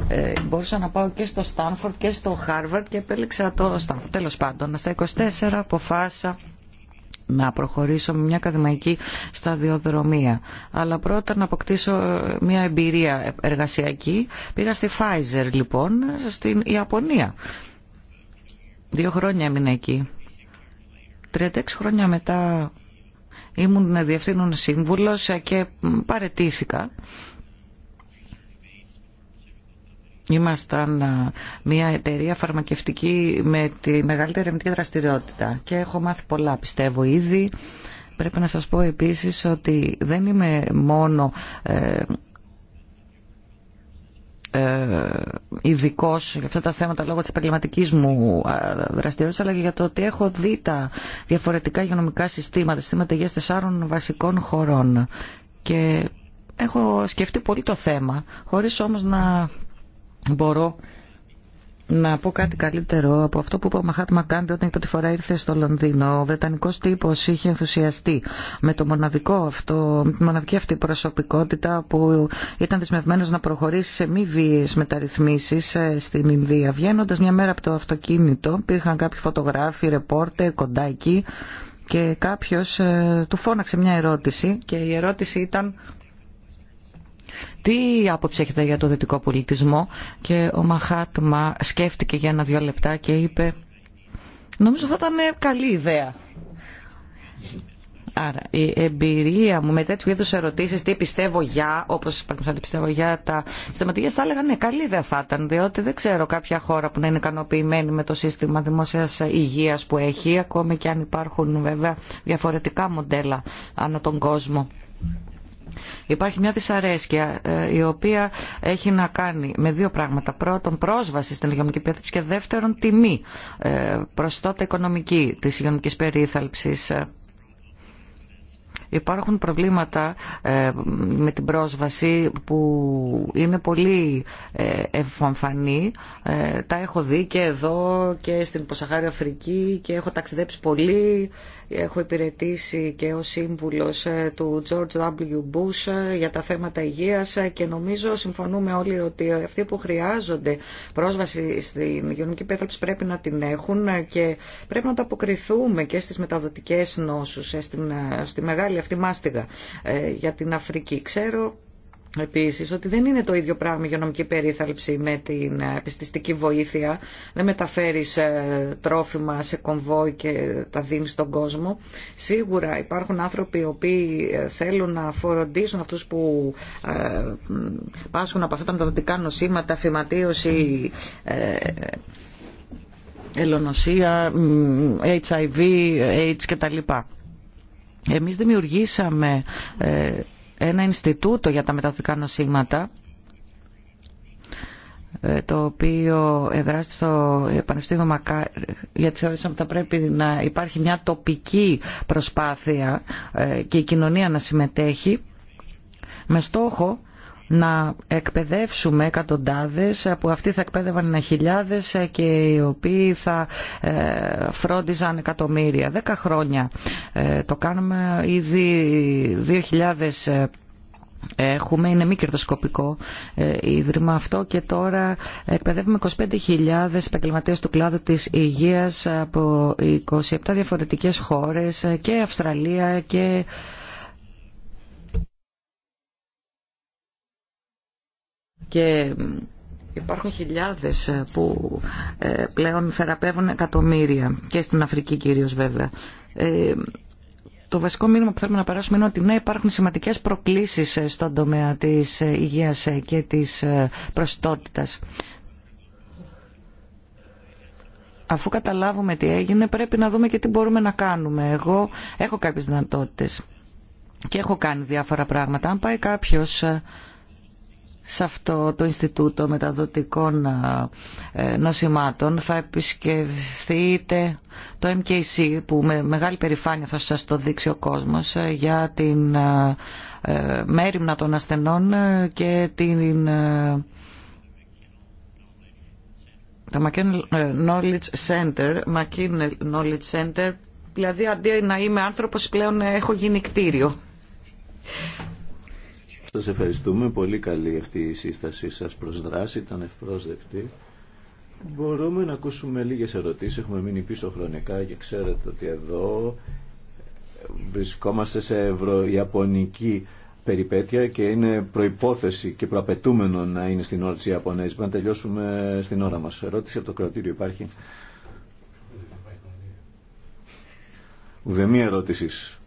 ε, μπορούσα να πάω και στο Στάνφορντ και στο Χάρβαρντ και επέλεξα το Στάνφορντ τέλος πάντων στα 24 αποφάσισα να προχωρήσω με μια ακαδημαϊκή σταδιοδρομία. Αλλά πρώτα να αποκτήσω μια εμπειρία εργασιακή. Πήγα στη Pfizer λοιπόν, στην Ιαπωνία. Δύο χρόνια έμεινα εκεί. 36 χρόνια μετά Ήμουν διευθύνων σύμβουλος και παρετήθηκα. Ήμασταν μια εταιρεία φαρμακευτική με τη μεγαλύτερη ερευνητική δραστηριότητα και έχω μάθει πολλά πιστεύω ήδη. Πρέπει να σας πω επίσης ότι δεν είμαι μόνο ε, ε, ειδικό για αυτά τα θέματα λόγω της επαγγελματική μου ε, δραστηριότητας αλλά και για το ότι έχω δει τα διαφορετικά υγειονομικά συστήματα, συστήματα υγεία τεσσάρων βασικών χωρών και έχω σκεφτεί πολύ το θέμα χωρίς όμως να μπορώ να πω κάτι καλύτερο από αυτό που είπε ο Μαχάτ Κάντι όταν η πρώτη φορά ήρθε στο Λονδίνο. Ο Βρετανικό τύπο είχε ενθουσιαστεί με, το μοναδικό αυτό, τη μοναδική αυτή προσωπικότητα που ήταν δεσμευμένο να προχωρήσει σε μη βίαιε μεταρρυθμίσει ε, στην Ινδία. Βγαίνοντα μια μέρα από το αυτοκίνητο, υπήρχαν κάποιοι φωτογράφοι, ρεπόρτερ, κοντάκι και κάποιο ε, του φώναξε μια ερώτηση και η ερώτηση ήταν τι άποψη έχετε για το δυτικό πολιτισμό και ο Μαχάτμα σκέφτηκε για ένα-δυο λεπτά και είπε νομίζω θα ήταν καλή ιδέα. Άρα η εμπειρία μου με τέτοιου είδου ερωτήσει, τι πιστεύω για, όπω να πιστεύω για τα συστηματικές θα έλεγα ναι, καλή ιδέα θα ήταν, διότι δεν ξέρω κάποια χώρα που να είναι ικανοποιημένη με το σύστημα δημόσιας υγείας που έχει, ακόμη και αν υπάρχουν βέβαια διαφορετικά μοντέλα ανά τον κόσμο. Υπάρχει μια δυσαρέσκεια ε, η οποία έχει να κάνει με δύο πράγματα. Πρώτον, πρόσβαση στην υγειονομική περίθαλψη και δεύτερον, τιμή ε, τότε οικονομική της υγειονομικής περίθαλψης. Ε, υπάρχουν προβλήματα με την πρόσβαση που είναι πολύ εμφανή. Τα έχω δει και εδώ και στην Ποσαχάρη Αφρική και έχω ταξιδέψει πολύ Έχω υπηρετήσει και ως σύμβουλος ε, του George W. Bush ε, για τα θέματα υγείας ε, και νομίζω συμφωνούμε όλοι ότι αυτοί που χρειάζονται πρόσβαση στην υγειονομική πέθαλψη πρέπει να την έχουν και πρέπει να τα αποκριθούμε και στις μεταδοτικές νόσους, στη μεγάλη αυτή μάστιγα για την Αφρική. Ξέρω επίσης ότι δεν είναι το ίδιο πράγμα η υγειονομική περίθαλψη με την επιστηστική βοήθεια. Δεν μεταφέρεις ε, τρόφιμα σε κομβόι και τα δίνεις στον κόσμο. Σίγουρα υπάρχουν άνθρωποι οι οποίοι ε, θέλουν να φροντίσουν αυτούς που ε, πάσχουν από αυτά τα μεταδοτικά νοσήματα, φυματίωση, ελονοσία, HIV, AIDS κτλ. Εμείς δημιουργήσαμε ένα Ινστιτούτο για τα μεταδοτικά νοσήματα ε, το οποίο εδράσει στο Πανεπιστήμιο Μακάρ, γιατί θεώρησαμε ότι θα πρέπει να υπάρχει μια τοπική προσπάθεια ε, και η κοινωνία να συμμετέχει με στόχο να εκπαιδεύσουμε εκατοντάδες που αυτοί θα εκπαίδευαν χιλιάδε χιλιάδες και οι οποίοι θα ε, φρόντιζαν εκατομμύρια. Δέκα χρόνια ε, το κάνουμε ήδη 2000 ε, Έχουμε, είναι μη κερδοσκοπικό ε, ίδρυμα αυτό και τώρα εκπαιδεύουμε 25.000 επαγγελματίε του κλάδου της υγείας από 27 διαφορετικές χώρες και Αυστραλία και και υπάρχουν χιλιάδες ε, που ε, πλέον θεραπεύουν εκατομμύρια και στην Αφρική κυρίως βέβαια. Ε, το βασικό μήνυμα που θέλουμε να περάσουμε είναι ότι ναι υπάρχουν σημαντικές προκλήσεις στον τομέα της υγείας και της προστότητας. Αφού καταλάβουμε τι έγινε πρέπει να δούμε και τι μπορούμε να κάνουμε. Εγώ έχω κάποιες δυνατότητες και έχω κάνει διάφορα πράγματα. Αν πάει κάποιος σε αυτό το Ινστιτούτο Μεταδοτικών ε, Νοσημάτων θα επισκεφθείτε το MKC που με μεγάλη περηφάνεια θα σας το δείξει ο κόσμος ε, για την ε, μέρημνα των ασθενών και την το McKinnell Knowledge Center, Knowledge Center, δηλαδή αντί να είμαι άνθρωπος πλέον έχω γίνει κτίριο. Σας ευχαριστούμε. Πολύ καλή αυτή η σύστασή σας προς δράση. Ήταν ευπρόσδεκτη. Μπορούμε να ακούσουμε λίγες ερωτήσεις. Έχουμε μείνει πίσω χρονικά και ξέρετε ότι εδώ βρισκόμαστε σε ευρωιαπωνική περιπέτεια και είναι προϋπόθεση και προαπαιτούμενο να είναι στην ώρα της Ιαπωνέζης. Να τελειώσουμε στην ώρα μας. Ερώτηση από το κρατήριο υπάρχει. Ουδεμία ερώτησης.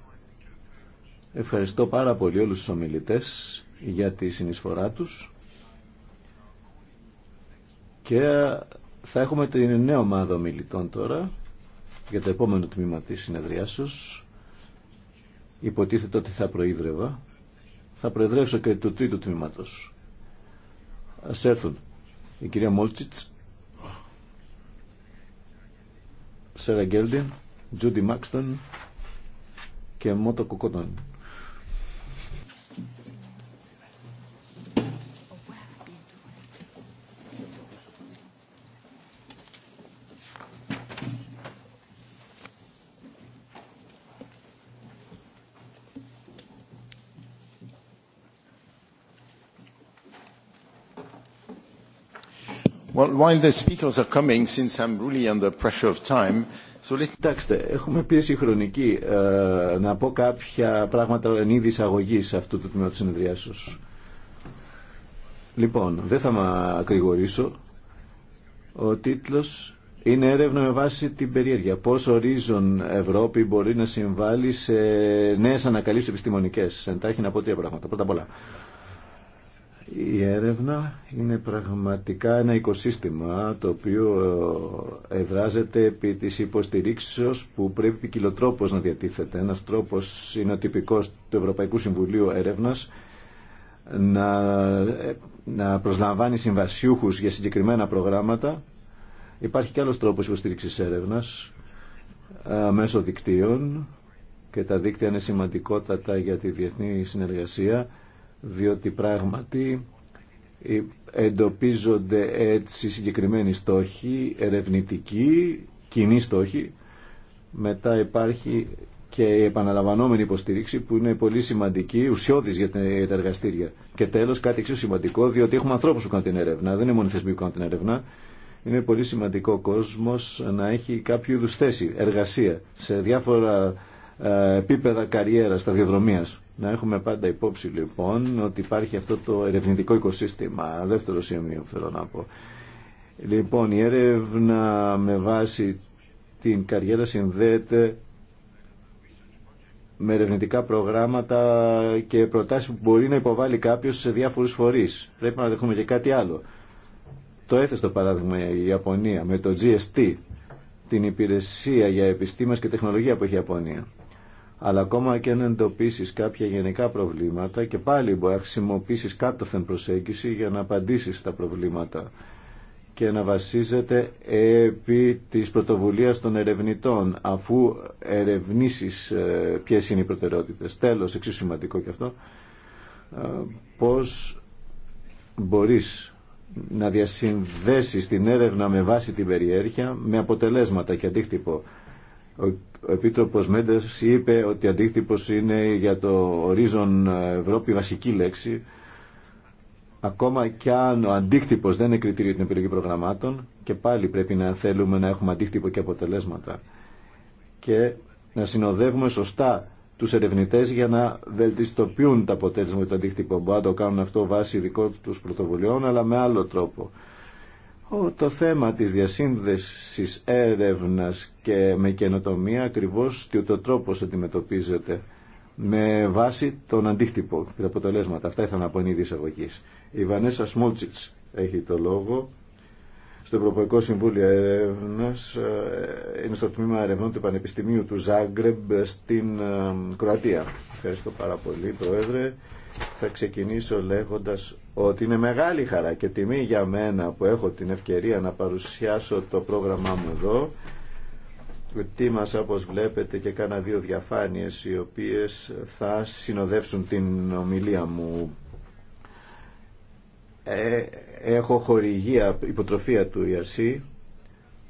Ευχαριστώ πάρα πολύ όλους τους ομιλητές για τη συνεισφορά τους και θα έχουμε την νέα ομάδα ομιλητών τώρα για το επόμενο τμήμα της συνεδριάσεως. Υποτίθεται ότι θα προείδρευα. Θα προεδρεύσω και του τρίτου τμήματος. Ας έρθουν η κυρία Μόλτσιτς, Σέρα Γκέλντιν, Τζούντι Μάξτον και Μότο Κοκότον. while the speakers are coming, since I'm really under pressure of time, so let's... Κοιτάξτε, έχουμε πίεση χρονική ε, να πω κάποια πράγματα εν είδη εισαγωγή αυτού του τμήματος συνεδριάσεως. Λοιπόν, δεν θα με ακρηγορήσω. Ο τίτλο είναι έρευνα με βάση την περιέργεια. Πώ ορίζον Ευρώπη μπορεί να συμβάλλει σε νέες ανακαλύψεις επιστημονικές. Εντάχει να πω τρία πράγματα. Πρώτα απ' όλα, η έρευνα είναι πραγματικά ένα οικοσύστημα το οποίο εδράζεται επί της υποστηρίξεως που πρέπει ποικιλοτρόπως να διατίθεται. Ένας τρόπος είναι ο τυπικός του Ευρωπαϊκού Συμβουλίου Έρευνας να, να προσλαμβάνει συμβασιούχους για συγκεκριμένα προγράμματα. Υπάρχει και άλλος τρόπος υποστήριξης έρευνας ε, μέσω δικτύων και τα δίκτυα είναι σημαντικότατα για τη διεθνή συνεργασία διότι πράγματι ε, εντοπίζονται έτσι συγκεκριμένοι στόχοι, ερευνητικοί, κοινοί στόχοι. Μετά υπάρχει και η επαναλαμβανόμενη υποστήριξη που είναι πολύ σημαντική, ουσιώδη για τα εργαστήρια. Και τέλο, κάτι εξίσου σημαντικό, διότι έχουμε ανθρώπου που κάνουν την έρευνα. Δεν είναι μόνο οι θεσμοί που κάνουν την έρευνα. Είναι πολύ σημαντικό ο κόσμο να έχει κάποιο είδου θέση, εργασία σε διάφορα ε, επίπεδα καριέρα, σταδιοδρομία. Να έχουμε πάντα υπόψη λοιπόν ότι υπάρχει αυτό το ερευνητικό οικοσύστημα. Δεύτερο σημείο που θέλω να πω. Λοιπόν, η έρευνα με βάση την καριέρα συνδέεται με ερευνητικά προγράμματα και προτάσεις που μπορεί να υποβάλει κάποιος σε διάφορους φορείς. Πρέπει να δεχτούμε και κάτι άλλο. Το έθεσε το παράδειγμα η Ιαπωνία με το GST, την υπηρεσία για επιστήμες και τεχνολογία που έχει η Ιαπωνία αλλά ακόμα και αν εντοπίσεις κάποια γενικά προβλήματα και πάλι μπορεί να χρησιμοποιήσει κάτωθεν προσέγγιση για να απαντήσεις τα προβλήματα και να βασίζεται επί της πρωτοβουλίας των ερευνητών αφού ερευνήσεις ε, ποιε είναι οι προτεραιότητες. Τέλος, εξίσου σημαντικό και αυτό, ε, πώς μπορείς να διασυνδέσεις την έρευνα με βάση την περιέργεια με αποτελέσματα και αντίκτυπο ο Επίτροπος Μέντες είπε ότι αντίκτυπος είναι για το ορίζον Ευρώπη βασική λέξη. Ακόμα κι αν ο αντίκτυπος δεν είναι κριτήριο την επιλογή προγραμμάτων και πάλι πρέπει να θέλουμε να έχουμε αντίκτυπο και αποτελέσματα και να συνοδεύουμε σωστά τους ερευνητές για να βελτιστοποιούν τα αποτέλεσμα του αντίκτυπου. Μπορεί να το κάνουν αυτό βάσει δικών τους πρωτοβουλειών αλλά με άλλο τρόπο. Το θέμα της διασύνδεσης έρευνας και με καινοτομία ακριβώς και ο τρόπος αντιμετωπίζεται με βάση τον αντίκτυπο και τα αποτελέσματα. Αυτά ήθελα να πω είναι είδη Η Βανέσα Σμόλτσιτς έχει το λόγο. Στο Ευρωπαϊκό Συμβούλιο Έρευνα ε, είναι στο τμήμα ερευνών του Πανεπιστημίου του Ζάγκρεμπ στην ε, Κροατία. Ευχαριστώ πάρα πολύ, Πρόεδρε. Θα ξεκινήσω λέγοντας ότι είναι μεγάλη χαρά και τιμή για μένα που έχω την ευκαιρία να παρουσιάσω το πρόγραμμά μου εδώ. Ετοίμασα, όπως βλέπετε, και κάνα δύο διαφάνειες οι οποίες θα συνοδεύσουν την ομιλία μου. Ε, έχω χορηγία, υποτροφία του ERC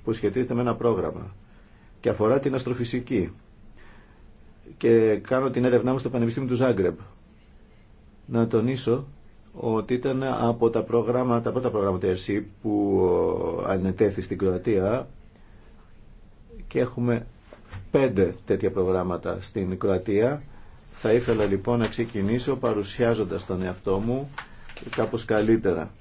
που σχετίζεται με ένα πρόγραμμα και αφορά την αστροφυσική και κάνω την έρευνά μου στο Πανεπιστήμιο του Ζάγκρεμπ. Να τονίσω ότι ήταν από τα προγράμματα, τα πρώτα προγράμματα ΕΡΣΥ που ανετέθη στην Κροατία και έχουμε πέντε τέτοια προγράμματα στην Κροατία. Θα ήθελα λοιπόν να ξεκινήσω παρουσιάζοντας τον εαυτό μου κάπως καλύτερα.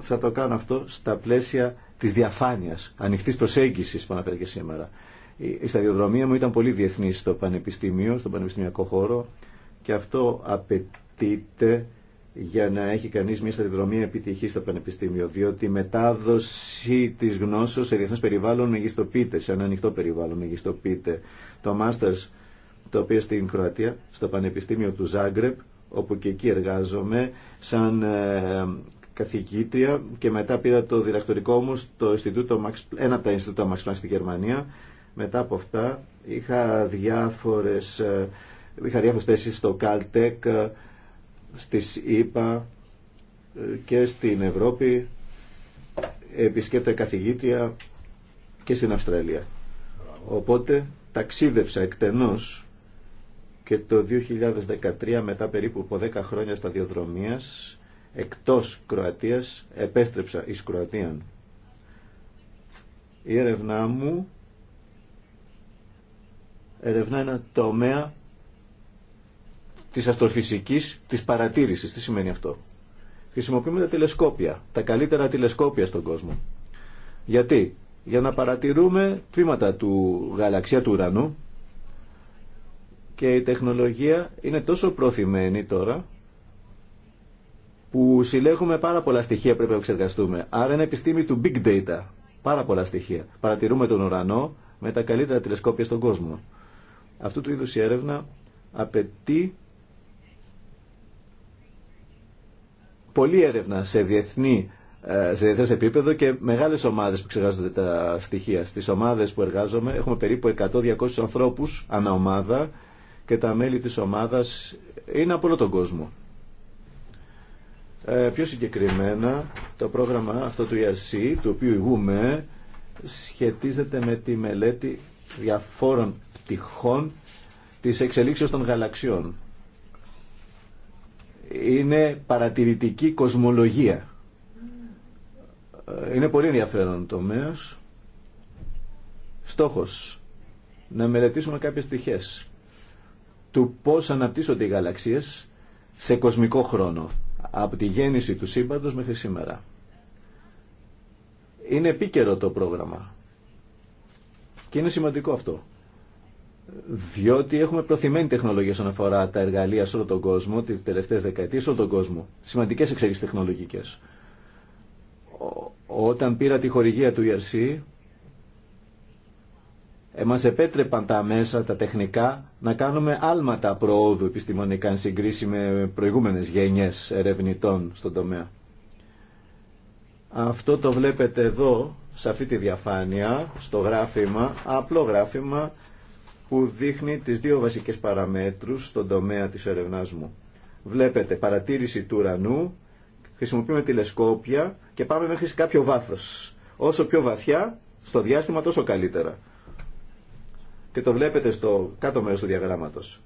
Θα το κάνω αυτό στα πλαίσια της διαφάνειας, ανοιχτής προσέγγισης που αναφέρει και σήμερα. Η σταδιοδρομία μου ήταν πολύ διεθνή στο πανεπιστήμιο, στον πανεπιστημιακό χώρο και αυτό απαιτεί για να έχει κανείς μια σταδιοδρομία επιτυχή στο πανεπιστήμιο, διότι η μετάδοση της γνώσης σε διεθνές περιβάλλον μεγιστοποιείται, σε ένα ανοιχτό περιβάλλον μεγιστοποιείται. Το Masters, το οποίο στην Κροατία, στο Πανεπιστήμιο του Ζάγκρεπ, όπου και εκεί εργάζομαι, σαν ε, καθηγήτρια και μετά πήρα το διδακτορικό μου στο Ινστιτούτο Max, ένα από τα Ινστιτούτα Max Planck στη Γερμανία. Μετά από αυτά είχα διάφορες, ε, είχα διάφορες θέσεις στο Caltech, στις ΗΠΑ ε, και στην Ευρώπη επισκέπτε καθηγήτρια και στην Αυστραλία. Οπότε ταξίδευσα εκτενώς και το 2013 μετά περίπου από 10 χρόνια σταδιοδρομίας εκτός Κροατίας επέστρεψα εις Κροατία. Η έρευνά μου ερευνά ένα τομέα Τη αστροφυσικής, τη παρατήρηση, Τι σημαίνει αυτό. Χρησιμοποιούμε τα τηλεσκόπια, τα καλύτερα τηλεσκόπια στον κόσμο. Γιατί, για να παρατηρούμε τμήματα του γαλαξία του ουρανού και η τεχνολογία είναι τόσο προθυμένη τώρα που συλλέγουμε πάρα πολλά στοιχεία πρέπει να εξεργαστούμε. Άρα είναι επιστήμη του big data. Πάρα πολλά στοιχεία. Παρατηρούμε τον ουρανό με τα καλύτερα τηλεσκόπια στον κόσμο. Αυτού του είδου η έρευνα απαιτεί πολλή έρευνα σε διεθνή ε, σε διεθνές επίπεδο και μεγάλες ομάδες που ξεχάζονται τα στοιχεία. Στις ομάδες που εργάζομαι έχουμε περίπου 100-200 ανθρώπους ανά ομάδα και τα μέλη της ομάδας είναι από όλο τον κόσμο. Ε, πιο συγκεκριμένα, το πρόγραμμα αυτό του ERC, του οποίου ηγούμε, σχετίζεται με τη μελέτη διαφόρων πτυχών της εξελίξεως των γαλαξιών είναι παρατηρητική κοσμολογία. Είναι πολύ ενδιαφέρον τομέας. Στόχος, να μελετήσουμε κάποιες πτυχές του πώς αναπτύσσονται οι γαλαξίες σε κοσμικό χρόνο από τη γέννηση του σύμπαντος μέχρι σήμερα. Είναι επίκαιρο το πρόγραμμα και είναι σημαντικό αυτό διότι έχουμε προθυμένη τεχνολογία όσον αφορά τα εργαλεία σε όλο τον κόσμο, τι τελευταίε δεκαετίε σε όλο τον κόσμο. Σημαντικές εξέλιξει τεχνολογικέ. Όταν πήρα τη χορηγία του ERC, ε, μας επέτρεπαν τα μέσα, τα τεχνικά, να κάνουμε άλματα προόδου επιστημονικά, εν συγκρίση με προηγούμενες γενιέ ερευνητών στον τομέα. Αυτό το βλέπετε εδώ, σε αυτή τη διαφάνεια, στο γράφημα, απλό γράφημα, που δείχνει τις δύο βασικές παραμέτρους στον τομέα της ερευνάσμου. μου. Βλέπετε παρατήρηση του ουρανού, χρησιμοποιούμε τηλεσκόπια και πάμε μέχρι κάποιο βάθος. Όσο πιο βαθιά, στο διάστημα τόσο καλύτερα. Και το βλέπετε στο κάτω μέρος του διαγράμματος.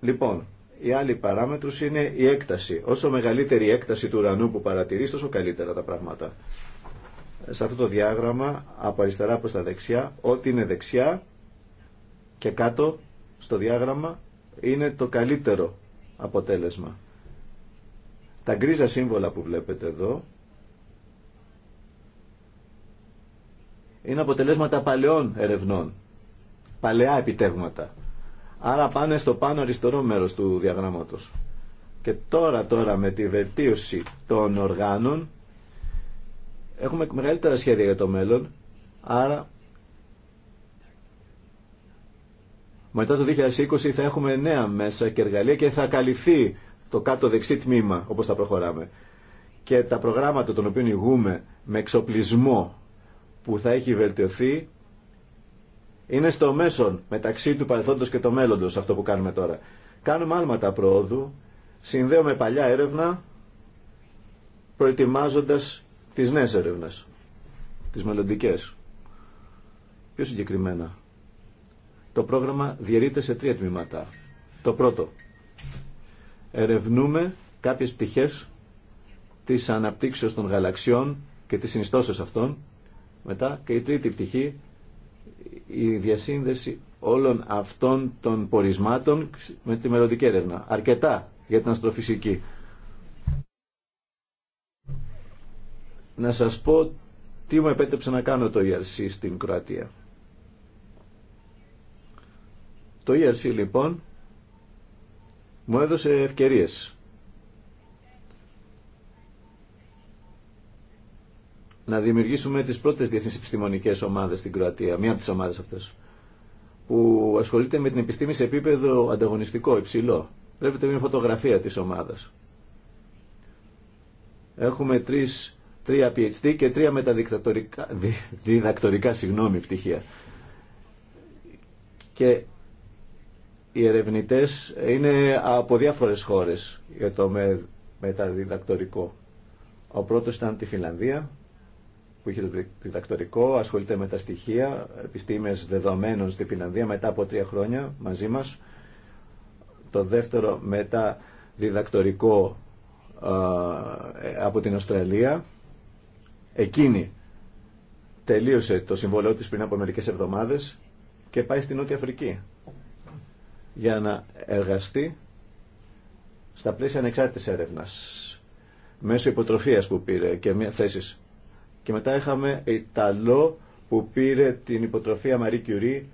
Λοιπόν, η άλλη παράμετρος είναι η έκταση. Όσο μεγαλύτερη η έκταση του ουρανού που παρατηρείς, τόσο καλύτερα τα πράγματα σε αυτό το διάγραμμα από αριστερά προς τα δεξιά ό,τι είναι δεξιά και κάτω στο διάγραμμα είναι το καλύτερο αποτέλεσμα. Τα γκρίζα σύμβολα που βλέπετε εδώ είναι αποτελέσματα παλαιών ερευνών, παλαιά επιτεύγματα. Άρα πάνε στο πάνω αριστερό μέρος του διαγράμματος. Και τώρα τώρα με τη βελτίωση των οργάνων Έχουμε μεγαλύτερα σχέδια για το μέλλον, άρα μετά το 2020 θα έχουμε νέα μέσα και εργαλεία και θα καλυφθεί το κάτω δεξί τμήμα όπως θα προχωράμε. Και τα προγράμματα των οποίων ηγούμε με εξοπλισμό που θα έχει βελτιωθεί είναι στο μέσον μεταξύ του παρελθόντος και το μέλλοντος αυτό που κάνουμε τώρα. Κάνουμε άλματα πρόοδου, συνδέουμε παλιά έρευνα προετοιμάζοντας τις νέες έρευνες, τις μελλοντικές. Πιο συγκεκριμένα, το πρόγραμμα διαιρείται σε τρία τμήματα. Το πρώτο, ερευνούμε κάποιες πτυχές της αναπτύξεως των γαλαξιών και της συνιστώσεως αυτών. Μετά και η τρίτη πτυχή, η διασύνδεση όλων αυτών των πορισμάτων με τη μελλοντική έρευνα. Αρκετά για την αστροφυσική. να σας πω τι μου επέτρεψε να κάνω το ERC στην Κροατία. Το ERC λοιπόν μου έδωσε ευκαιρίες να δημιουργήσουμε τις πρώτες διεθνείς επιστημονικές ομάδες στην Κροατία, μία από τις ομάδες αυτές, που ασχολείται με την επιστήμη σε επίπεδο ανταγωνιστικό, υψηλό. Βλέπετε μια φωτογραφία της ομάδας. Έχουμε τρεις τρία PhD και τρία μεταδιδακτορικά διδακτορικά συγγνώμη, πτυχία. Και οι ερευνητές είναι από διάφορες χώρες για το με, μεταδιδακτορικό. Ο πρώτος ήταν τη Φιλανδία που είχε το διδακτορικό, ασχολείται με τα στοιχεία, επιστήμες δεδομένων στη Φιλανδία μετά από τρία χρόνια μαζί μας. Το δεύτερο μεταδιδακτορικό ε, από την Αυστραλία Εκείνη τελείωσε το συμβολό της πριν από μερικές εβδομάδες και πάει στην Νότια Αφρική για να εργαστεί στα πλαίσια ανεξάρτητης έρευνας μέσω υποτροφίας που πήρε και μια θέση. Και μετά είχαμε Ιταλό που πήρε την υποτροφία Μαρή Κιουρί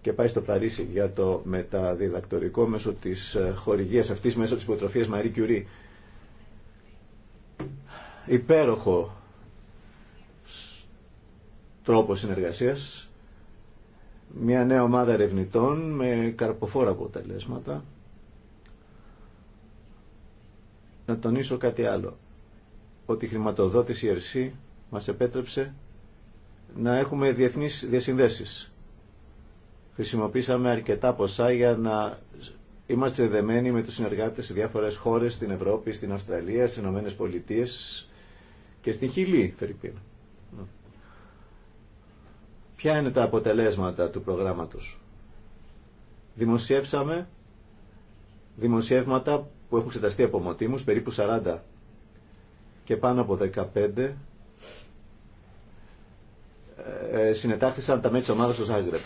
και πάει στο Παρίσι για το μεταδιδακτορικό μέσω της ε, χορηγίας αυτής, μέσω της υποτροφίας Μαρή Curie. Υπέροχο τρόπο συνεργασίας, μια νέα ομάδα ερευνητών με καρποφόρα αποτελέσματα. Να τονίσω κάτι άλλο, ότι η χρηματοδότηση ERC μας επέτρεψε να έχουμε διεθνείς διασυνδέσεις. Χρησιμοποίησαμε αρκετά ποσά για να είμαστε δεμένοι με τους συνεργάτες σε διάφορες χώρες, στην Ευρώπη, στην Αυστραλία, στις ΗΠΑ και στην Χιλή, Φερρυπίνα. Ποια είναι τα αποτελέσματα του προγράμματος. Δημοσιεύσαμε δημοσιεύματα που έχουν εξεταστεί από μοτίμους, περίπου 40 και πάνω από 15 ε, ε, συνετάχθησαν τα μέλη της στο Ζάγκρεπ.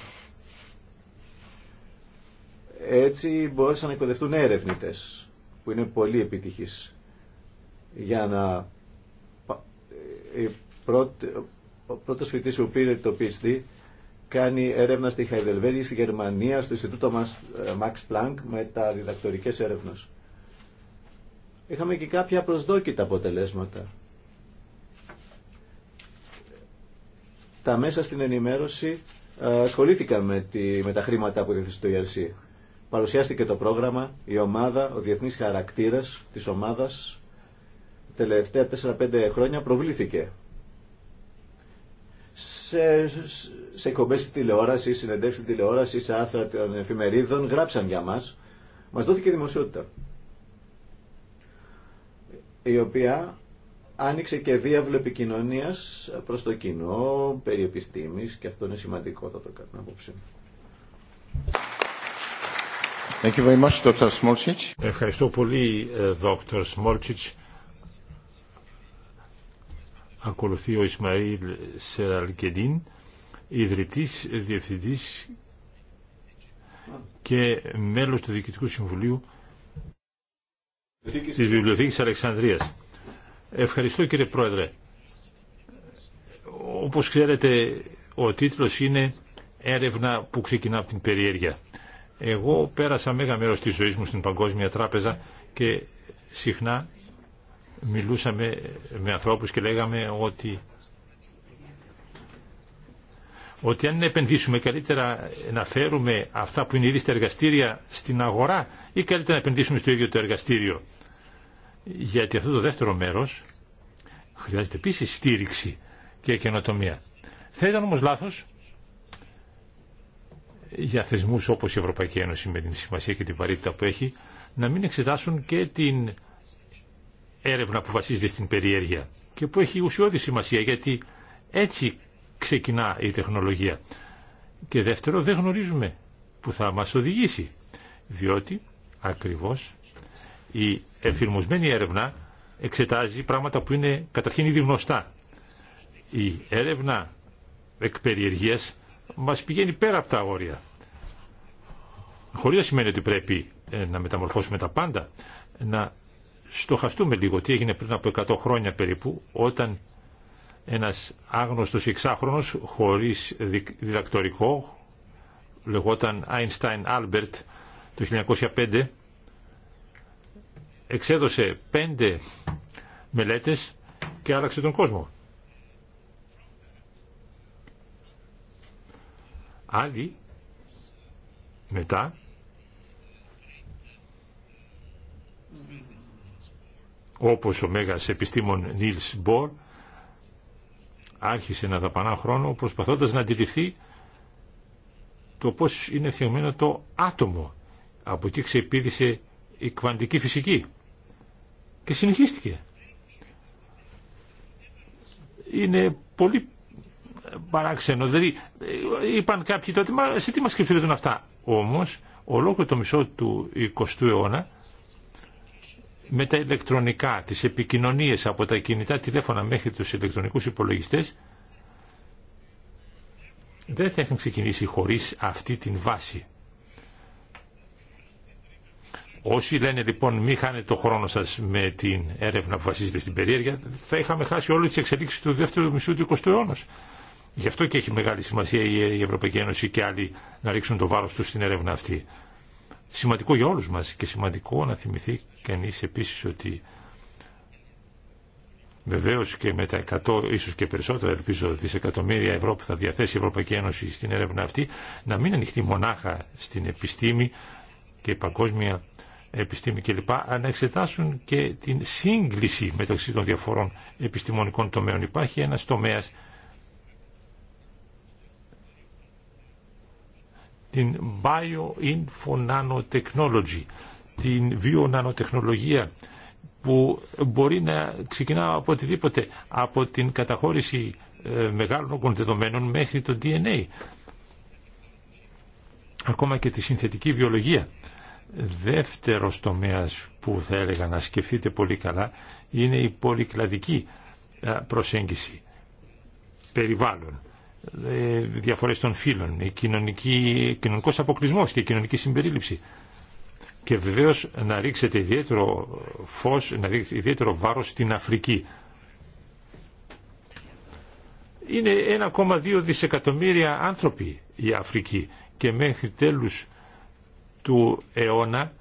Έτσι μπορούσαν να εκπαιδευτούν έρευνητες που είναι πολύ επιτυχείς για να ε, ο πρώτο φοιτής που πήρε το PhD κάνει έρευνα στη Χαϊδελβέργη, στη Γερμανία, στο Ινστιτούτο Max ε, Planck με τα διδακτορικές έρευνε. Είχαμε και κάποια προσδόκητα αποτελέσματα. Τα μέσα στην ενημέρωση ε, ασχολήθηκαν με, τη, με τα χρήματα που διέθεσε το ERC. Παρουσιάστηκε το πρόγραμμα, η ομάδα, ο διεθνής χαρακτήρας της ομάδας. Τελευταία 4-5 χρόνια προβλήθηκε σε, σε τηλεόραση, συνεντεύξει τηλεόραση, σε άθρα των εφημερίδων, γράψαν για μας. Μας δόθηκε δημοσιότητα, η οποία άνοιξε και διάβλο επικοινωνία προς το κοινό, περί επιστήμης, και αυτό είναι σημαντικό το το να απόψε. Thank you very much, Smolcic. Ευχαριστώ πολύ, Dr. Ε, Smolcic. Ακολουθεί ο Ισμαήλ Σεραλκεντίν, ιδρυτής, διευθυντής και μέλος του Διοικητικού Συμβουλίου της Βιβλιοθήκης Αλεξανδρίας. Ευχαριστώ κύριε Πρόεδρε. Όπως ξέρετε ο τίτλος είναι «Έρευνα που ξεκινά από την περιέργεια». Εγώ πέρασα μέγα μέρος της ζωής μου στην Παγκόσμια Τράπεζα και συχνά μιλούσαμε με ανθρώπους και λέγαμε ότι ότι αν επενδύσουμε καλύτερα να φέρουμε αυτά που είναι ήδη στα εργαστήρια στην αγορά ή καλύτερα να επενδύσουμε στο ίδιο το εργαστήριο. Γιατί αυτό το δεύτερο μέρος χρειάζεται επίση στήριξη και καινοτομία. Θα ήταν όμως λάθος για θεσμούς όπως η Ευρωπαϊκή Ένωση με την σημασία και την βαρύτητα που έχει να μην εξετάσουν και την έρευνα που βασίζεται στην περιέργεια και που έχει ουσιώδη σημασία γιατί έτσι ξεκινά η τεχνολογία. Και δεύτερο, δεν γνωρίζουμε που θα μας οδηγήσει, διότι ακριβώς η εφηρμοσμένη έρευνα εξετάζει πράγματα που είναι καταρχήν ήδη γνωστά. Η έρευνα εκ περιεργίας μας πηγαίνει πέρα από τα όρια. Χωρίς να σημαίνει ότι πρέπει ε, να μεταμορφώσουμε τα πάντα, να στοχαστούμε λίγο τι έγινε πριν από 100 χρόνια περίπου όταν ένας άγνωστος εξάχρονος χωρίς διδακτορικό λεγόταν Einstein Albert το 1905 εξέδωσε πέντε μελέτες και άλλαξε τον κόσμο. Άλλοι μετά όπως ο μέγας επιστήμον Νίλς Μπορ άρχισε να δαπανά χρόνο προσπαθώντας να αντιληφθεί το πώς είναι φτιαγμένο το άτομο. Από εκεί ξεπίδησε η κβαντική φυσική και συνεχίστηκε. Είναι πολύ παράξενο. Δηλαδή είπαν κάποιοι τότε, μα σε τι μας σκεφτείτε αυτά. Όμως ολόκληρο το μισό του 20ου αιώνα με τα ηλεκτρονικά, τις επικοινωνίες από τα κινητά τηλέφωνα μέχρι τους ηλεκτρονικούς υπολογιστές δεν θα έχουν ξεκινήσει χωρίς αυτή την βάση. Όσοι λένε λοιπόν μη χάνετε το χρόνο σας με την έρευνα που βασίζεται στην περιέργεια θα είχαμε χάσει όλες τις εξελίξεις του δεύτερου μισού του 20ου αιώνα. Γι' αυτό και έχει μεγάλη σημασία η Ευρωπαϊκή Ένωση και άλλοι να ρίξουν το βάρος τους στην έρευνα αυτή σημαντικό για όλους μας και σημαντικό να θυμηθεί κανείς επίσης ότι Βεβαίω και με τα 100, ίσω και περισσότερα, ελπίζω, δισεκατομμύρια ευρώ που θα διαθέσει η Ευρωπαϊκή Ένωση στην έρευνα αυτή, να μην ανοιχτεί μονάχα στην επιστήμη και η παγκόσμια επιστήμη κλπ. Αλλά να εξετάσουν και την σύγκληση μεταξύ των διαφορών επιστημονικών τομέων. Υπάρχει ένα τομέα την Bio-Info-Nanotechnology, την βιονανοτεχνολογία που μπορεί να ξεκινά από οτιδήποτε, από την καταχώρηση ε, μεγάλων όγκων δεδομένων μέχρι το DNA, ακόμα και τη συνθετική βιολογία. Δεύτερος τομέας που θα έλεγα να σκεφτείτε πολύ καλά είναι η πολυκλαδική ε, προσέγγιση περιβάλλον. Ε, διαφορές των φύλων, η κοινωνική, κοινωνικός αποκλεισμός και η κοινωνική συμπερίληψη. Και βεβαίως να ρίξετε ιδιαίτερο φως, να ρίξετε ιδιαίτερο βάρος στην Αφρική. Είναι 1,2 δισεκατομμύρια άνθρωποι η Αφρική και μέχρι τέλους του αιώνα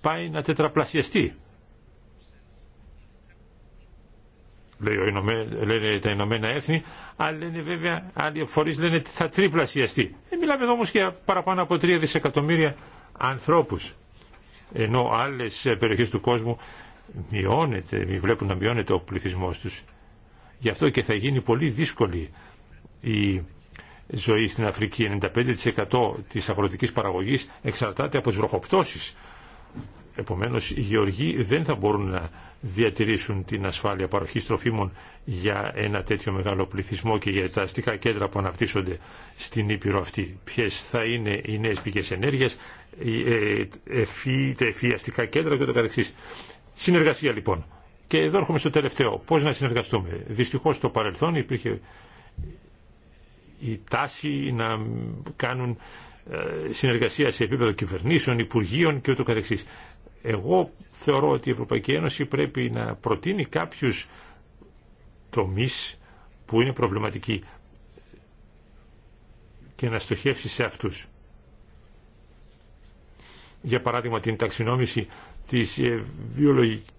πάει να τετραπλασιαστεί. Λέει, λένε τα Ηνωμένα Έθνη Άλλοι λένε βέβαια, άλλοι φορεί λένε ότι θα τριπλασιαστεί. μιλάμε εδώ όμως για παραπάνω από 3 δισεκατομμύρια ανθρώπους. Ενώ άλλε περιοχέ του κόσμου μειώνεται, μη βλέπουν να μειώνεται ο πληθυσμό τους. Γι' αυτό και θα γίνει πολύ δύσκολη η ζωή στην Αφρική. 95% της αγροτικής παραγωγής εξαρτάται από τις βροχοπτώσεις. Επομένως οι γεωργοί δεν θα μπορούν να διατηρήσουν την ασφάλεια παροχή τροφίμων για ένα τέτοιο μεγάλο πληθυσμό και για τα αστικά κέντρα που αναπτύσσονται στην Ήπειρο αυτή. Ποιε θα είναι οι νέε πηγές ενέργειας, ε, τα εφιαστικά κέντρα κ.ο.κ. το Συνεργασία λοιπόν. Και εδώ έρχομαι στο τελευταίο. Πώς να συνεργαστούμε. Δυστυχώ στο παρελθόν υπήρχε η τάση να κάνουν ε, συνεργασία σε επίπεδο κυβερνήσεων, υπουργείων και ούτω εγώ θεωρώ ότι η Ευρωπαϊκή Ένωση πρέπει να προτείνει κάποιους τομείς που είναι προβληματικοί και να στοχεύσει σε αυτούς. Για παράδειγμα την ταξινόμηση της ε,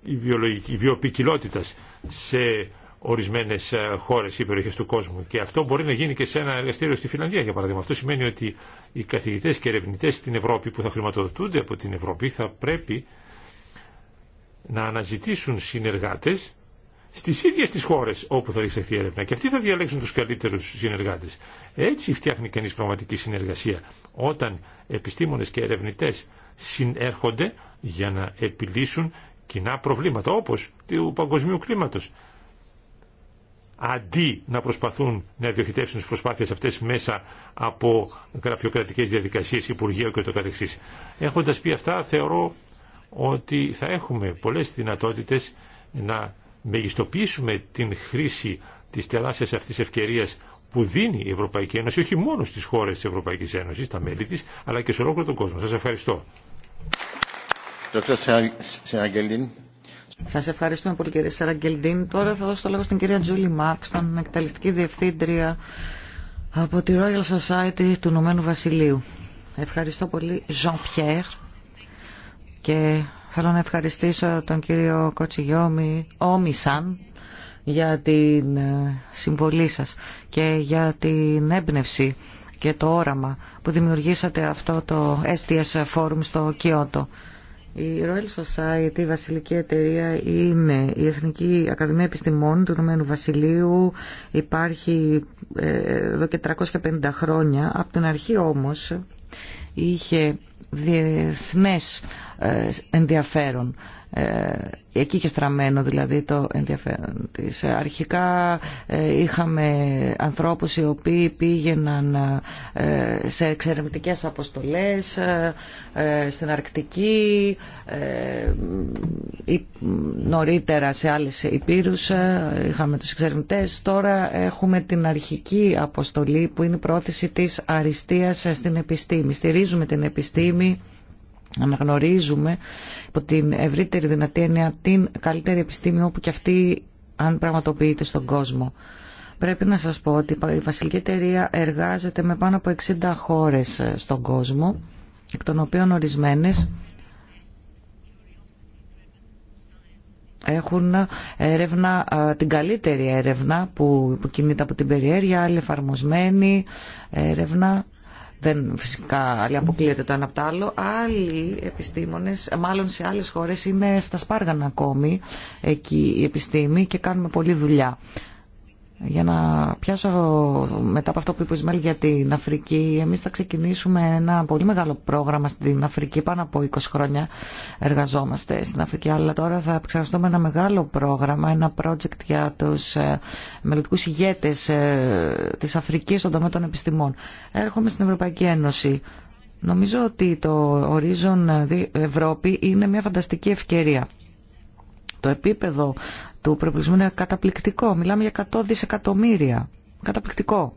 βιολογικής, βιοποικιλότητας σε ορισμένε ε, χώρε ή περιοχέ του κόσμου. Και αυτό μπορεί να γίνει και σε ένα εργαστήριο στη Φιλανδία, για παράδειγμα. Αυτό σημαίνει ότι οι καθηγητέ και ερευνητέ στην Ευρώπη που θα χρηματοδοτούνται από την Ευρώπη θα πρέπει να αναζητήσουν συνεργάτε στι ίδιε τι χώρε όπου θα διεξαχθεί η έρευνα. Και αυτοί θα διαλέξουν του καλύτερου συνεργάτε. Έτσι φτιάχνει κανεί πραγματική συνεργασία. Όταν επιστήμονε και ερευνητέ συνέρχονται για να επιλύσουν κοινά προβλήματα, όπω του παγκοσμίου κλίματος αντί να προσπαθούν να διοχετεύσουν τις προσπάθειες αυτές μέσα από γραφειοκρατικές διαδικασίες, Υπουργείο και το καθεξής. Έχοντας πει αυτά, θεωρώ ότι θα έχουμε πολλές δυνατότητες να μεγιστοποιήσουμε την χρήση της τεράστιας αυτής ευκαιρίας που δίνει η Ευρωπαϊκή Ένωση, όχι μόνο στις χώρες της Ευρωπαϊκής Ένωσης, τα μέλη της, αλλά και σε ολόκληρο τον κόσμο. Σας ευχαριστώ. Σας ευχαριστούμε πολύ κύριε Σαραγγελντίν. Τώρα θα δώσω το λόγο στην κυρία Τζούλη Μάξ, την εκταλιστική διευθύντρια από τη Royal Society του Ηνωμένου Βασιλείου. Ευχαριστώ πολύ, Jean Πιέρ Και θέλω να ευχαριστήσω τον κύριο Κοτσιγιώμη, Όμισαν, για την ε, συμβολή σας και για την έμπνευση και το όραμα που δημιουργήσατε αυτό το STS Forum στο Κιώτο. Η Royal Society, η Βασιλική Εταιρεία, είναι η Εθνική Ακαδημία Επιστημών του Ηνωμένου Βασιλείου. Υπάρχει ε, εδώ και 350 χρόνια. Από την αρχή όμως είχε διεθνές ε, ενδιαφέρον ε, εκεί είχε στραμμένο δηλαδή το ενδιαφέρον της. Ε, αρχικά ε, είχαμε ανθρώπους οι οποίοι πήγαιναν σε εξερευνητικές αποστολές στην Αρκτική, νωρίτερα σε άλλες υπήρους είχαμε τους εξερευνητές. Τώρα έχουμε την αρχική αποστολή που είναι η πρόθεση της αριστείας στην επιστήμη. Στηρίζουμε την επιστήμη αναγνωρίζουμε από την ευρύτερη δυνατή έννοια την καλύτερη επιστήμη όπου και αυτή αν πραγματοποιείται στον κόσμο. Πρέπει να σας πω ότι η Βασιλική Εταιρεία εργάζεται με πάνω από 60 χώρες ε, στον κόσμο, εκ των οποίων ορισμένες έχουν ε, έρευνα, ε, την καλύτερη έρευνα που, που κινείται από την περιέργεια, άλλη εφαρμοσμένη έρευνα δεν φυσικά άλλοι αποκλείεται το ένα από το άλλο. Άλλοι επιστήμονες, μάλλον σε άλλες χώρες, είναι στα σπάργανα ακόμη εκεί η επιστήμη και κάνουμε πολλή δουλειά. Για να πιάσω μετά από αυτό που είπε Ισμέλ για την Αφρική, εμείς θα ξεκινήσουμε ένα πολύ μεγάλο πρόγραμμα στην Αφρική, πάνω από 20 χρόνια εργαζόμαστε στην Αφρική, αλλά τώρα θα επεξεργαστούμε ένα μεγάλο πρόγραμμα, ένα project για τους ε, μελλοντικού ηγέτες ε, της Αφρικής στον τομέα των επιστημών. Έρχομαι στην Ευρωπαϊκή Ένωση. Νομίζω ότι το Horizon Ευρώπη είναι μια φανταστική ευκαιρία. Το επίπεδο του προπλησμού είναι καταπληκτικό. Μιλάμε για 100 δισεκατομμύρια. Καταπληκτικό.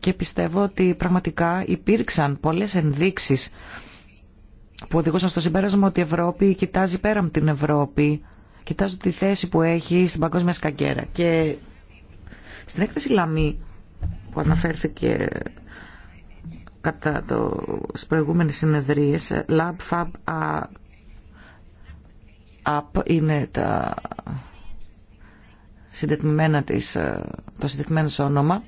Και πιστεύω ότι πραγματικά υπήρξαν πολλές ενδείξεις που οδηγούσαν στο συμπέρασμα ότι η Ευρώπη κοιτάζει πέρα από την Ευρώπη, κοιτάζει τη θέση που έχει στην παγκόσμια σκαγκέρα. Και στην έκθεση Λαμή που αναφέρθηκε κατά το, στις προηγούμενες συνεδρίες, Lab Fab app είναι τα συντετμημένα της, ε, το συντετμένο όνομα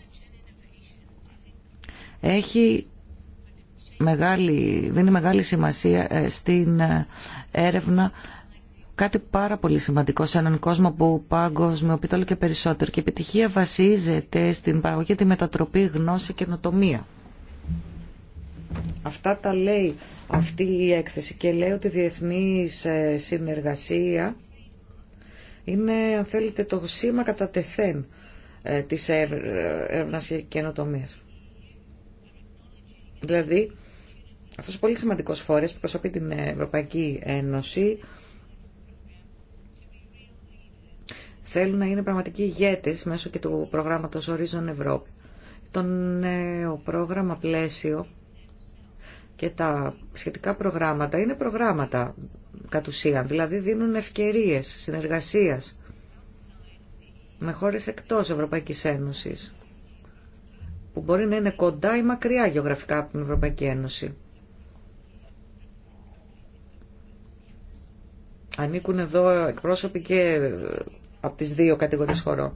έχει μεγάλη, δίνει μεγάλη σημασία ε, στην ε, έρευνα κάτι πάρα πολύ σημαντικό σε έναν κόσμο που με όλο και περισσότερο και η επιτυχία βασίζεται στην παραγωγή, τη μετατροπή, γνώση και Αυτά τα λέει αυτή η έκθεση και λέει ότι η ε, συνεργασία είναι, αν θέλετε, το σήμα κατά τεθέν ε, της ε, έρευνα και καινοτομία. Δηλαδή, αυτός ο πολύ σημαντικός φορέας που προσωπεί την Ευρωπαϊκή Ένωση θέλουν να είναι πραγματικοί ηγέτες μέσω και του προγράμματος Horizon Ευρώπη. Το νέο πρόγραμμα πλαίσιο και τα σχετικά προγράμματα είναι προγράμματα κατ' ουσίαν, δηλαδή δίνουν ευκαιρίες συνεργασίας με χώρες εκτός Ευρωπαϊκής Ένωσης που μπορεί να είναι κοντά ή μακριά γεωγραφικά από την Ευρωπαϊκή Ένωση. Ανήκουν εδώ εκπρόσωποι και ε, από τις δύο κατηγορίες χωρών.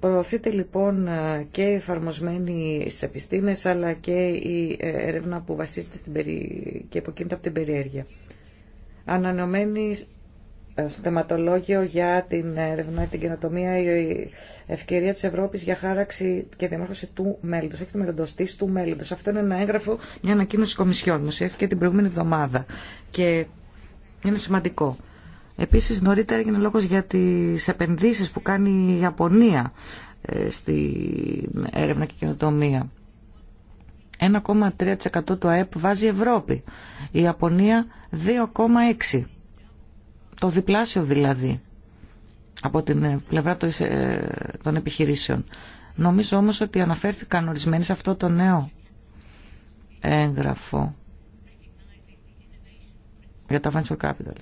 Προωθείται λοιπόν ε, και η εφαρμοσμένη στις επιστήμες αλλά και η ε, έρευνα που βασίζεται στην περι... και υποκίνητα από την περιέργεια. Ανανεωμένη στο ε, θεματολόγιο για την έρευνα, την καινοτομία, η ευκαιρία της Ευρώπης για χάραξη και διαμόρφωση του μέλλοντος, όχι του μελλοντοστής, του μέλλοντος. Αυτό είναι ένα έγγραφο, μια ανακοίνωση της Κομισιόν, μου την προηγούμενη εβδομάδα και είναι σημαντικό. Επίσης νωρίτερα έγινε λόγος για τις επενδύσεις που κάνει η Ιαπωνία ε, στην έρευνα και καινοτομία. 1,3% του ΑΕΠ βάζει η Ευρώπη. Η Ιαπωνία 2,6%. Το διπλάσιο δηλαδή από την ε, πλευρά ε, των επιχειρήσεων. Νομίζω όμως ότι αναφέρθηκαν ορισμένοι σε αυτό το νέο έγγραφο για τα venture capital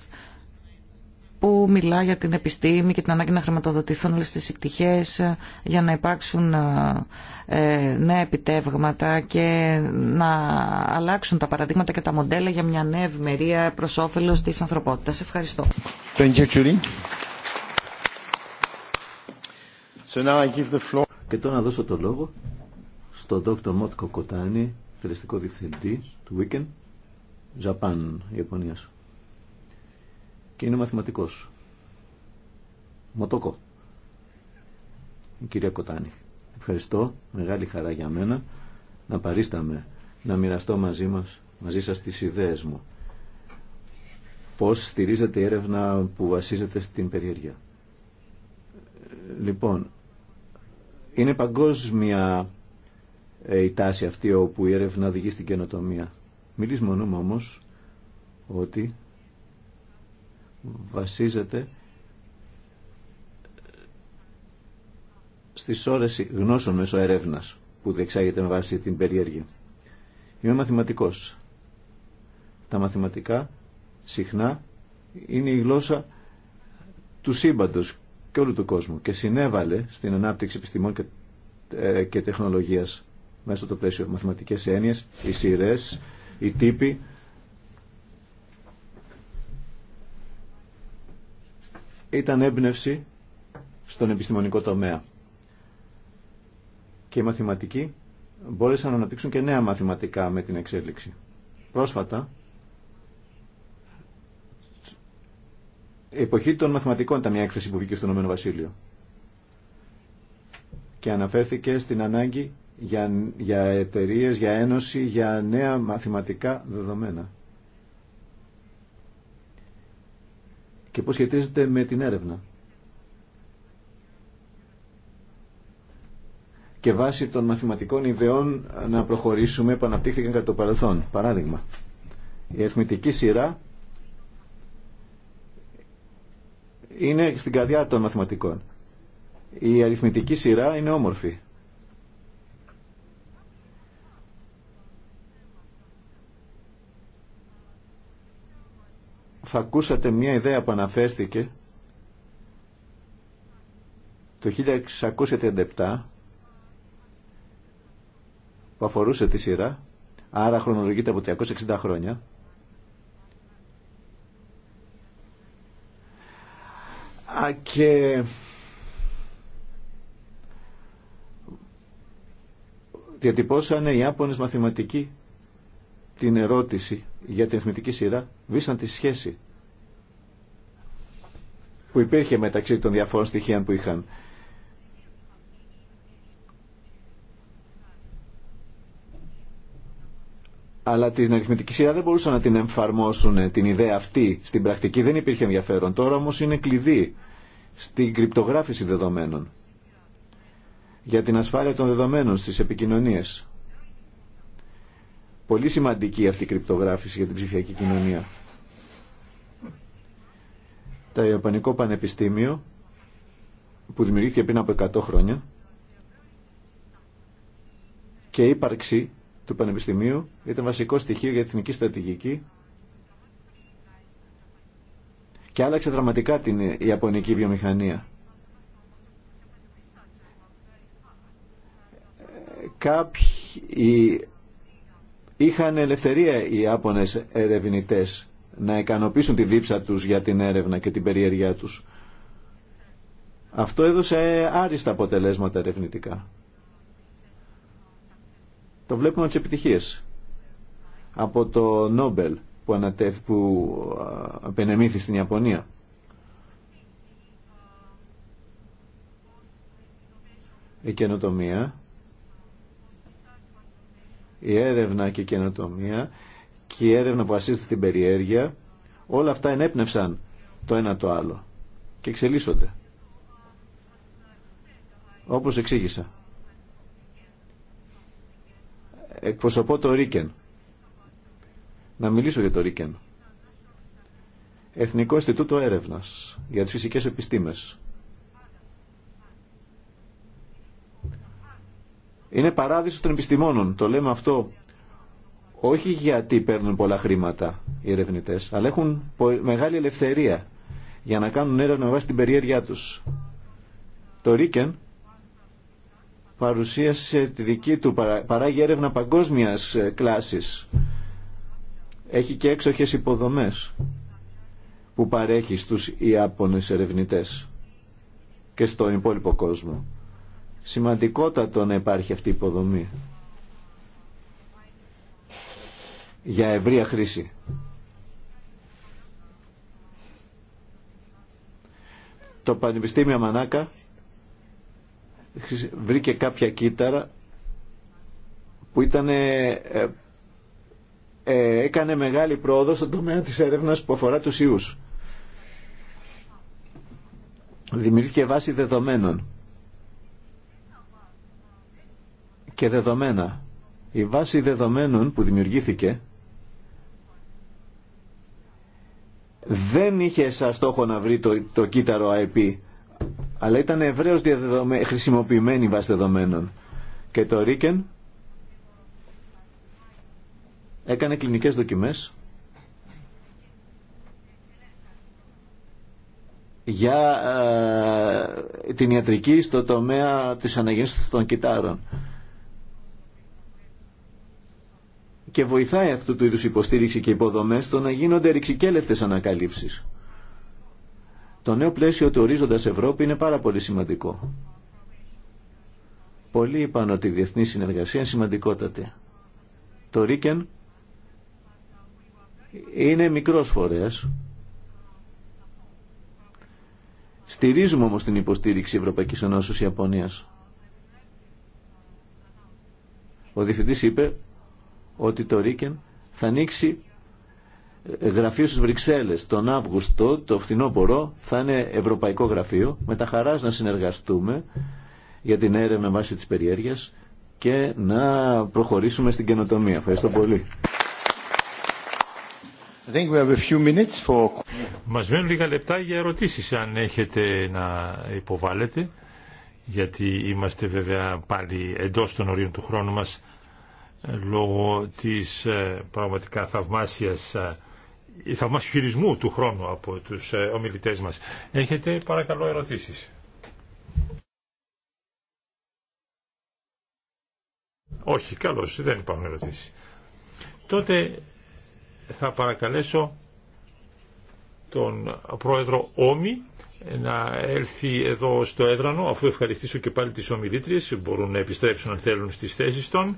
που μιλά για την επιστήμη και την ανάγκη να χρηματοδοτηθούν όλες τις επιτυχίες ε, για να υπάρξουν ε, ε, νέα επιτεύγματα και να αλλάξουν τα παραδείγματα και τα μοντέλα για μια νέα ευημερία προς όφελος της ανθρωπότητας. Ευχαριστώ. Thank Και τώρα να δώσω το λόγο στον Δόκτωρ Μότ Κοκοτάνη, θελεστικό διευθυντή του Weekend Japan σου και είναι μαθηματικός. Μοτόκο. Η κυρία Κοτάνη. Ευχαριστώ. Μεγάλη χαρά για μένα να παρίσταμε, να μοιραστώ μαζί μας, μαζί σας τις ιδέες μου. Πώς στηρίζεται η έρευνα που βασίζεται στην περιέργεια. Λοιπόν, είναι παγκόσμια ε, η τάση αυτή όπου η έρευνα οδηγεί στην καινοτομία. Μιλείς μόνο όμως ότι βασίζεται στις ώρες γνώσεων μέσω έρευνας που διεξάγεται με βάση την περιέργεια. Είμαι μαθηματικός. Τα μαθηματικά συχνά είναι η γλώσσα του σύμπαντος και όλου του κόσμου και συνέβαλε στην ανάπτυξη επιστημών και, ε, και τεχνολογίας μέσω το πλαίσιο μαθηματικές έννοιες, οι σειρές, οι τύποι, ήταν έμπνευση στον επιστημονικό τομέα. Και οι μαθηματικοί μπόρεσαν να αναπτύξουν και νέα μαθηματικά με την εξέλιξη. Πρόσφατα, η εποχή των μαθηματικών ήταν μια έκθεση που βγήκε στον Ηνωμένο Βασίλειο και αναφέρθηκε στην ανάγκη για, για εταιρείε, για ένωση, για νέα μαθηματικά δεδομένα. και πώς σχετίζεται με την έρευνα. Και βάσει των μαθηματικών ιδεών ε, να προχωρήσουμε που αναπτύχθηκαν κατά το παρελθόν. Παράδειγμα, η αριθμητική σειρά είναι στην καρδιά των μαθηματικών. Η αριθμητική σειρά είναι όμορφη. θα ακούσατε μια ιδέα που αναφέρθηκε το 1637 που αφορούσε τη σειρά, άρα χρονολογείται από 360 χρόνια. Α, και διατυπώσανε οι Ιάπωνες μαθηματικοί την ερώτηση για την εθνική σειρά, βήσαν τη σχέση που υπήρχε μεταξύ των διαφόρων στοιχείων που είχαν. αλλά την αριθμητική σειρά δεν μπορούσαν να την εμφαρμόσουν ε, την ιδέα αυτή στην πρακτική. Δεν υπήρχε ενδιαφέρον. Τώρα όμως είναι κλειδί στην κρυπτογράφηση δεδομένων για την ασφάλεια των δεδομένων στις επικοινωνίες. Πολύ σημαντική αυτή η κρυπτογράφηση για την ψηφιακή κοινωνία. Το Ιαπωνικό Πανεπιστήμιο που δημιουργήθηκε πριν από 100 χρόνια και η ύπαρξη του Πανεπιστημίου ήταν βασικό στοιχείο για την εθνική στρατηγική και άλλαξε δραματικά την Ιαπωνική βιομηχανία. Κάποιοι είχαν ελευθερία οι Ιάπωνες ερευνητές να ικανοποιήσουν τη δίψα τους για την έρευνα και την περιεργία τους. Αυτό έδωσε άριστα αποτελέσματα ερευνητικά. Το βλέπουμε τις επιτυχίες. Από το Νόμπελ που, ανατέθ, που απενεμήθη στην Ιαπωνία. Η καινοτομία η έρευνα και η καινοτομία και η έρευνα που ασύστη στην περιέργεια, όλα αυτά ενέπνευσαν το ένα το άλλο και εξελίσσονται. Όπως εξήγησα. Εκπροσωπώ το Ρίκεν. Να μιλήσω για το Ρίκεν. Εθνικό Ινστιτούτο Έρευνας για τις Φυσικές Επιστήμες. Είναι παράδεισο των επιστημόνων. Το λέμε αυτό όχι γιατί παίρνουν πολλά χρήματα οι ερευνητέ, αλλά έχουν μεγάλη ελευθερία για να κάνουν έρευνα με βάση την περιέργειά του. Το Ρίκεν παρουσίασε τη δική του, παράγει έρευνα παγκόσμια ε, κλάση. Έχει και έξοχες υποδομές που παρέχει στους Ιάπωνες ερευνητές και στον υπόλοιπο κόσμο. Σημαντικότατο να υπάρχει αυτή η υποδομή για ευρεία χρήση. Το Πανεπιστήμιο Μανάκα βρήκε κάποια κύτταρα που ήταν ε, ε, έκανε μεγάλη πρόοδο στον τομέα της έρευνας που αφορά τους ιούς. Δημιουργήθηκε βάση δεδομένων και δεδομένα. Η βάση δεδομένων που δημιουργήθηκε δεν είχε σαν στόχο να βρει το, το κύτταρο IP, αλλά ήταν ευρέως διαδεδομε... χρησιμοποιημένη βάση δεδομένων. Και το Ρίκεν έκανε κλινικές δοκιμές για ε, την ιατρική στο τομέα της αναγέννησης των κυτάρων. και βοηθάει αυτού του είδους υποστήριξη και υποδομές στο να γίνονται ρηξικέλευτες ανακαλύψεις. Το νέο πλαίσιο του ορίζοντας Ευρώπη είναι πάρα πολύ σημαντικό. Πολλοί είπαν ότι η διεθνή συνεργασία είναι σημαντικότατη. Το Ρίκεν είναι μικρός φορέας. Στηρίζουμε όμως την υποστήριξη Ευρωπαϊκής Ενώσης Ιαπωνίας. Ο διευθυντής είπε ότι το Ρίκεν θα ανοίξει γραφείο στις Βρυξέλλες τον Αύγουστο, το φθινόπωρο, θα είναι ευρωπαϊκό γραφείο, με τα χαράς να συνεργαστούμε για την έρευνα βάση της περιέργειας και να προχωρήσουμε στην καινοτομία. Ευχαριστώ πολύ. I think for... Μας μένουν λίγα λεπτά για ερωτήσεις αν έχετε να υποβάλλετε γιατί είμαστε βέβαια πάλι εντός των ορίων του χρόνου μας λόγω της ε, πραγματικά θαυμάσιας ε, θαυμάσιου χειρισμού του χρόνου από τους ε, ομιλητές μας. Έχετε παρακαλώ ερωτήσεις. Όχι, καλώς, δεν υπάρχουν ερωτήσεις. Τότε θα παρακαλέσω τον πρόεδρο Όμη να έλθει εδώ στο έδρανο, αφού ευχαριστήσω και πάλι τις ομιλήτριες, μπορούν να επιστρέψουν αν θέλουν στις θέσεις των.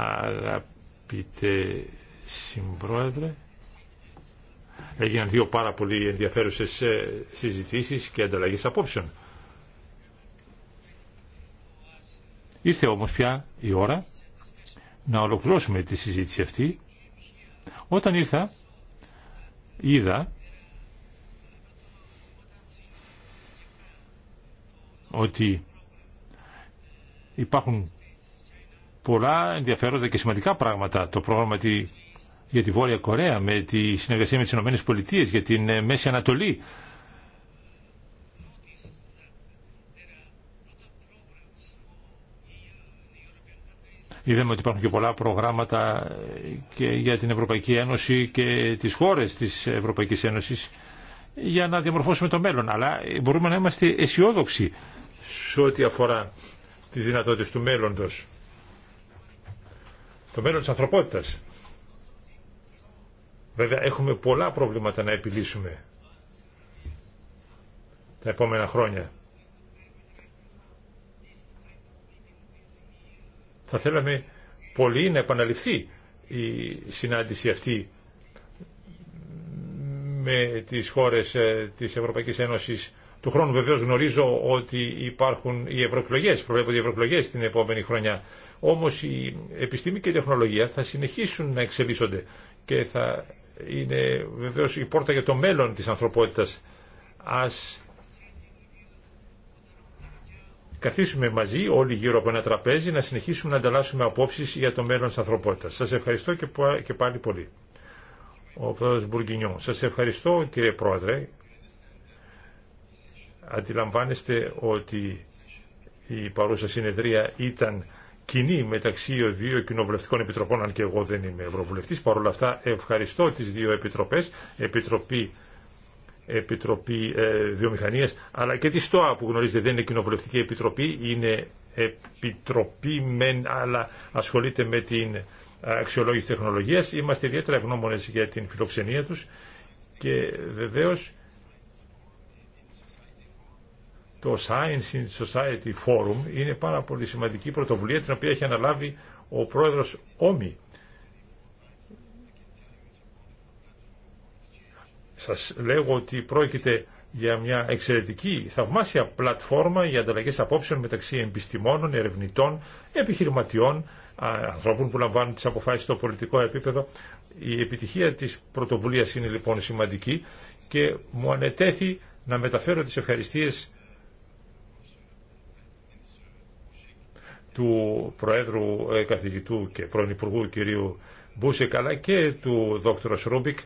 Αγαπητέ Συμπρόεδρε, έγιναν δύο πάρα πολύ ενδιαφέρουσες ε, συζητήσεις και ανταλλαγές απόψεων. Ήρθε όμως πια η ώρα να ολοκληρώσουμε τη συζήτηση αυτή. Όταν ήρθα, είδα ότι υπάρχουν πολλά ενδιαφέροντα και σημαντικά πράγματα. Το πρόγραμμα για τη Βόρεια Κορέα, με τη συνεργασία με τις Ηνωμένε Πολιτείες, για την ε, Μέση Ανατολή. Είδαμε ότι υπάρχουν και πολλά προγράμματα ε, και για την Ευρωπαϊκή Ένωση και τις χώρες της Ευρωπαϊκής Ένωσης για να διαμορφώσουμε το μέλλον. Αλλά ε, μπορούμε να είμαστε αισιόδοξοι σε ό,τι αφορά τις δυνατότητες του μέλλοντος το μέλλον της ανθρωπότητας. Βέβαια έχουμε πολλά προβλήματα να επιλύσουμε τα επόμενα χρόνια. Θα θέλαμε πολύ να επαναληφθεί η συνάντηση αυτή με τις χώρες ε, της Ευρωπαϊκής Ένωσης του χρόνου. Βεβαίως γνωρίζω ότι υπάρχουν οι ευρωεκλογέ, προβλέπονται οι ευρωεκλογέ την επόμενη χρονιά. Όμως η επιστήμη και η τεχνολογία θα συνεχίσουν να εξελίσσονται και θα είναι βεβαίως η πόρτα για το μέλλον της ανθρωπότητας. Ας καθίσουμε μαζί όλοι γύρω από ένα τραπέζι να συνεχίσουμε να ανταλλάσσουμε απόψεις για το μέλλον της ανθρωπότητας. Σας ευχαριστώ και πάλι πολύ. Ο πρόεδρος Μπουργκινιό. Σας ευχαριστώ κύριε πρόεδρε. Αντιλαμβάνεστε ότι η παρούσα συνεδρία ήταν κοινή μεταξύ των δύο κοινοβουλευτικών επιτροπών, αν και εγώ δεν είμαι ευρωβουλευτή. Παρ' όλα αυτά ευχαριστώ τις δύο επιτροπές, Επιτροπή, επιτροπή ε, αλλά και τη ΣΤΟΑ που γνωρίζετε δεν είναι κοινοβουλευτική επιτροπή, είναι επιτροπή μεν, αλλά ασχολείται με την αξιολόγηση τεχνολογία. Είμαστε ιδιαίτερα ευγνωμονε για την φιλοξενία του και βεβαίω το Science in Society Forum είναι πάρα πολύ σημαντική πρωτοβουλία την οποία έχει αναλάβει ο πρόεδρος Όμι. Σας λέγω ότι πρόκειται για μια εξαιρετική θαυμάσια πλατφόρμα για ανταλλαγές απόψεων μεταξύ επιστημόνων, ερευνητών, επιχειρηματιών, ανθρώπων που λαμβάνουν τις αποφάσεις στο πολιτικό επίπεδο. Η επιτυχία της πρωτοβουλίας είναι λοιπόν σημαντική και μου ανετέθη να μεταφέρω τις ευχαριστίες του Προέδρου ε, Καθηγητού και πρώην Υπουργού κυρίου Μπούσεκ και του Δ. Ρούμπικ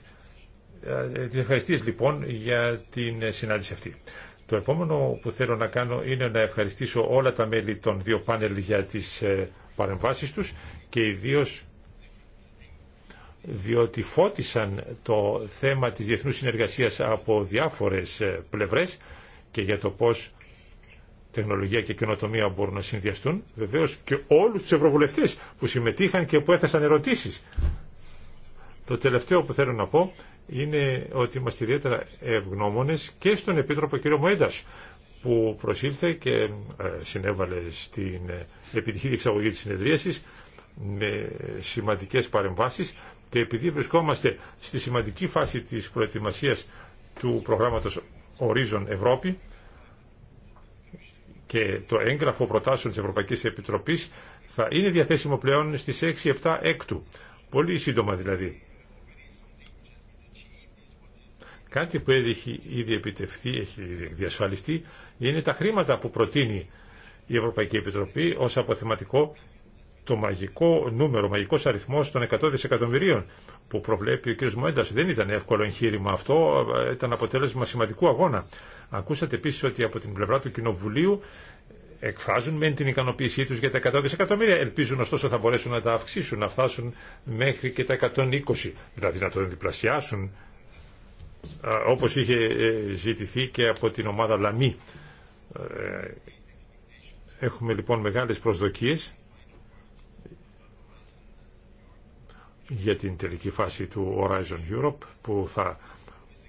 ε, ε, τις ευχαριστίες λοιπόν για την συνάντηση αυτή. Το επόμενο που θέλω να κάνω είναι να ευχαριστήσω όλα τα μέλη των δύο πάνελ για τις παρεμβάσεις τους και ιδίως διότι φώτισαν το θέμα της διεθνούς συνεργασίας από διάφορες πλευρές και για το πώς τεχνολογία και καινοτομία μπορούν να συνδυαστούν. Βεβαίω και όλου του ευρωβουλευτέ που συμμετείχαν και που έθεσαν ερωτήσει. Το τελευταίο που θέλω να πω είναι ότι είμαστε ιδιαίτερα ευγνώμονε και στον Επίτροπο κ. Μοέντα που προσήλθε και ε, συνέβαλε στην ε, επιτυχή διεξαγωγή της συνεδρίασης με σημαντικέ παρεμβάσει και επειδή βρισκόμαστε στη σημαντική φάση τη προετοιμασία του προγράμματο Horizon Ευρώπη και το έγγραφο προτάσεων της Ευρωπαϊκής Επιτροπής θα είναι διαθέσιμο πλέον στις 6-7 έκτου. Πολύ σύντομα δηλαδή. Κάτι που έχει ήδη επιτευχθεί, έχει διασφαλιστεί, είναι τα χρήματα που προτείνει η Ευρωπαϊκή Επιτροπή ως αποθεματικό το μαγικό νούμερο, μαγικό αριθμός των 100 δισεκατομμυρίων που προβλέπει ο κ. Δεν ήταν εύκολο εγχείρημα αυτό, ε, ήταν αποτέλεσμα σημαντικού αγώνα. Ακούσατε επίση ότι από την πλευρά του Κοινοβουλίου εκφράζουν μεν την ικανοποίησή τους για τα 100 δισεκατομμύρια. Ελπίζουν ωστόσο θα μπορέσουν να τα αυξήσουν, να φτάσουν μέχρι και τα 120, δηλαδή να το διπλασιάσουν όπως είχε ε, ζητηθεί και από την ομάδα Λαμή. Ε, έχουμε λοιπόν μεγάλες προσδοκίες για την τελική φάση του Horizon Europe που θα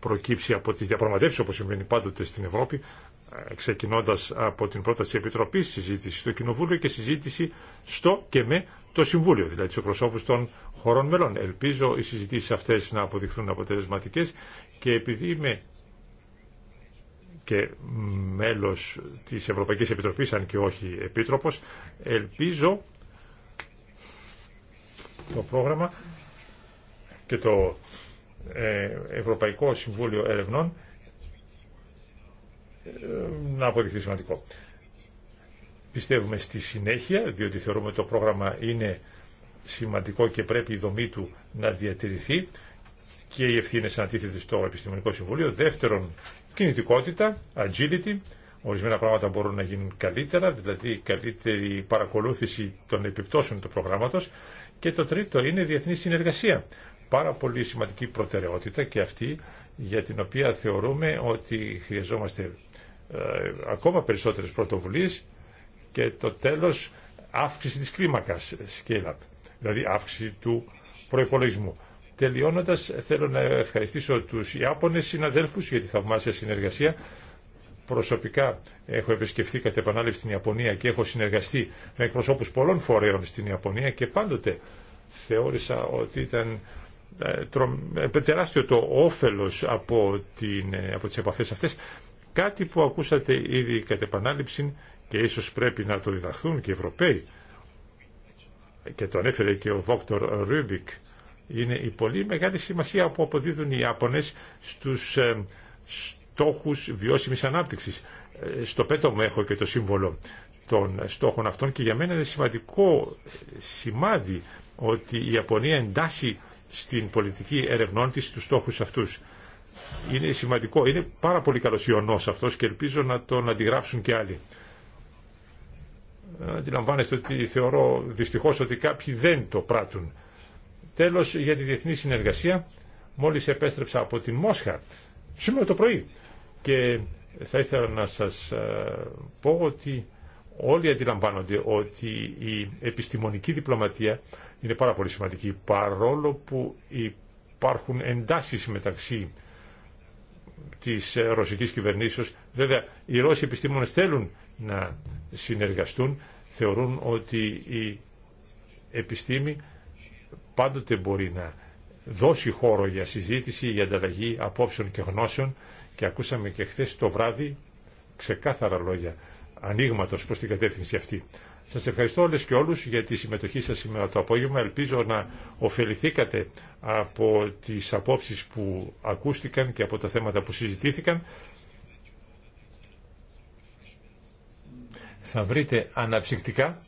προκύψει από τις διαπραγματεύσεις όπως συμβαίνει πάντοτε στην Ευρώπη ε, ξεκινώντας από την πρόταση Επιτροπής, συζήτηση στο Κοινοβούλιο και συζήτηση στο και με το Συμβούλιο, δηλαδή στους προσώπους των χωρών μελών. Ελπίζω οι συζητήσεις αυτές να αποδειχθούν αποτελεσματικές και επειδή είμαι και μέλος της Ευρωπαϊκής Επιτροπής, αν και όχι επίτροπος, ελπίζω το πρόγραμμα και το ε, Ευρωπαϊκό Συμβούλιο Ερευνών ε, να αποδειχθεί σημαντικό. Πιστεύουμε στη συνέχεια, διότι θεωρούμε το πρόγραμμα είναι σημαντικό και πρέπει η δομή του να διατηρηθεί και οι ευθύνε αντίθεται στο Επιστημονικό Συμβούλιο. Δεύτερον, κινητικότητα, agility. Ορισμένα πράγματα μπορούν να γίνουν καλύτερα, δηλαδή καλύτερη παρακολούθηση των επιπτώσεων του προγράμματο. Και το τρίτο είναι διεθνή συνεργασία πάρα πολύ σημαντική προτεραιότητα και αυτή για την οποία θεωρούμε ότι χρειαζόμαστε ε, ακόμα περισσότερες πρωτοβουλίες και το τέλος αύξηση της κλίμακας δηλαδή αύξηση του προϋπολογισμού. Τελειώνοντας, θέλω να ευχαριστήσω τους Ιάπωνες συναδέλφους για τη θαυμάσια συνεργασία. Προσωπικά έχω επισκεφθεί κατ' επανάληψη την Ιαπωνία και έχω συνεργαστεί με εκπροσώπους πολλών φορέων στην Ιαπωνία και πάντοτε θεώρησα ότι ήταν ε, ε, τεράστιο το όφελος από, την, ε, από τις επαφές αυτές κάτι που ακούσατε ήδη κατ' επανάληψη και ίσως πρέπει να το διδαχθούν και οι Ευρωπαίοι και το ανέφερε και ο Δόκτωρ Ρούμπικ είναι η πολύ μεγάλη σημασία που αποδίδουν οι Ιάπωνες στους στόχους βιώσιμης ανάπτυξης. Στο πέτο μου έχω και το σύμβολο των στόχων αυτών και για μένα είναι σημαντικό σημάδι ότι η Ιαπωνία εντάσσει στην πολιτική ερευνών της στους στόχους αυτούς. Είναι σημαντικό, είναι πάρα πολύ καλός ιονός αυτός και ελπίζω να τον αντιγράψουν και άλλοι. Αντιλαμβάνεστε ότι θεωρώ δυστυχώς ότι κάποιοι δεν το πράττουν. Τέλος για τη διεθνή συνεργασία, μόλις επέστρεψα από τη Μόσχα σήμερα το πρωί και θα ήθελα να σας ε, πω ότι όλοι αντιλαμβάνονται ότι η επιστημονική διπλωματία είναι πάρα πολύ σημαντική παρόλο που υπάρχουν εντάσεις μεταξύ της ρωσικής κυβερνήσεως. Βέβαια, οι Ρώσοι επιστήμονες θέλουν να συνεργαστούν, θεωρούν ότι η επιστήμη πάντοτε μπορεί να δώσει χώρο για συζήτηση, για ανταλλαγή απόψεων και γνώσεων και ακούσαμε και χθε το βράδυ ξεκάθαρα λόγια ανοίγματο προς την κατεύθυνση αυτή. Σας ευχαριστώ όλες και όλους για τη συμμετοχή σας σήμερα το απόγευμα. Ελπίζω να ωφεληθήκατε από τις απόψεις που ακούστηκαν και από τα θέματα που συζητήθηκαν. Θα βρείτε αναψυκτικά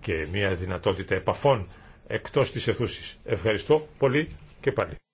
και μια δυνατότητα επαφών εκτός της αιθούσης. Ευχαριστώ πολύ και πάλι.